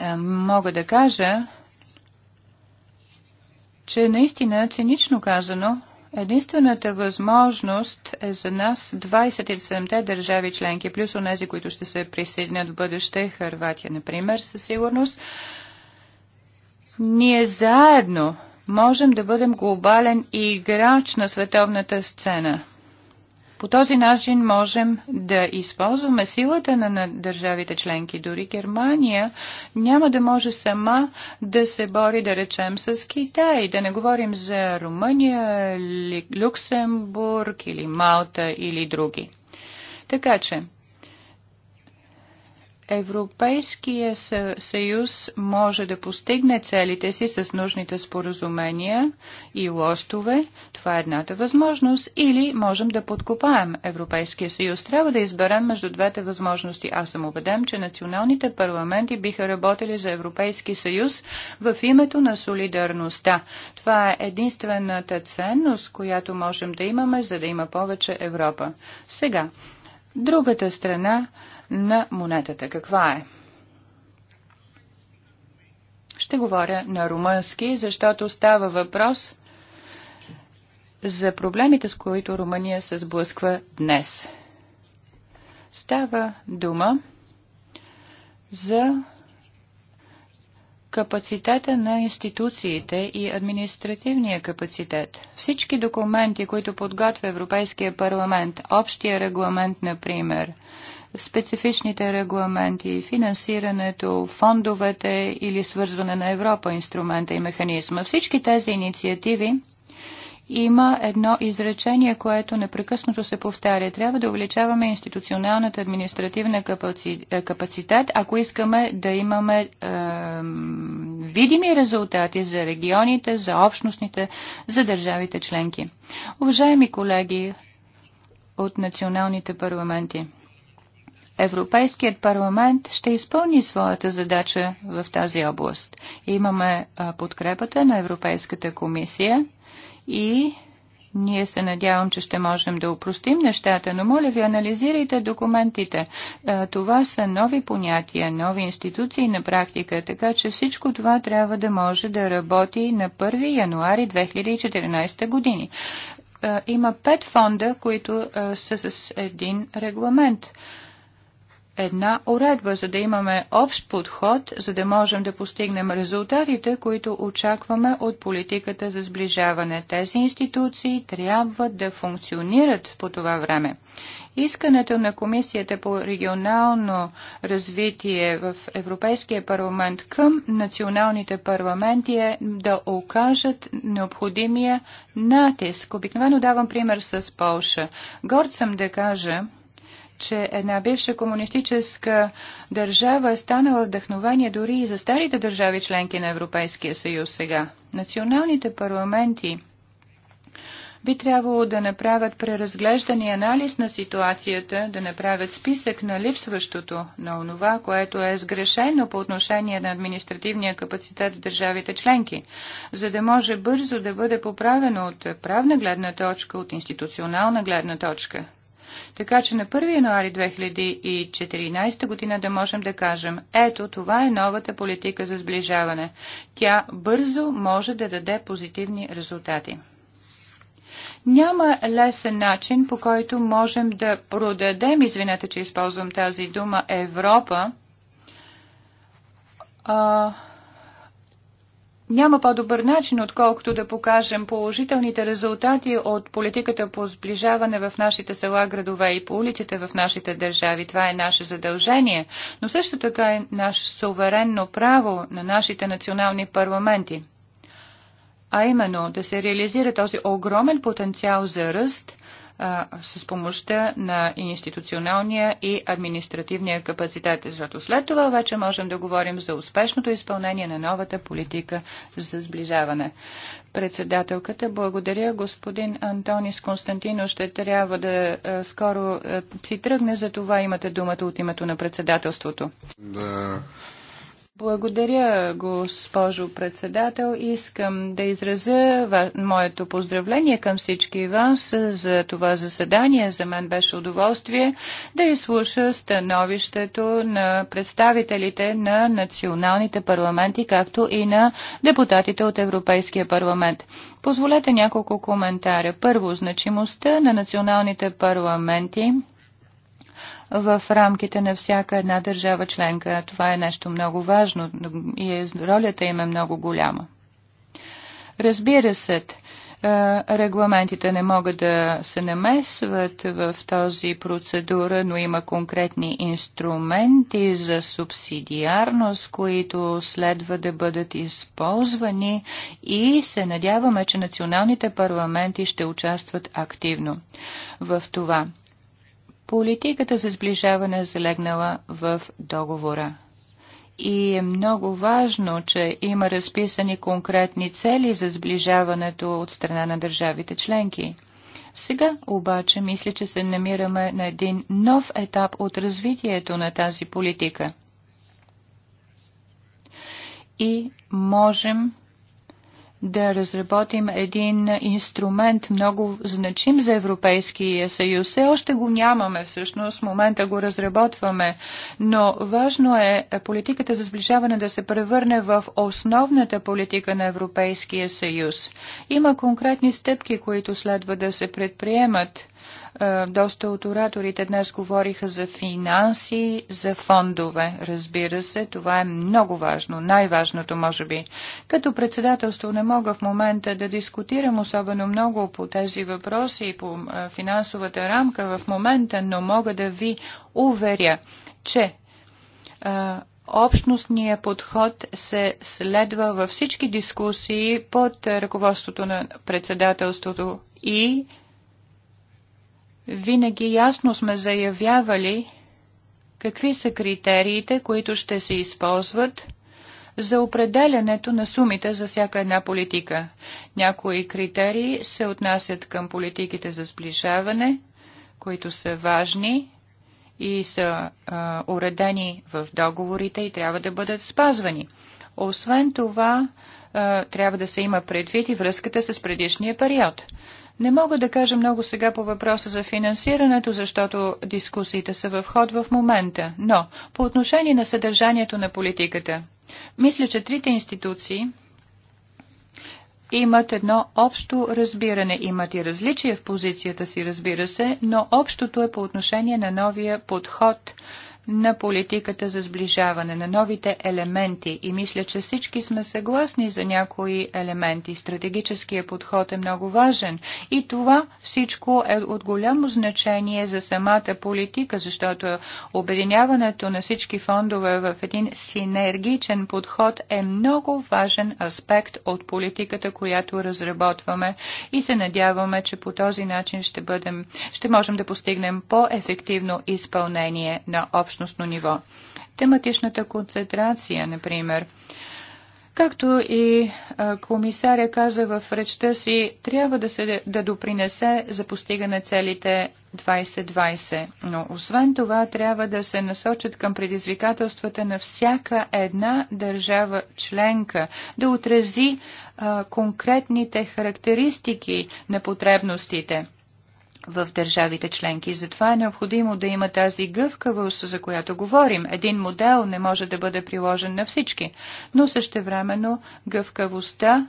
е, мога да кажа, че наистина, цинично казано, Единствената възможност е за нас 27-те държави членки, плюс онези, които ще се присъединят в бъдеще, Харватия, например, със сигурност. Ние заедно можем да бъдем глобален играч на световната сцена. По този начин можем да използваме силата на, на държавите членки. Дори Германия няма да може сама да се бори, да речем, с Китай. Да не говорим за Румъния, Люксембург или Малта или други. Така че, Европейския съюз може да постигне целите си с нужните споразумения и лостове. Това е едната възможност. Или можем да подкопаем Европейския съюз. Трябва да изберем между двете възможности. Аз съм убеден, че националните парламенти биха работили за Европейски съюз в името на солидарността. Това е единствената ценност, която можем да имаме, за да има повече Европа. Сега, другата страна на монетата. Каква е? Ще говоря на румънски, защото става въпрос за проблемите, с които Румъния се сблъсква днес. Става дума за капацитета на институциите и административния капацитет. Всички документи, които подготвя Европейския парламент, общия регламент, например, специфичните регламенти, финансирането, фондовете или свързване на Европа, инструмента и механизма. Всички тези инициативи има едно изречение, което непрекъснато се повтаря. Трябва да увеличаваме институционалната административна капацитет, ако искаме да имаме е, видими резултати за регионите, за общностните, за държавите членки. Уважаеми колеги от националните парламенти, Европейският парламент ще изпълни своята задача в тази област. Имаме подкрепата на Европейската комисия и ние се надявам, че ще можем да упростим нещата, но моля ви, анализирайте документите. Това са нови понятия, нови институции на практика, така че всичко това трябва да може да работи на 1 януари 2014 години. Има пет фонда, които са с един регламент една уредба, за да имаме общ подход, за да можем да постигнем резултатите, които очакваме от политиката за сближаване. Тези институции трябва да функционират по това време. Искането на Комисията по регионално развитие в Европейския парламент към националните парламенти е да окажат необходимия натиск. Обикновено давам пример с Полша. Горд съм да кажа, че една бивша комунистическа държава е станала вдъхновение дори и за старите държави членки на Европейския съюз сега. Националните парламенти би трябвало да направят преразглеждане и анализ на ситуацията, да направят списък на липсващото, на онова, което е сгрешено по отношение на административния капацитет в държавите членки, за да може бързо да бъде поправено от правна гледна точка, от институционална гледна точка. Така че на 1 януари 2014 година да можем да кажем, ето това е новата политика за сближаване. Тя бързо може да даде позитивни резултати. Няма лесен начин, по който можем да продадем, извинете, че използвам тази дума, Европа, а, няма по-добър начин, отколкото да покажем положителните резултати от политиката по сближаване в нашите села, градове и по улиците в нашите държави. Това е наше задължение, но също така е наше суверенно право на нашите национални парламенти. А именно да се реализира този огромен потенциал за ръст а, с помощта на институционалния и административния капацитет, защото след това вече можем да говорим за успешното изпълнение на новата политика за сближаване. Председателката, благодаря господин Антонис Константино. Ще трябва да а, скоро а, си тръгне, за това имате думата от името на председателството. Да. Благодаря, госпожо председател. Искам да изразя моето поздравление към всички вас за това заседание. За мен беше удоволствие да изслуша становището на представителите на националните парламенти, както и на депутатите от Европейския парламент. Позволете няколко коментара. Първо, значимостта на националните парламенти – в рамките на всяка една държава членка. Това е нещо много важно и е- ролята им е много голяма. Разбира се, регламентите не могат да се намесват в този процедура, но има конкретни инструменти за субсидиарност, които следва да бъдат използвани и се надяваме, че националните парламенти ще участват активно в това. Политиката за сближаване е залегнала в договора. И е много важно, че има разписани конкретни цели за сближаването от страна на държавите членки. Сега обаче мисля, че се намираме на един нов етап от развитието на тази политика. И можем да разработим един инструмент много значим за Европейския съюз. Все още го нямаме всъщност, в момента го разработваме, но важно е политиката за сближаване да се превърне в основната политика на Европейския съюз. Има конкретни стъпки, които следва да се предприемат е, доста от ораторите днес говориха за финанси, за фондове. Разбира се, това е много важно, най-важното може би. Като председателство не мога в момента да дискутирам особено много по тези въпроси и по е, финансовата рамка в момента, но мога да ви уверя, че е, общностният подход се следва във всички дискусии под ръководството на председателството и винаги ясно сме заявявали какви са критериите, които ще се използват за определянето на сумите за всяка една политика. Някои критерии се отнасят към политиките за сближаване, които са важни и са а, уредени в договорите и трябва да бъдат спазвани. Освен това, а, трябва да се има предвид и връзката с предишния период. Не мога да кажа много сега по въпроса за финансирането, защото дискусиите са в ход в момента, но по отношение на съдържанието на политиката, мисля, че трите институции имат едно общо разбиране. Имат и различия в позицията си, разбира се, но общото е по отношение на новия подход – на политиката за сближаване, на новите елементи. И мисля, че всички сме съгласни за някои елементи. Стратегическия подход е много важен. И това всичко е от голямо значение за самата политика, защото обединяването на всички фондове в един синергичен подход е много важен аспект от политиката, която разработваме. И се надяваме, че по този начин ще, бъдем, ще можем да постигнем по-ефективно изпълнение на общ общностно ниво. Тематичната концентрация, например. Както и комисаря каза в речта си, трябва да се да допринесе за постигане целите 2020. Но освен това трябва да се насочат към предизвикателствата на всяка една държава членка, да отрази а, конкретните характеристики на потребностите в държавите членки. Затова е необходимо да има тази гъвкавост, за която говорим. Един модел не може да бъде приложен на всички, но същевременно гъвкавостта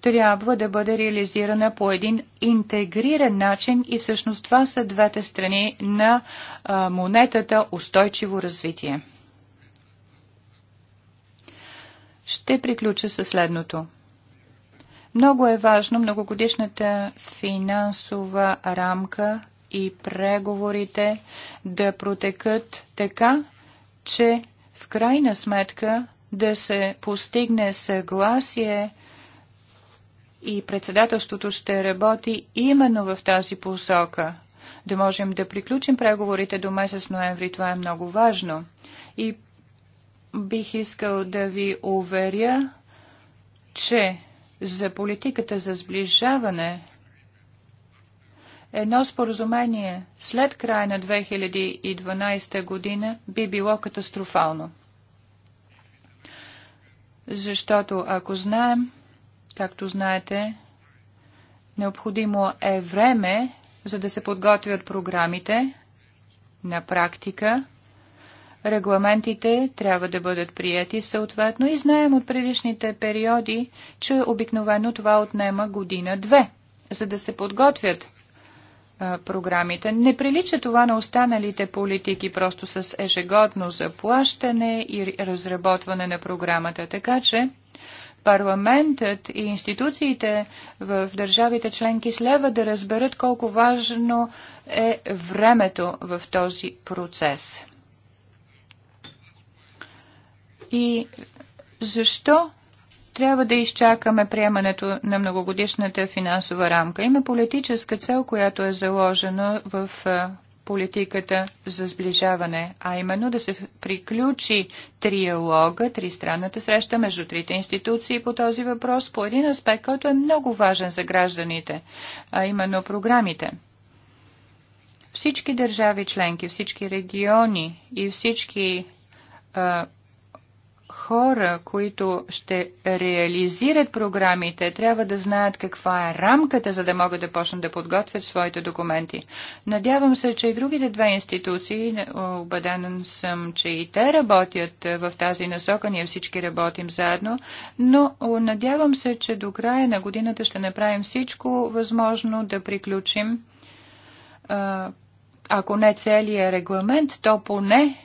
трябва да бъде реализирана по един интегриран начин и всъщност това са двете страни на а, монетата устойчиво развитие. Ще приключа със следното. Много е важно многогодишната финансова рамка и преговорите да протекат така, че в крайна сметка да се постигне съгласие и председателството ще работи именно в тази посока. Да можем да приключим преговорите до месец ноември, това е много важно. И бих искал да ви уверя, че за политиката за сближаване едно споразумение след края на 2012 година би било катастрофално. Защото ако знаем, както знаете, необходимо е време, за да се подготвят програмите на практика регламентите трябва да бъдат прияти съответно и знаем от предишните периоди, че обикновено това отнема година-две, за да се подготвят а, програмите. Не прилича това на останалите политики, просто с ежегодно заплащане и разработване на програмата. Така че парламентът и институциите в държавите членки следва да разберат колко важно е времето в този процес. И защо трябва да изчакаме приемането на многогодишната финансова рамка? Има политическа цел, която е заложена в политиката за сближаване, а именно да се приключи триалога, тристранната среща между трите институции по този въпрос, по един аспект, който е много важен за гражданите, а именно програмите. Всички държави членки, всички региони и всички а, хора, които ще реализират програмите, трябва да знаят каква е рамката, за да могат да почнат да подготвят своите документи. Надявам се, че и другите две институции, убеден съм, че и те работят е, в тази насока, ние всички работим заедно, но надявам се, че до края на годината ще направим всичко възможно да приключим ако не целият регламент, то поне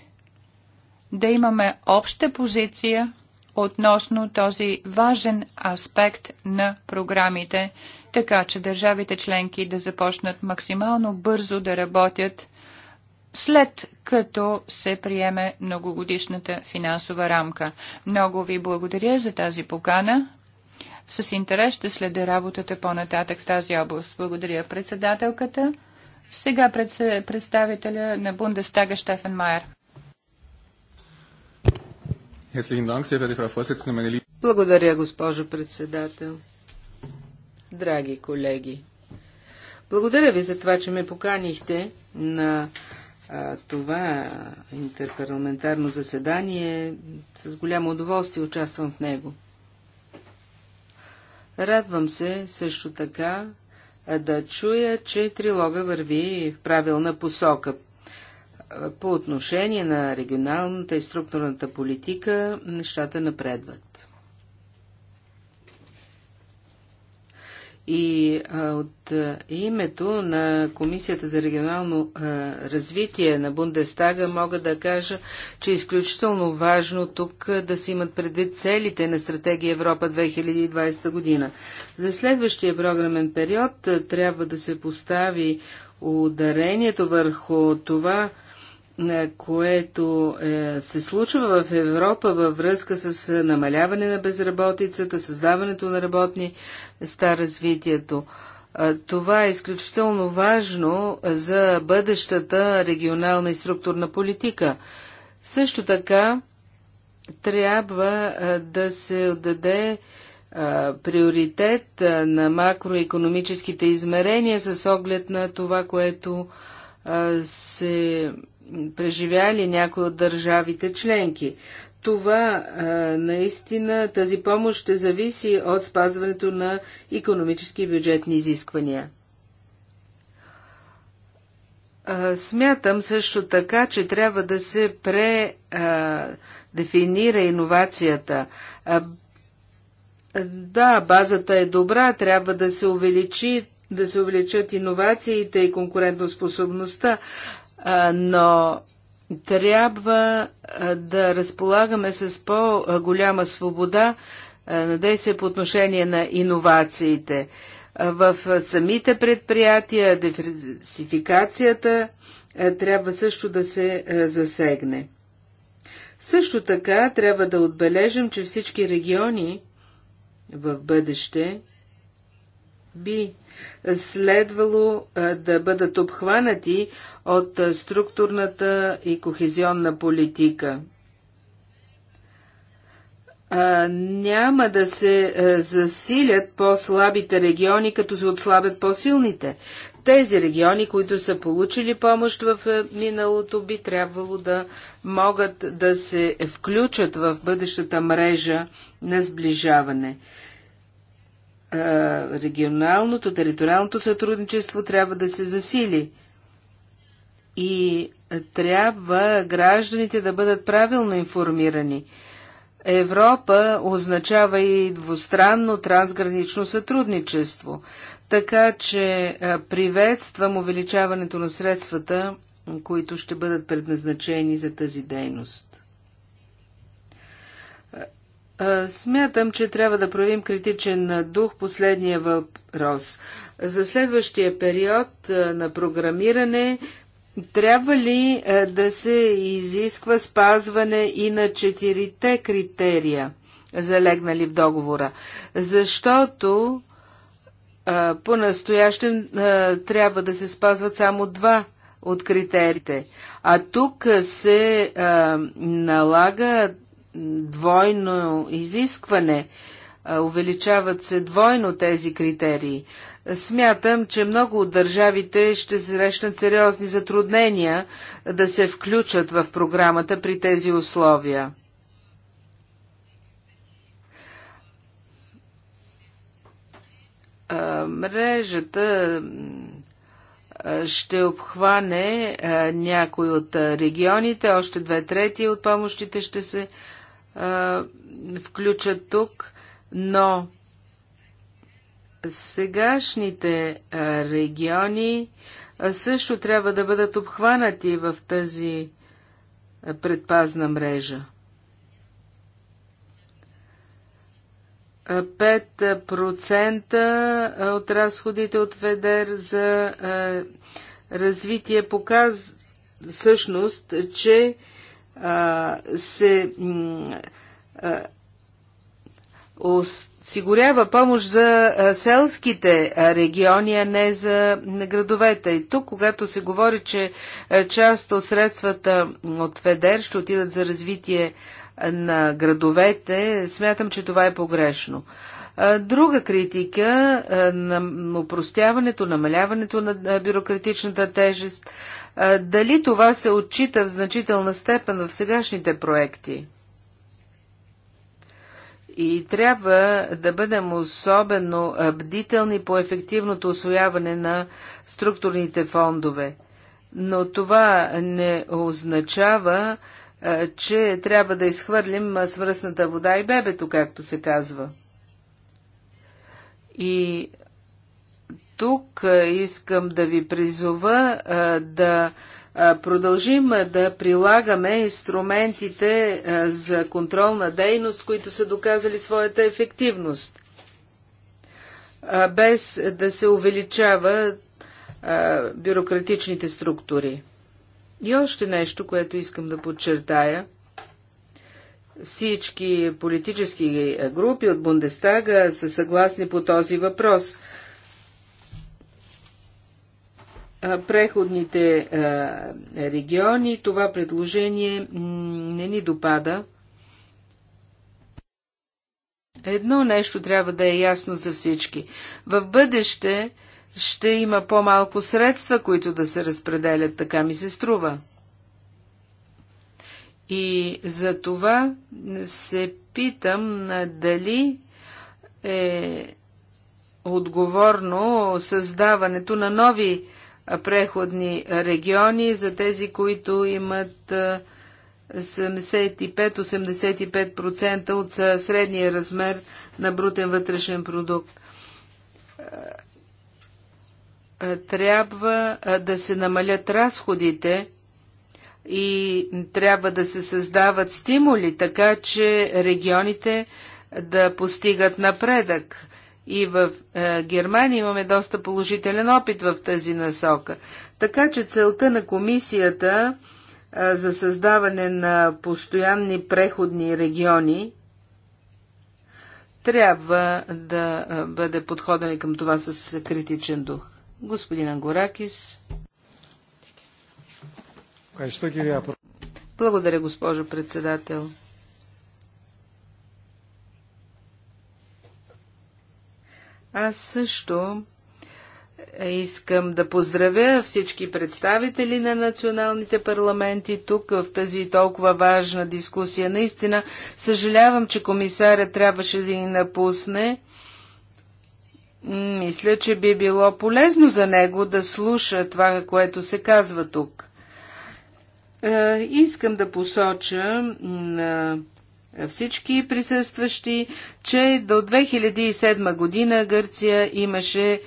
да имаме обща позиция относно този важен аспект на програмите, така че държавите членки да започнат максимално бързо да работят след като се приеме многогодишната финансова рамка. Много ви благодаря за тази покана. С интерес ще следя работата по-нататък в тази област. Благодаря председателката. Сега представителя на Бундестага Штефен Майер. Благодаря, госпожо председател. Драги колеги, благодаря ви за това, че ме поканихте на а, това интерпарламентарно заседание. С голямо удоволствие участвам в него. Радвам се също така да чуя, че трилога върви в правилна посока по отношение на регионалната и структурната политика нещата напредват. И а, от а, името на Комисията за регионално а, развитие на Бундестага мога да кажа, че е изключително важно тук да се имат предвид целите на стратегия Европа 2020 година. За следващия програмен период трябва да се постави ударението върху това, което е, се случва в Европа във връзка с е, намаляване на безработицата, създаването на работни места, развитието. Е, това е изключително важно за бъдещата регионална и структурна политика. Също така трябва е, да се отдаде приоритет на макроекономическите измерения с оглед на това, което се преживяли някои от държавите членки. Това наистина, тази помощ ще зависи от спазването на економически и бюджетни изисквания. смятам също така, че трябва да се предефинира иновацията. да, базата е добра, трябва да се увеличи, да се увеличат иновациите и конкурентоспособността, но трябва да разполагаме с по-голяма свобода на действие по отношение на иновациите. В самите предприятия диверсификацията трябва също да се засегне. Също така трябва да отбележим, че всички региони в бъдеще би следвало да бъдат обхванати от структурната и кохезионна политика. Няма да се засилят по-слабите региони, като се отслабят по-силните. Тези региони, които са получили помощ в миналото, би трябвало да могат да се включат в бъдещата мрежа на сближаване регионалното, териториалното сътрудничество трябва да се засили. И трябва гражданите да бъдат правилно информирани. Европа означава и двустранно трансгранично сътрудничество. Така че приветствам увеличаването на средствата, които ще бъдат предназначени за тази дейност. Смятам, че трябва да проявим критичен дух последния въпрос. За следващия период на програмиране трябва ли да се изисква спазване и на четирите критерия, залегнали в договора? Защото по-настоящем трябва да се спазват само два от критериите. А тук се налага двойно изискване. Увеличават се двойно тези критерии. Смятам, че много от държавите ще срещнат сериозни затруднения да се включат в програмата при тези условия. Мрежата ще обхване някои от регионите, още две трети от помощите ще се включат тук, но сегашните региони също трябва да бъдат обхванати в тази предпазна мрежа. 5% от разходите от ВЕДЕР за развитие показва всъщност, че се осигурява помощ за селските региони, а не за градовете. И тук, когато се говори, че част от средствата от ФЕДЕР ще отидат за развитие на градовете, смятам, че това е погрешно. Друга критика на упростяването, намаляването на бюрократичната тежест. Дали това се отчита в значителна степен в сегашните проекти? И трябва да бъдем особено бдителни по ефективното освояване на структурните фондове. Но това не означава, че трябва да изхвърлим свръсната вода и бебето, както се казва. И тук искам да ви призова да продължим да прилагаме инструментите за контролна дейност, които са доказали своята ефективност, без да се увеличава бюрократичните структури. И още нещо, което искам да подчертая – всички политически групи от Бундестага са съгласни по този въпрос. Преходните региони, това предложение не ни допада. Едно нещо трябва да е ясно за всички. В бъдеще ще има по-малко средства, които да се разпределят, така ми се струва. И за това се питам дали е отговорно създаването на нови преходни региони за тези, които имат 75-85% от средния размер на брутен вътрешен продукт. Трябва да се намалят разходите и трябва да се създават стимули, така че регионите да постигат напредък. И в е, Германия имаме доста положителен опит в тази насока. Така че целта на комисията е, за създаване на постоянни преходни региони трябва да е, бъде подходен към това с критичен дух. Господин Ангоракис. Благодаря, госпожо председател. Аз също искам да поздравя всички представители на националните парламенти тук в тази толкова важна дискусия. Наистина съжалявам, че комисаря трябваше да ни напусне. Мисля, че би било полезно за него да слуша това, което се казва тук. Е, искам да посоча на всички присъстващи, че до 2007 година Гърция имаше е,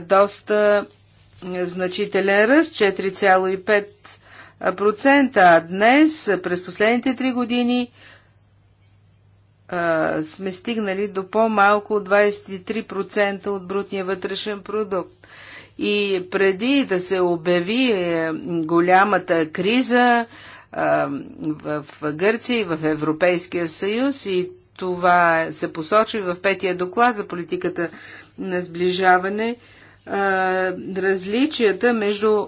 доста значителен ръст 4,5%, а днес през последните три години е, сме стигнали до по-малко 23% от брутния вътрешен продукт. И преди да се обяви е, голямата криза е, в Гърция и в Европейския съюз и това се посочи в петия доклад за политиката на сближаване, е, различията между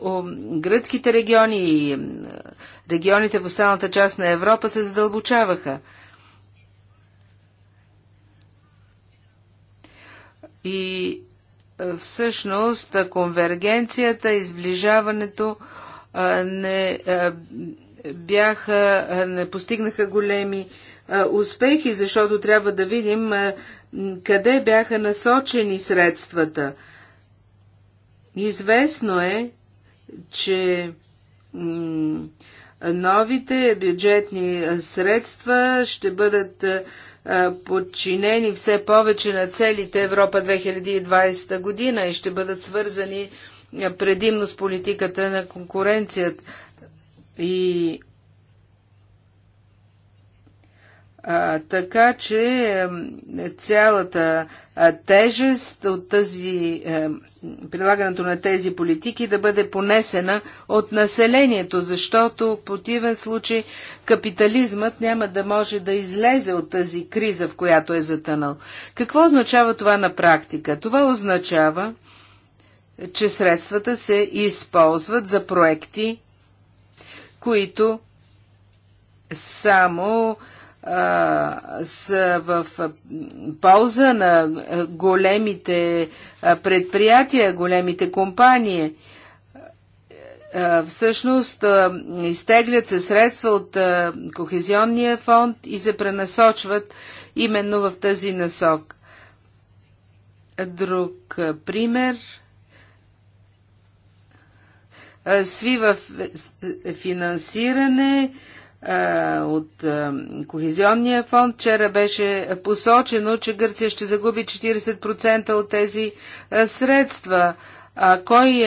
гръцките региони и регионите в останалата част на Европа се задълбочаваха. И е, всъщност конвергенцията, изближаването е, не е, бяха, не постигнаха големи успехи, защото трябва да видим къде бяха насочени средствата. Известно е, че новите бюджетни средства ще бъдат подчинени все повече на целите Европа 2020 година и ще бъдат свързани предимно с политиката на конкуренцията. И А, така че цялата а, тежест от тази, а, прилагането на тези политики да бъде понесена от населението, защото в противен случай капитализмът няма да може да излезе от тази криза, в която е затънал. Какво означава това на практика? Това означава, че средствата се използват за проекти, които само а, са в полза на големите предприятия, големите компании. Всъщност изтеглят се средства от Кохезионния фонд и се пренасочват именно в тази насок. Друг пример свива финансиране, от Кохезионния фонд. Вчера беше посочено, че Гърция ще загуби 40% от тези средства. А кой,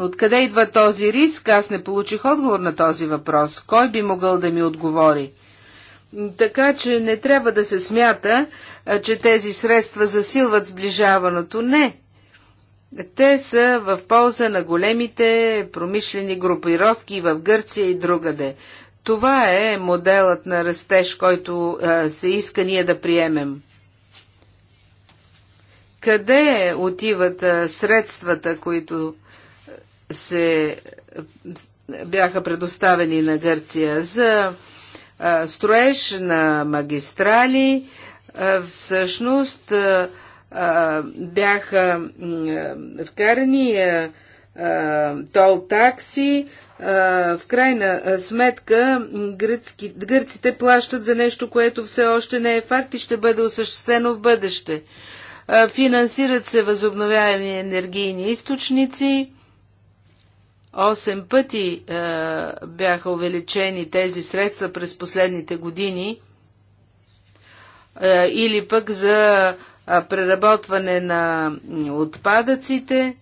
откъде идва този риск? Аз не получих отговор на този въпрос. Кой би могъл да ми отговори? Така че не трябва да се смята, че тези средства засилват сближаването. Не. Те са в полза на големите промишлени групировки в Гърция и другаде. Това е моделът на растеж, който се иска ние да приемем. Къде отиват средствата, които се бяха предоставени на Гърция за строеж на магистрали, всъщност бяха вкарани тол такси, в крайна сметка гръцки, гърците плащат за нещо, което все още не е факт и ще бъде осъществено в бъдеще. Финансират се възобновяеми енергийни източници. Осем пъти е, бяха увеличени тези средства през последните години. Е, или пък за преработване на отпадъците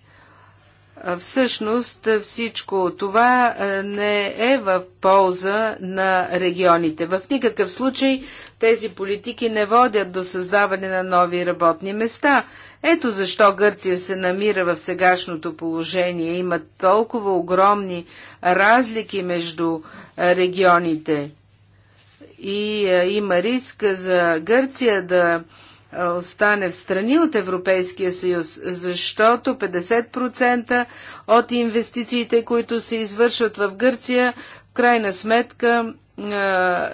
Всъщност всичко това не е в полза на регионите. В никакъв случай тези политики не водят до създаване на нови работни места. Ето защо Гърция се намира в сегашното положение. Има толкова огромни разлики между регионите. И има риск за Гърция да остане в страни от Европейския съюз, защото 50% от инвестициите, които се извършват в Гърция, в крайна сметка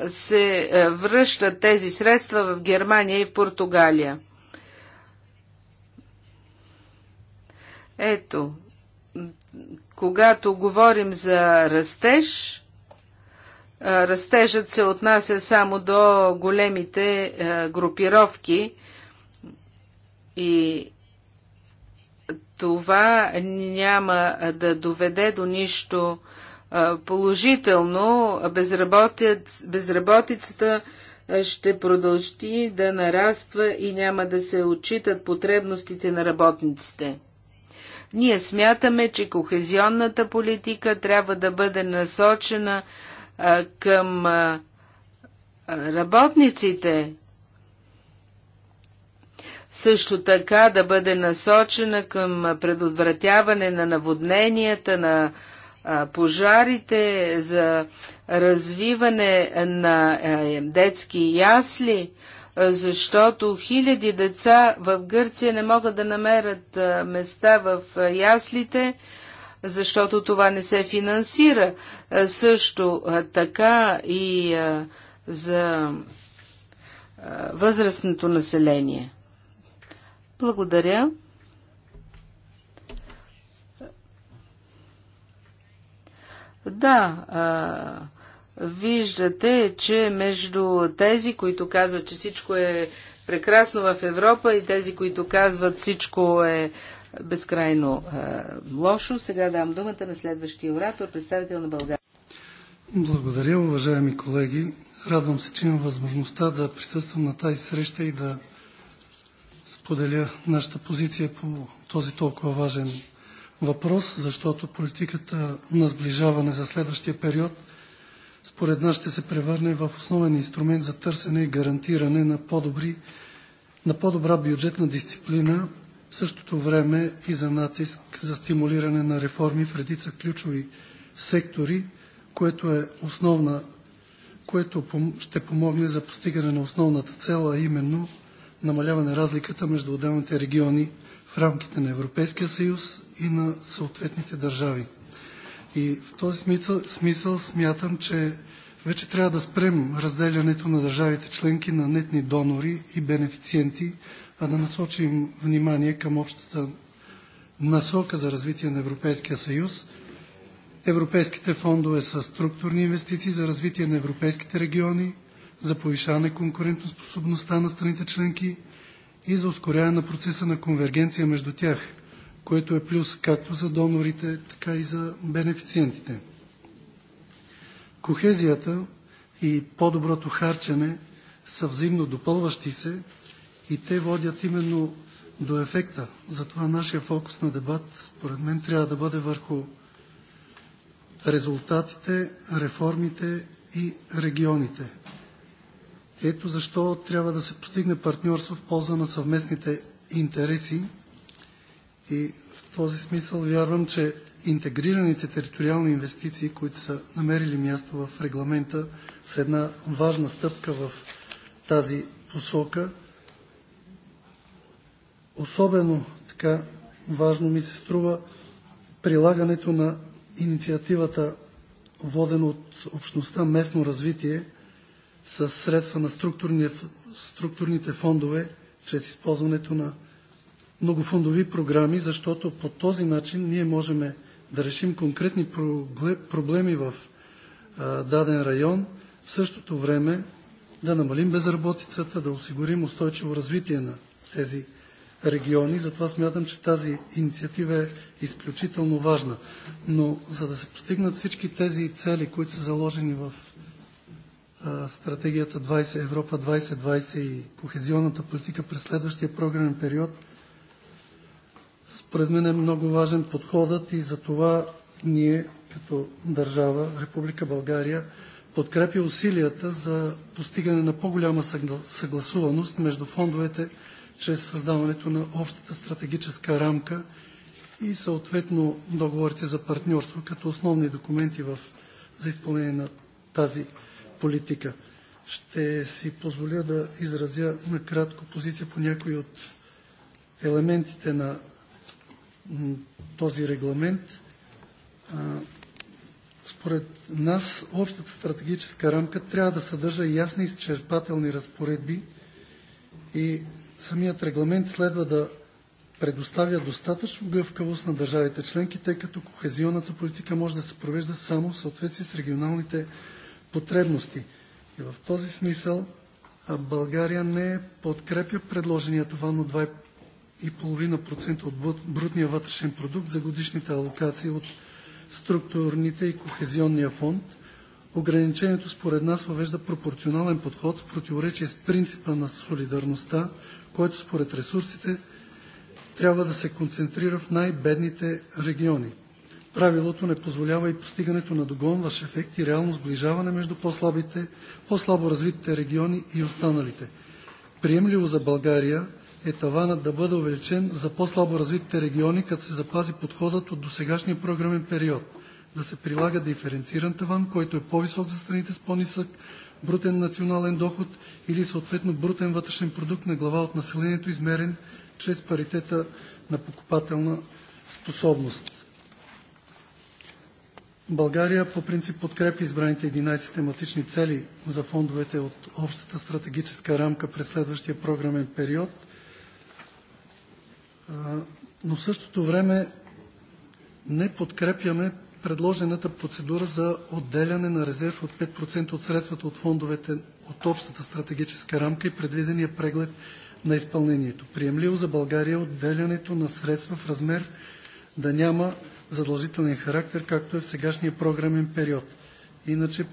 се връщат тези средства в Германия и в Португалия. Ето, когато говорим за растеж, растежът се отнася само до големите групировки и това няма да доведе до нищо положително. безработицата ще продължи да нараства и няма да се отчитат потребностите на работниците. Ние смятаме, че кохезионната политика трябва да бъде насочена към работниците, също така да бъде насочена към предотвратяване на наводненията, на пожарите, за развиване на детски ясли, защото хиляди деца в Гърция не могат да намерят места в яслите, защото това не се финансира. Също така и за възрастното население. Благодаря. Да, а, виждате, че между тези, които казват, че всичко е прекрасно в Европа и тези, които казват всичко е безкрайно лошо. Сега дам думата на следващия оратор, представител на България. Благодаря, уважаеми колеги. Радвам се, че имам възможността да присъствам на тази среща и да споделя нашата позиция по този толкова важен въпрос, защото политиката на сближаване за следващия период според нас ще се превърне в основен инструмент за търсене и гарантиране на, по-добри, на по-добра бюджетна дисциплина, в същото време и за натиск за стимулиране на реформи в редица ключови сектори, което е основна което ще помогне за постигане на основната цела, а именно намаляване разликата между отделните региони в рамките на Европейския съюз и на съответните държави. И в този смисъл смятам, че вече трябва да спрем разделянето на държавите членки на нетни донори и бенефициенти, а да насочим внимание към общата насока за развитие на Европейския съюз. Европейските фондове са структурни инвестиции за развитие на европейските региони, за повишаване конкурентоспособността на страните членки и за ускоряване на процеса на конвергенция между тях, което е плюс както за донорите, така и за бенефициентите. Кохезията и по-доброто харчене са взаимно допълващи се и те водят именно до ефекта. Затова нашия фокус на дебат, според мен, трябва да бъде върху резултатите, реформите и регионите. Ето защо трябва да се постигне партньорство в полза на съвместните интереси и в този смисъл вярвам, че интегрираните териториални инвестиции, които са намерили място в регламента, са една важна стъпка в тази посока. Особено така важно ми се струва прилагането на инициативата, водена от общността местно развитие, с средства на структурните фондове чрез използването на многофондови програми, защото по този начин ние можем да решим конкретни проблеми в даден район, в същото време да намалим безработицата, да осигурим устойчиво развитие на тези региони. Затова смятам, че тази инициатива е изключително важна. Но за да се постигнат всички тези цели, които са заложени в стратегията 20 Европа 2020 и кохезионната политика през следващия програмен период, според мен е много важен подходът и затова ние като държава, Република България, подкрепя усилията за постигане на по-голяма съгласуваност между фондовете чрез създаването на общата стратегическа рамка и съответно договорите за партньорство като основни документи в, за изпълнение на тази политика. Ще си позволя да изразя накратко позиция по някои от елементите на този регламент. Според нас общата стратегическа рамка трябва да съдържа ясни и изчерпателни разпоредби и самият регламент следва да предоставя достатъчно гъвкавост на държавите членки, тъй като кохезионната политика може да се провежда само в съответствие с регионалните потребности. И в този смисъл България не подкрепя предложения таван от 2,5% от брутния вътрешен продукт за годишните алокации от структурните и кохезионния фонд. Ограничението според нас въвежда пропорционален подход в противоречие с принципа на солидарността, който според ресурсите трябва да се концентрира в най-бедните региони. Правилото не позволява и постигането на догонващ ефект и реално сближаване между по-слабо развитите региони и останалите. Приемливо за България е таванът да бъде увеличен за по-слабо развитите региони, като се запази подходът от досегашния програмен период – да се прилага диференциран таван, който е по-висок за страните с по-нисък брутен национален доход или съответно брутен вътрешен продукт на глава от населението, измерен чрез паритета на покупателна способност. България по принцип подкрепи избраните 11 тематични цели за фондовете от общата стратегическа рамка през следващия програмен период, но в същото време не подкрепяме предложената процедура за отделяне на резерв от 5% от средствата от фондовете от общата стратегическа рамка и предвидения преглед на изпълнението. Приемливо за България отделянето на средства в размер да няма задължителен характер, както е в сегашния програмен период. Иначе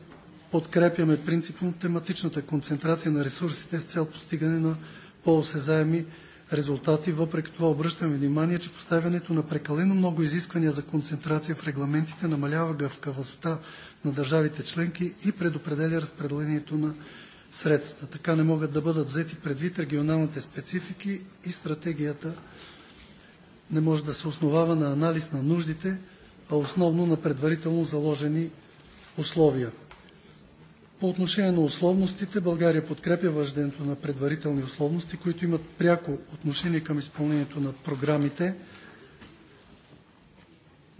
подкрепяме принципно тематичната концентрация на ресурсите с цел постигане на по-осезаеми резултати. Въпреки това обръщаме внимание, че поставянето на прекалено много изисквания за концентрация в регламентите намалява гъвкавостта на държавите членки и предопределя разпределението на средствата. Така не могат да бъдат взети предвид регионалните специфики и стратегията не може да се основава на анализ на нуждите, а основно на предварително заложени условия. По отношение на условностите, България подкрепя въждането на предварителни условности, които имат пряко отношение към изпълнението на програмите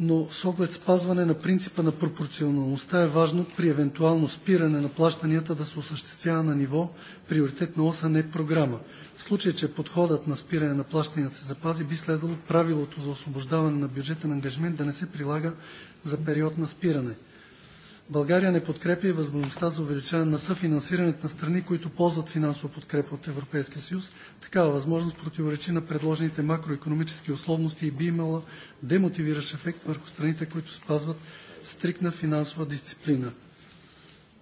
но с оглед спазване на принципа на пропорционалността е важно при евентуално спиране на плащанията да се осъществява на ниво приоритетна ос, а не програма. В случай, че подходът на спиране на плащанията се запази, би следвало правилото за освобождаване на бюджетен ангажимент да не се прилага за период на спиране. България не подкрепя и възможността за увеличаване на съфинансирането на страни, които ползват финансова подкрепа от Европейския съюз. Такава възможност противоречи на предложените макроекономически условности и би имала демотивиращ ефект върху страните, които спазват стрикна финансова дисциплина.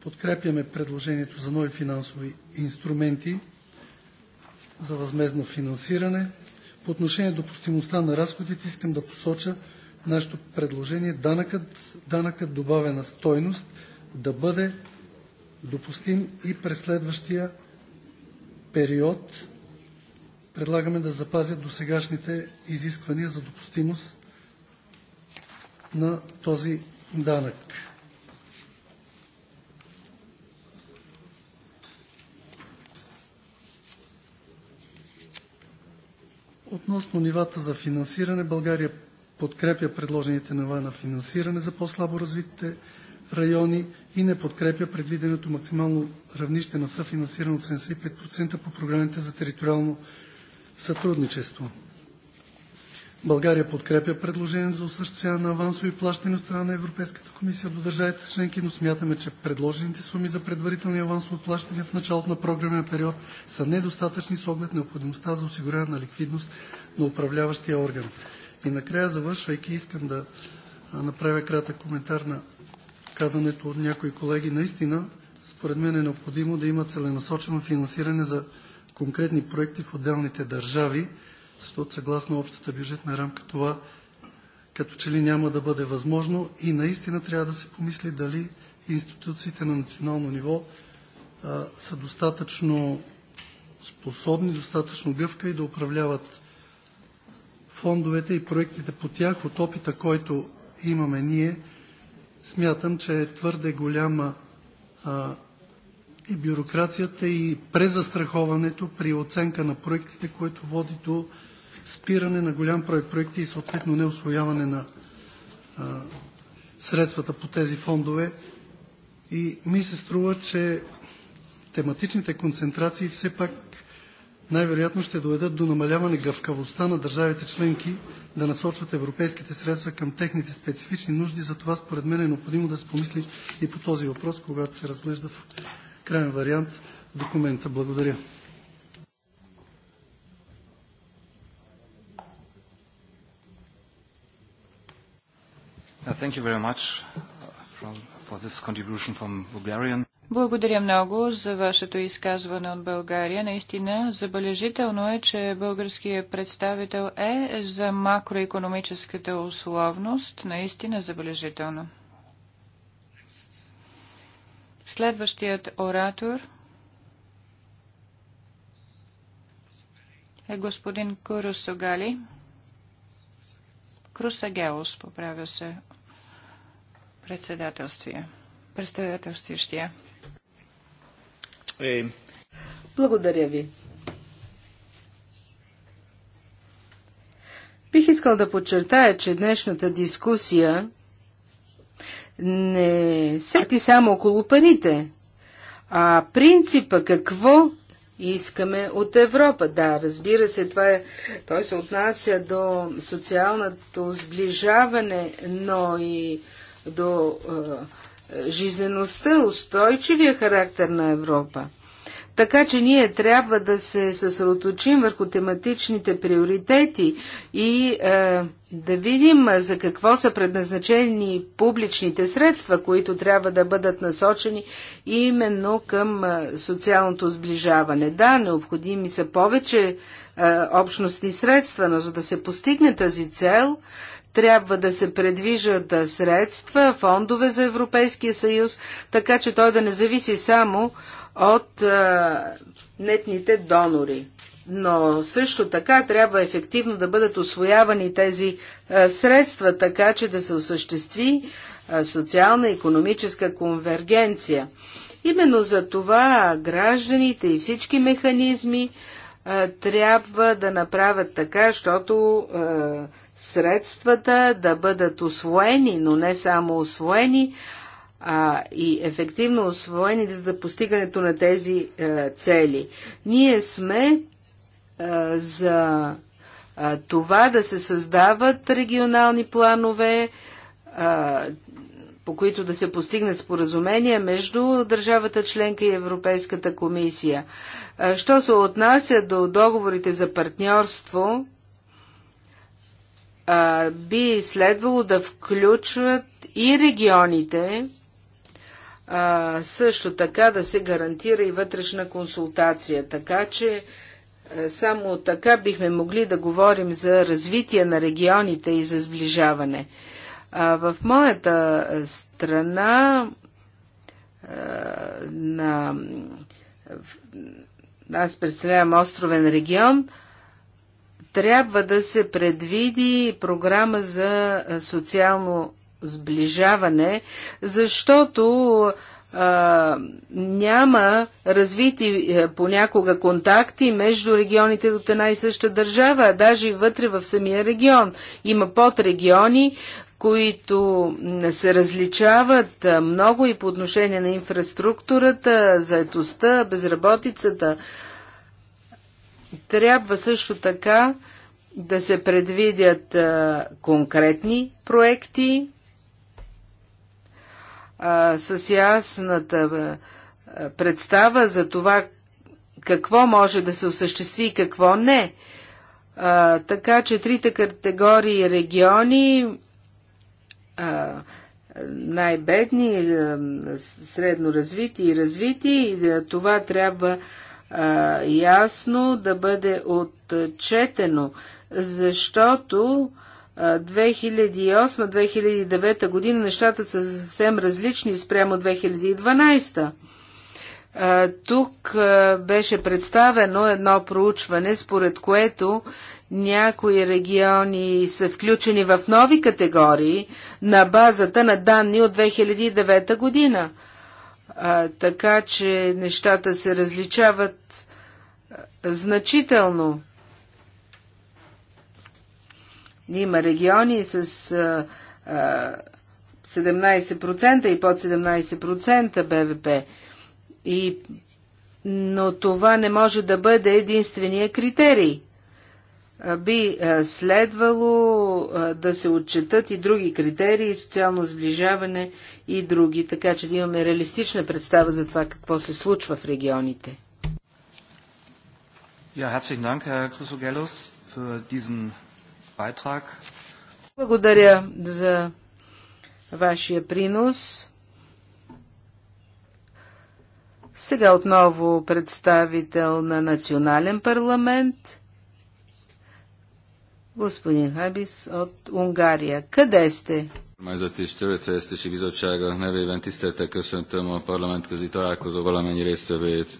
Подкрепяме предложението за нови финансови инструменти за възмездно финансиране. По отношение допустимостта на разходите искам да посоча, нашето предложение данъкът добавена стойност да бъде допустим и през следващия период. Предлагаме да запазят досегашните изисквания за допустимост на този данък. Относно нивата за финансиране, България подкрепя предложените нива на финансиране за по-слабо развитите райони и не подкрепя предвиденото максимално равнище на съфинансиране от 75% по програмите за териториално сътрудничество. България подкрепя предложението за осъществяване на авансови плащания от страна на Европейската комисия до държавите членки, но смятаме, че предложените суми за предварителни авансови плащания в началото на програмен период са недостатъчни с оглед необходимостта за осигуряване на ликвидност на управляващия орган. И накрая, завършвайки, искам да направя кратък коментар на казаното от някои колеги. Наистина, според мен е необходимо да има целенасочено финансиране за конкретни проекти в отделните държави, защото съгласно общата бюджетна рамка това като че ли няма да бъде възможно и наистина трябва да се помисли дали институциите на национално ниво а, са достатъчно способни, достатъчно гъвкави да управляват фондовете и проектите по тях от опита, който имаме ние, смятам, че е твърде голяма а, и бюрокрацията и презастраховането при оценка на проектите, което води до спиране на голям проект проекти и съответно неосвояване на а, средствата по тези фондове. И ми се струва, че тематичните концентрации все пак най-вероятно ще доведат до намаляване гъвкавостта на държавите членки да насочват европейските средства към техните специфични нужди. Затова според мен е необходимо да се помисли и по този въпрос, когато се разглежда в крайен вариант документа. Благодаря. Thank you very much uh, for this contribution from Bulgarian. Благодаря много за вашето изказване от България. Наистина забележително е, че българският представител е за макроекономическата условност. Наистина забележително. Следващият оратор е господин Курусогали. Крусагелос, поправя се председателствия. Председателстващия. Е, Благодаря ви. Бих искал да подчертая, че днешната дискусия не сети само около парите, а принципа какво искаме от Европа. Да, разбира се, това е, той се отнася до социалното сближаване, но и до е, жизнеността, устойчивия характер на Европа. Така че ние трябва да се съсредоточим върху тематичните приоритети и е, да видим за какво са предназначени публичните средства, които трябва да бъдат насочени именно към е, социалното сближаване. Да, необходими са повече е, общностни средства, но за да се постигне тази цел, трябва да се предвижат средства, фондове за Европейския съюз, така че той да не зависи само от а, нетните донори. Но също така трябва ефективно да бъдат освоявани тези а, средства, така че да се осъществи а, социална и економическа конвергенция. Именно за това гражданите и всички механизми а, трябва да направят така, защото средствата да бъдат освоени, но не само освоени, а и ефективно освоени за постигането на тези е, цели. Ние сме е, за е, това да се създават регионални планове, е, по които да се постигне споразумение между държавата членка и Европейската комисия. Е, що се отнася до договорите за партньорство, би следвало да включват и регионите, а, също така да се гарантира и вътрешна консултация. Така че а, само така бихме могли да говорим за развитие на регионите и за сближаване. А, в моята страна а, на, аз представлявам островен регион, а, трябва да се предвиди програма за социално сближаване, защото а, няма развити понякога контакти между регионите от една и съща държава, а даже и вътре в самия регион. Има подрегиони, които се различават много и по отношение на инфраструктурата, заетостта, безработицата, трябва също така да се предвидят а, конкретни проекти а, с ясната а, представа за това какво може да се осъществи и какво не. А, така че трите категории региони а, най-бедни, средно развити и развити, това трябва а, ясно, да бъде отчетено, защото 2008-2009 година нещата са съвсем различни спрямо 2012. тук беше представено едно проучване, според което някои региони са включени в нови категории на базата на данни от 2009 година. А, така че нещата се различават значително. Има региони с а, а, 17% и под 17% БВП. И, но това не може да бъде единствения критерий би следвало да се отчетат и други критерии, социално сближаване и други, така че да имаме реалистична представа за това какво се случва в регионите. Благодаря за вашия принос. Сега отново представител на национален парламент – Господин Хабис от Унгария. Къде сте? Kormányzati és Területfejlesztési Bizottsága nevében tisztelettel köszöntöm a parlamentközi találkozó valamennyi résztvevőjét.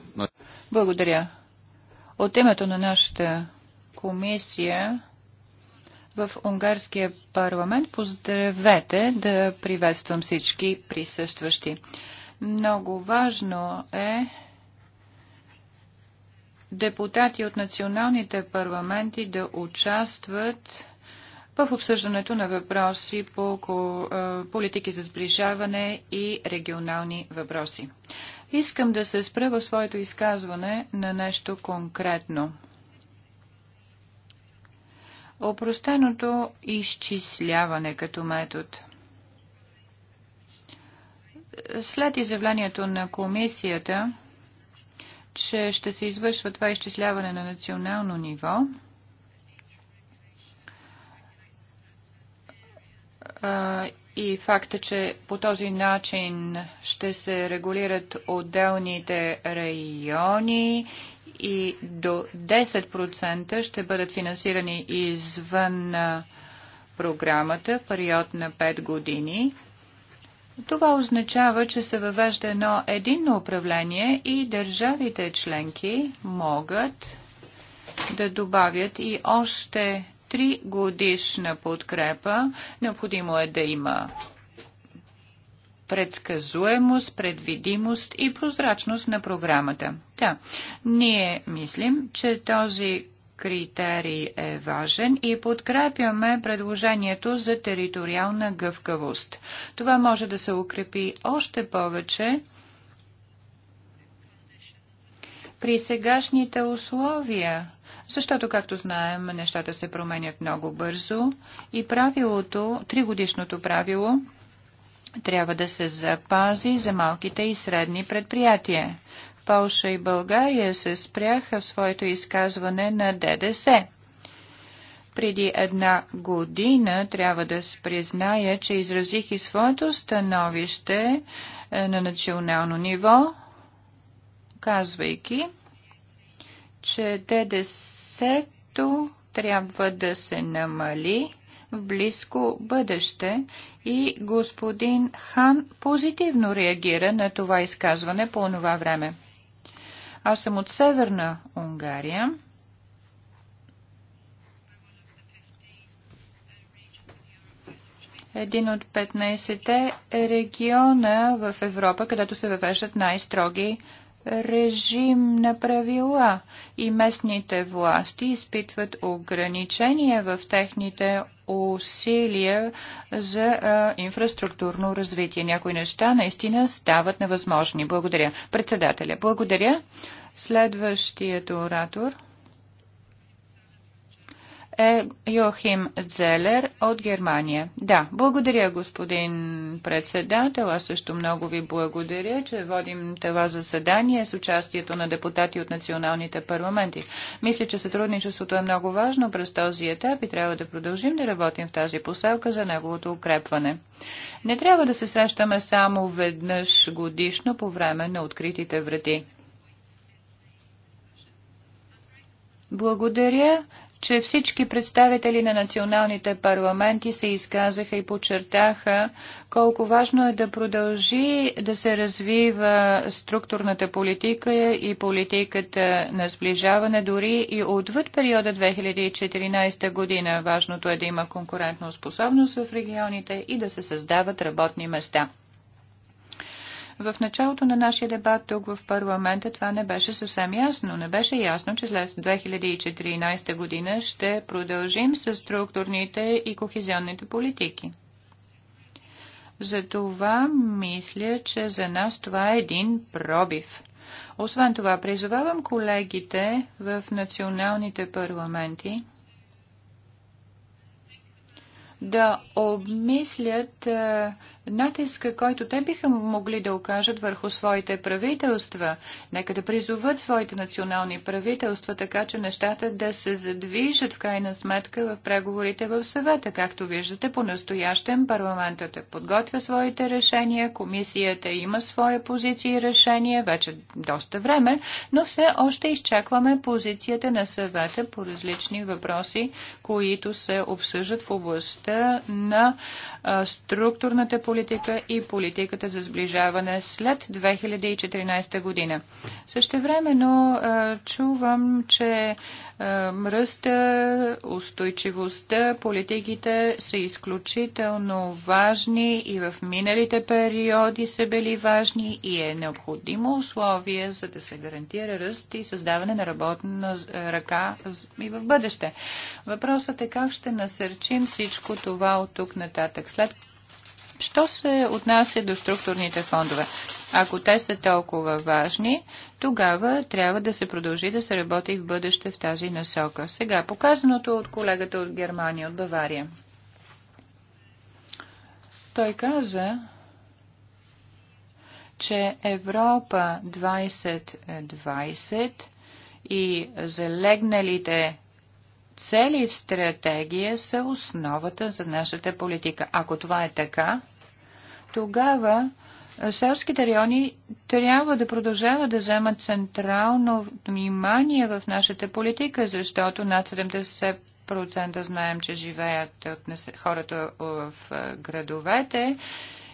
Благодаря. От името на нашата комисия в Унгарския парламент поздравете да приветствам всички присъстващи. Много важно е депутати от националните парламенти да участват в обсъждането на въпроси по политики за сближаване и регионални въпроси. Искам да се спра в своето изказване на нещо конкретно. Опростеното изчисляване като метод. След изявлението на комисията, че ще се извършва това изчисляване на национално ниво. И факта, че по този начин ще се регулират отделните райони и до 10% ще бъдат финансирани извън програмата в период на 5 години. Това означава, че се въвежда едно единно управление и държавите членки могат да добавят и още три годишна подкрепа. Необходимо е да има предсказуемост, предвидимост и прозрачност на програмата. Да, ние мислим, че този критерий е важен и подкрепяме предложението за териториална гъвкавост. Това може да се укрепи още повече при сегашните условия, защото, както знаем, нещата се променят много бързо и правилото, тригодишното правило, трябва да се запази за малките и средни предприятия. Полша и България се спряха в своето изказване на ДДС. Преди една година трябва да се призная, че изразих и своето становище е, на национално ниво, казвайки, че ддс трябва да се намали в близко бъдеще и господин Хан позитивно реагира на това изказване по това време. Аз съм от Северна Унгария. Един от 15-те региона в Европа, където се въвеждат най-строги режим на правила и местните власти изпитват ограничения в техните усилия за а, инфраструктурно развитие. Някои неща наистина стават невъзможни. Благодаря. Председателя, благодаря. Следващият оратор – е Йохим Дзелер от Германия. Да, благодаря, господин председател. Аз също много ви благодаря, че водим това заседание с участието на депутати от националните парламенти. Мисля, че сътрудничеството е много важно през този етап и трябва да продължим да работим в тази поселка за неговото укрепване. Не трябва да се срещаме само веднъж годишно по време на откритите врати. Благодаря че всички представители на националните парламенти се изказаха и подчертаха колко важно е да продължи да се развива структурната политика и политиката на сближаване дори и отвъд периода 2014 година. Важното е да има конкурентна способност в регионите и да се създават работни места. В началото на нашия дебат тук в парламента това не беше съвсем ясно. Не беше ясно, че след 2014 година ще продължим с структурните и кохезионните политики. Затова мисля, че за нас това е един пробив. Освен това, призовавам колегите в националните парламенти – да обмислят е, натиска, който те биха могли да окажат върху своите правителства. Нека да призоват своите национални правителства, така че нещата да се задвижат в крайна сметка в преговорите в съвета. Както виждате, по-настоящем парламентът е подготвя своите решения, комисията има своя позиция и решение вече доста време, но все още изчакваме позицията на съвета по различни въпроси, които се обсъждат в областта политиката на структурната политика и политиката за сближаване след 2014 година. времено чувам, че е, ръста, устойчивостта, политиките са изключително важни и в миналите периоди са били важни и е необходимо условие, за да се гарантира ръст и създаване на работна е, ръка и в бъдеще. Въпросът е как ще насърчим всичко това от тук нататък. След Що се отнася до структурните фондове? Ако те са толкова важни, тогава трябва да се продължи да се работи в бъдеще в тази насока. Сега, показаното от колегата от Германия, от Бавария. Той каза, че Европа 2020 и залегналите цели в стратегия са основата за нашата политика. Ако това е така, тогава селските райони трябва да продължават да вземат централно внимание в нашата политика, защото над 70% знаем, че живеят от хората в градовете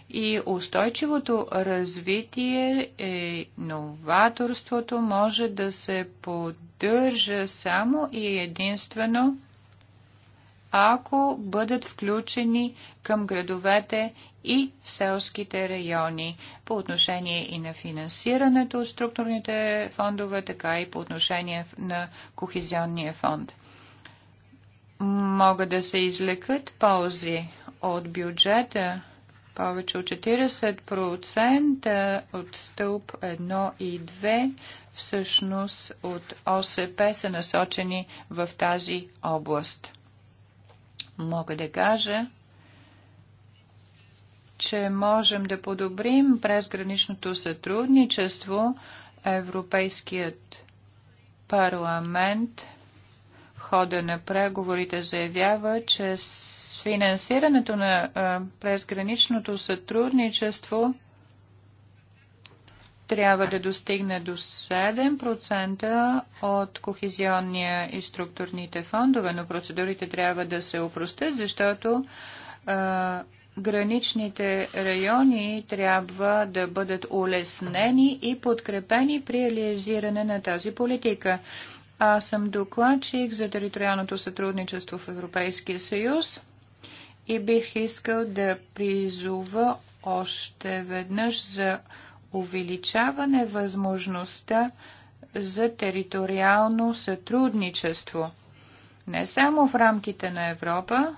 и устойчивото развитие и новаторството може да се поддържа само и единствено ако бъдат включени към градовете и селските райони по отношение и на финансирането от структурните фондове, така и по отношение на Кохезионния фонд. Могат да се излекат ползи от бюджета повече от 40% от стълб 1 и 2 всъщност от ОСП са насочени в тази област. Мога да кажа, че можем да подобрим през граничното сътрудничество Европейският парламент в хода на преговорите заявява, че с финансирането на презграничното сътрудничество трябва да достигне до 7% от кохезионния и структурните фондове, но процедурите трябва да се опростят, защото а, граничните райони трябва да бъдат улеснени и подкрепени при реализиране на тази политика. Аз съм докладчик за териториалното сътрудничество в Европейския съюз и бих искал да призова още веднъж за увеличаване възможността за териториално сътрудничество. Не само в рамките на Европа,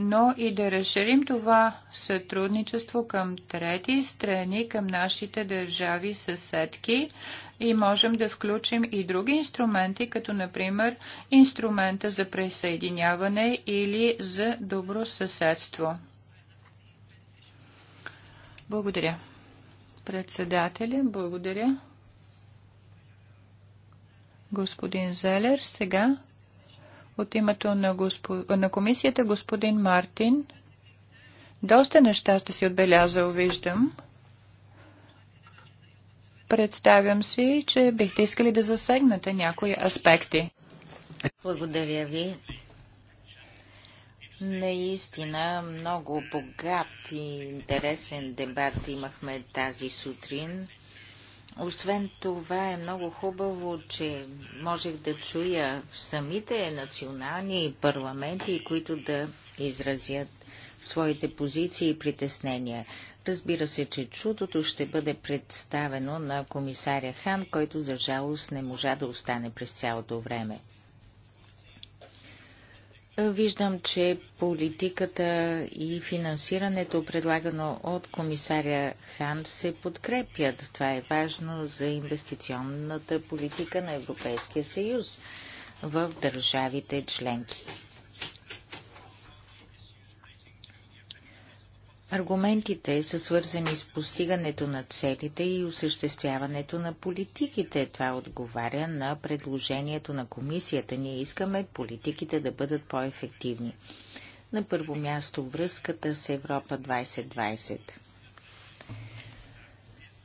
но и да разширим това сътрудничество към трети страни, към нашите държави съседки и можем да включим и други инструменти, като например инструмента за присъединяване или за добро съседство. Благодаря. Председателя, благодаря. Господин Зелер, сега от името на, госпо... на комисията господин Мартин. Доста неща сте си отбелязал, виждам. Представям си, че бихте искали да засегнете някои аспекти. Благодаря ви. Наистина много богат и интересен дебат имахме тази сутрин. Освен това е много хубаво, че можех да чуя самите национални парламенти, които да изразят своите позиции и притеснения. Разбира се, че чудото ще бъде представено на комисаря Хан, който за жалост не можа да остане през цялото време. Виждам, че политиката и финансирането, предлагано от комисаря Хан, се подкрепят. Това е важно за инвестиционната политика на Европейския съюз в държавите членки. Аргументите са свързани с постигането на целите и осъществяването на политиките. Това отговаря на предложението на комисията. Ние искаме политиките да бъдат по-ефективни. На първо място връзката с Европа 2020.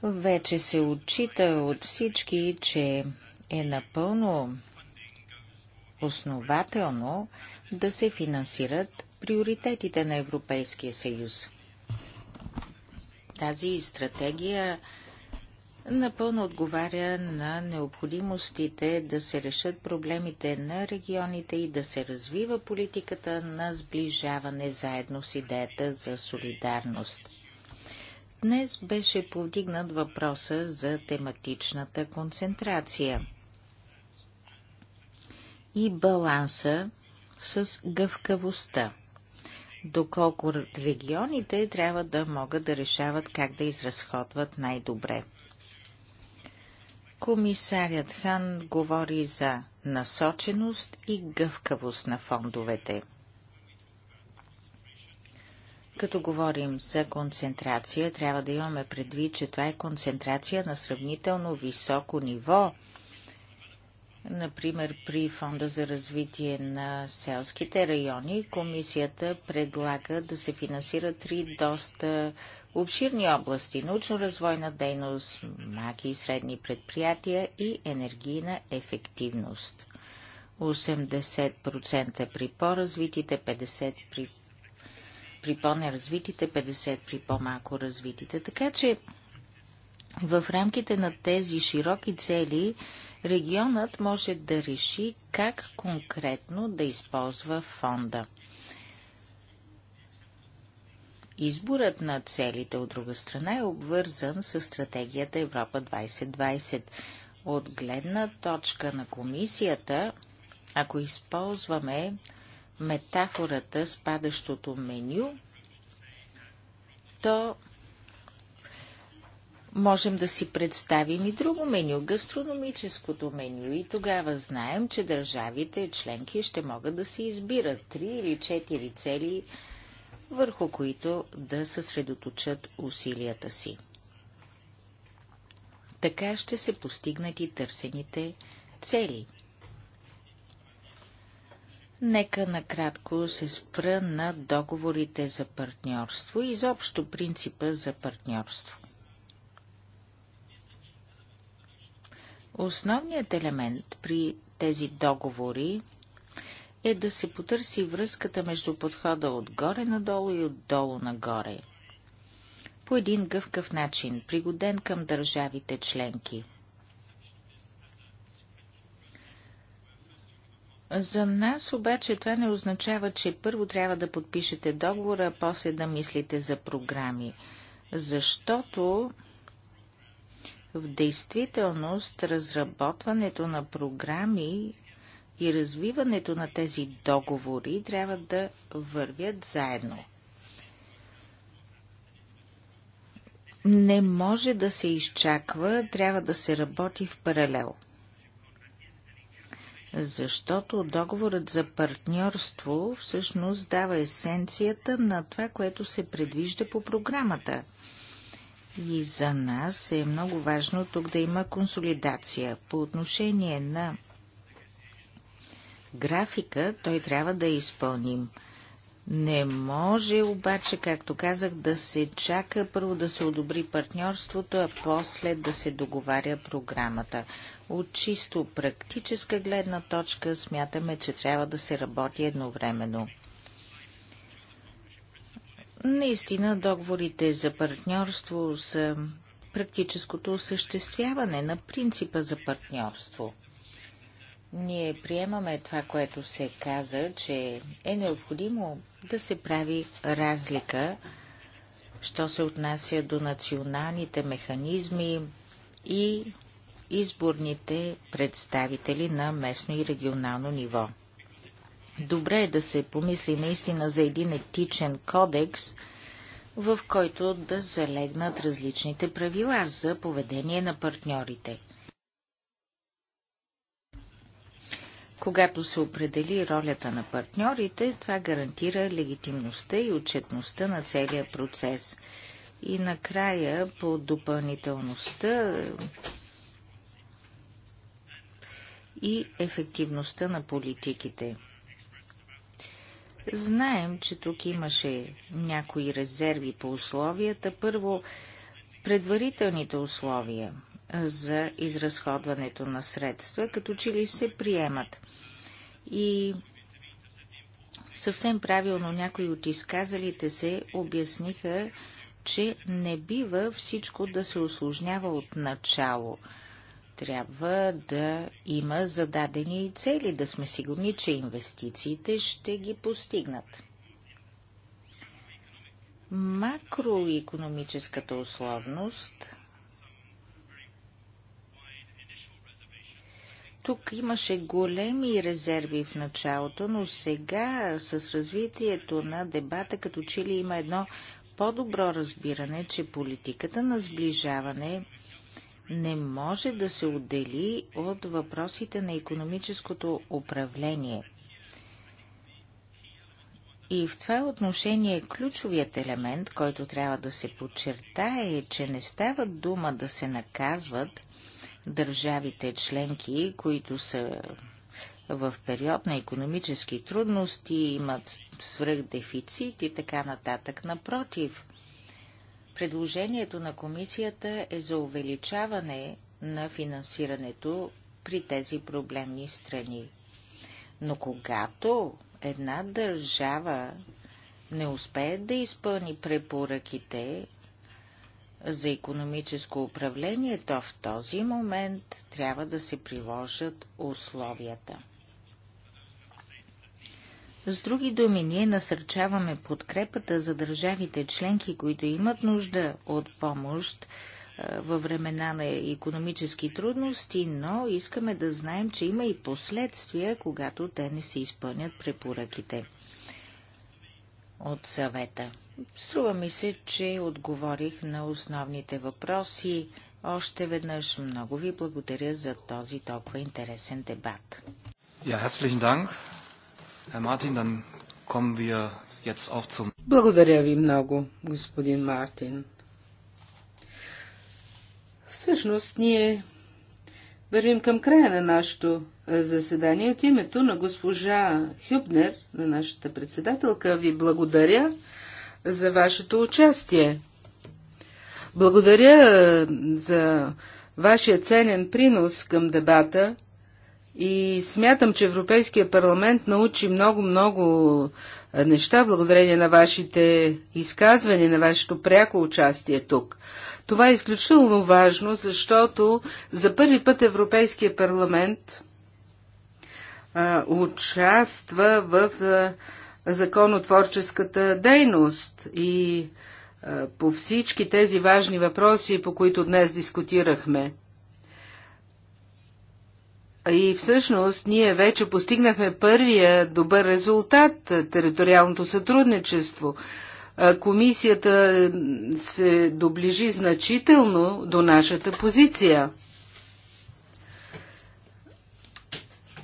Вече се отчита от всички, че е напълно основателно да се финансират приоритетите на Европейския съюз. Тази стратегия напълно отговаря на необходимостите да се решат проблемите на регионите и да се развива политиката на сближаване заедно с идеята за солидарност. Днес беше повдигнат въпроса за тематичната концентрация и баланса с гъвкавостта доколко регионите трябва да могат да решават как да изразходват най-добре. Комисарят Хан говори за насоченост и гъвкавост на фондовете. Като говорим за концентрация, трябва да имаме предвид, че това е концентрация на сравнително високо ниво – Например, при Фонда за развитие на селските райони комисията предлага да се финансира три доста обширни области – научно-развойна дейност, маки и средни предприятия и енергийна ефективност. 80% при по-развитите, 50% при, при по-неразвитите, 50% при по-малко развитите. Така че в рамките на тези широки цели регионът може да реши как конкретно да използва фонда. Изборът на целите от друга страна е обвързан с стратегията Европа 2020. От гледна точка на комисията, ако използваме метафората с падащото меню, то можем да си представим и друго меню, гастрономическото меню. И тогава знаем, че държавите членки ще могат да се избират три или четири цели, върху които да съсредоточат усилията си. Така ще се постигнат и търсените цели. Нека накратко се спра на договорите за партньорство и изобщо принципа за партньорство. Основният елемент при тези договори е да се потърси връзката между подхода отгоре надолу и отдолу нагоре. По един гъвкав начин, пригоден към държавите членки. За нас обаче това не означава, че първо трябва да подпишете договора, а после да мислите за програми. Защото в действителност, разработването на програми и развиването на тези договори трябва да вървят заедно. Не може да се изчаква, трябва да се работи в паралел. Защото договорът за партньорство всъщност дава есенцията на това, което се предвижда по програмата – и за нас е много важно тук да има консолидация. По отношение на графика, той трябва да изпълним. Не може обаче, както казах, да се чака първо да се одобри партньорството, а после да се договаря програмата. От чисто практическа гледна точка смятаме, че трябва да се работи едновременно. Наистина договорите за партньорство са практическото осъществяване на принципа за партньорство. Ние приемаме това, което се каза, че е необходимо да се прави разлика, що се отнася до националните механизми и изборните представители на местно и регионално ниво. Добре е да се помисли наистина за един етичен кодекс, в който да залегнат различните правила за поведение на партньорите. Когато се определи ролята на партньорите, това гарантира легитимността и отчетността на целия процес. И накрая, по допълнителността и ефективността на политиките. Знаем, че тук имаше някои резерви по условията. Първо, предварителните условия за изразходването на средства, като че ли се приемат. И съвсем правилно някои от изказалите се обясниха, че не бива всичко да се осложнява от начало – трябва да има зададени цели, да сме сигурни, че инвестициите ще ги постигнат. Макроекономическата условност Тук имаше големи резерви в началото, но сега с развитието на дебата като че ли има едно по-добро разбиране, че политиката на сближаване – не може да се отдели от въпросите на економическото управление. И в това отношение ключовият елемент, който трябва да се подчертае, е, че не става дума да се наказват държавите членки, които са в период на економически трудности, имат свръхдефицит и така нататък. Напротив, Предложението на комисията е за увеличаване на финансирането при тези проблемни страни. Но когато една държава не успее да изпълни препоръките за економическо управление, то в този момент трябва да се приложат условията. С други думи, ние насърчаваме подкрепата за държавите членки, които имат нужда от помощ във времена на економически трудности, но искаме да знаем, че има и последствия, когато те не се изпълнят препоръките от съвета. Струва ми се, че отговорих на основните въпроси. Още веднъж много ви благодаря за този толкова интересен дебат. Ja, herzlichen Dank. Благодаря ви много, господин Мартин. Всъщност, ние вървим към края на нашето е, заседание. От името на госпожа Хюбнер, на нашата председателка, ви благодаря за вашето участие. Благодаря е, за вашия ценен принос към дебата. И смятам, че Европейския парламент научи много-много неща благодарение на вашите изказвания, на вашето пряко участие тук. Това е изключително важно, защото за първи път Европейския парламент а, участва в а, законотворческата дейност и а, по всички тези важни въпроси, по които днес дискутирахме. И всъщност ние вече постигнахме първия добър резултат териториалното сътрудничество. Комисията се доближи значително до нашата позиция.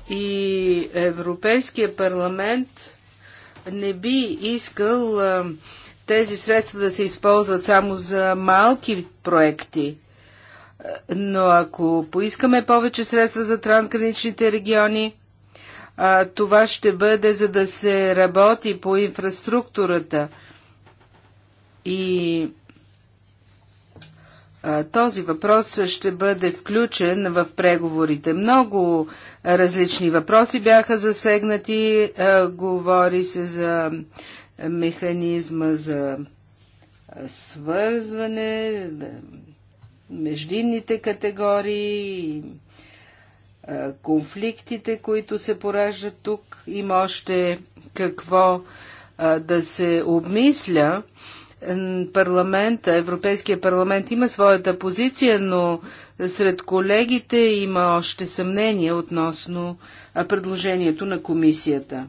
И Европейския парламент не би искал тези средства да се използват само за малки проекти но ако поискаме повече средства за трансграничните региони, това ще бъде за да се работи по инфраструктурата. И този въпрос ще бъде включен в преговорите. Много различни въпроси бяха засегнати. Говори се за механизма за свързване, междинните категории, конфликтите, които се пораждат тук. Има още какво да се обмисля. Парламента, Европейския парламент има своята позиция, но сред колегите има още съмнение относно предложението на комисията.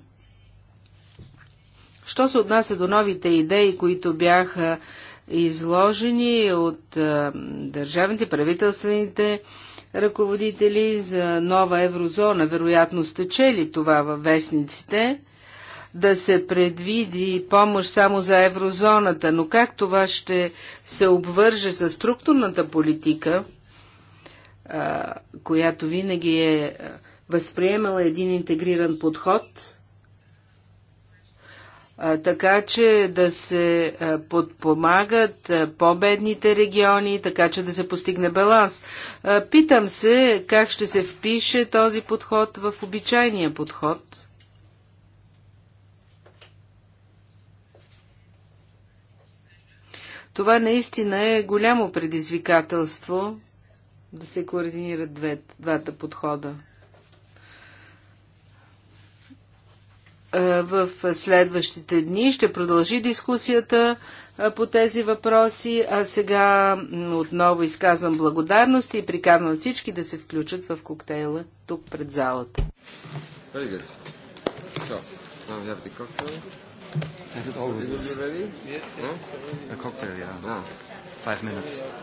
Що се отнася до новите идеи, които бяха изложени от а, държавните правителствените ръководители за нова еврозона. Вероятно сте чели това във вестниците. Да се предвиди помощ само за еврозоната, но как това ще се обвърже с структурната политика, а, която винаги е възприемала един интегриран подход – така че да се подпомагат по-бедните региони, така че да се постигне баланс. Питам се как ще се впише този подход в обичайния подход. Това наистина е голямо предизвикателство да се координират двата подхода. Е, в следващите дни ще продължи дискусията е, по тези въпроси, а сега отново изказвам благодарност и приканвам всички да се включат в коктейла тук пред залата. Is it always this? Yes, yes. Huh? A cocktail, yeah. Ah, five minutes.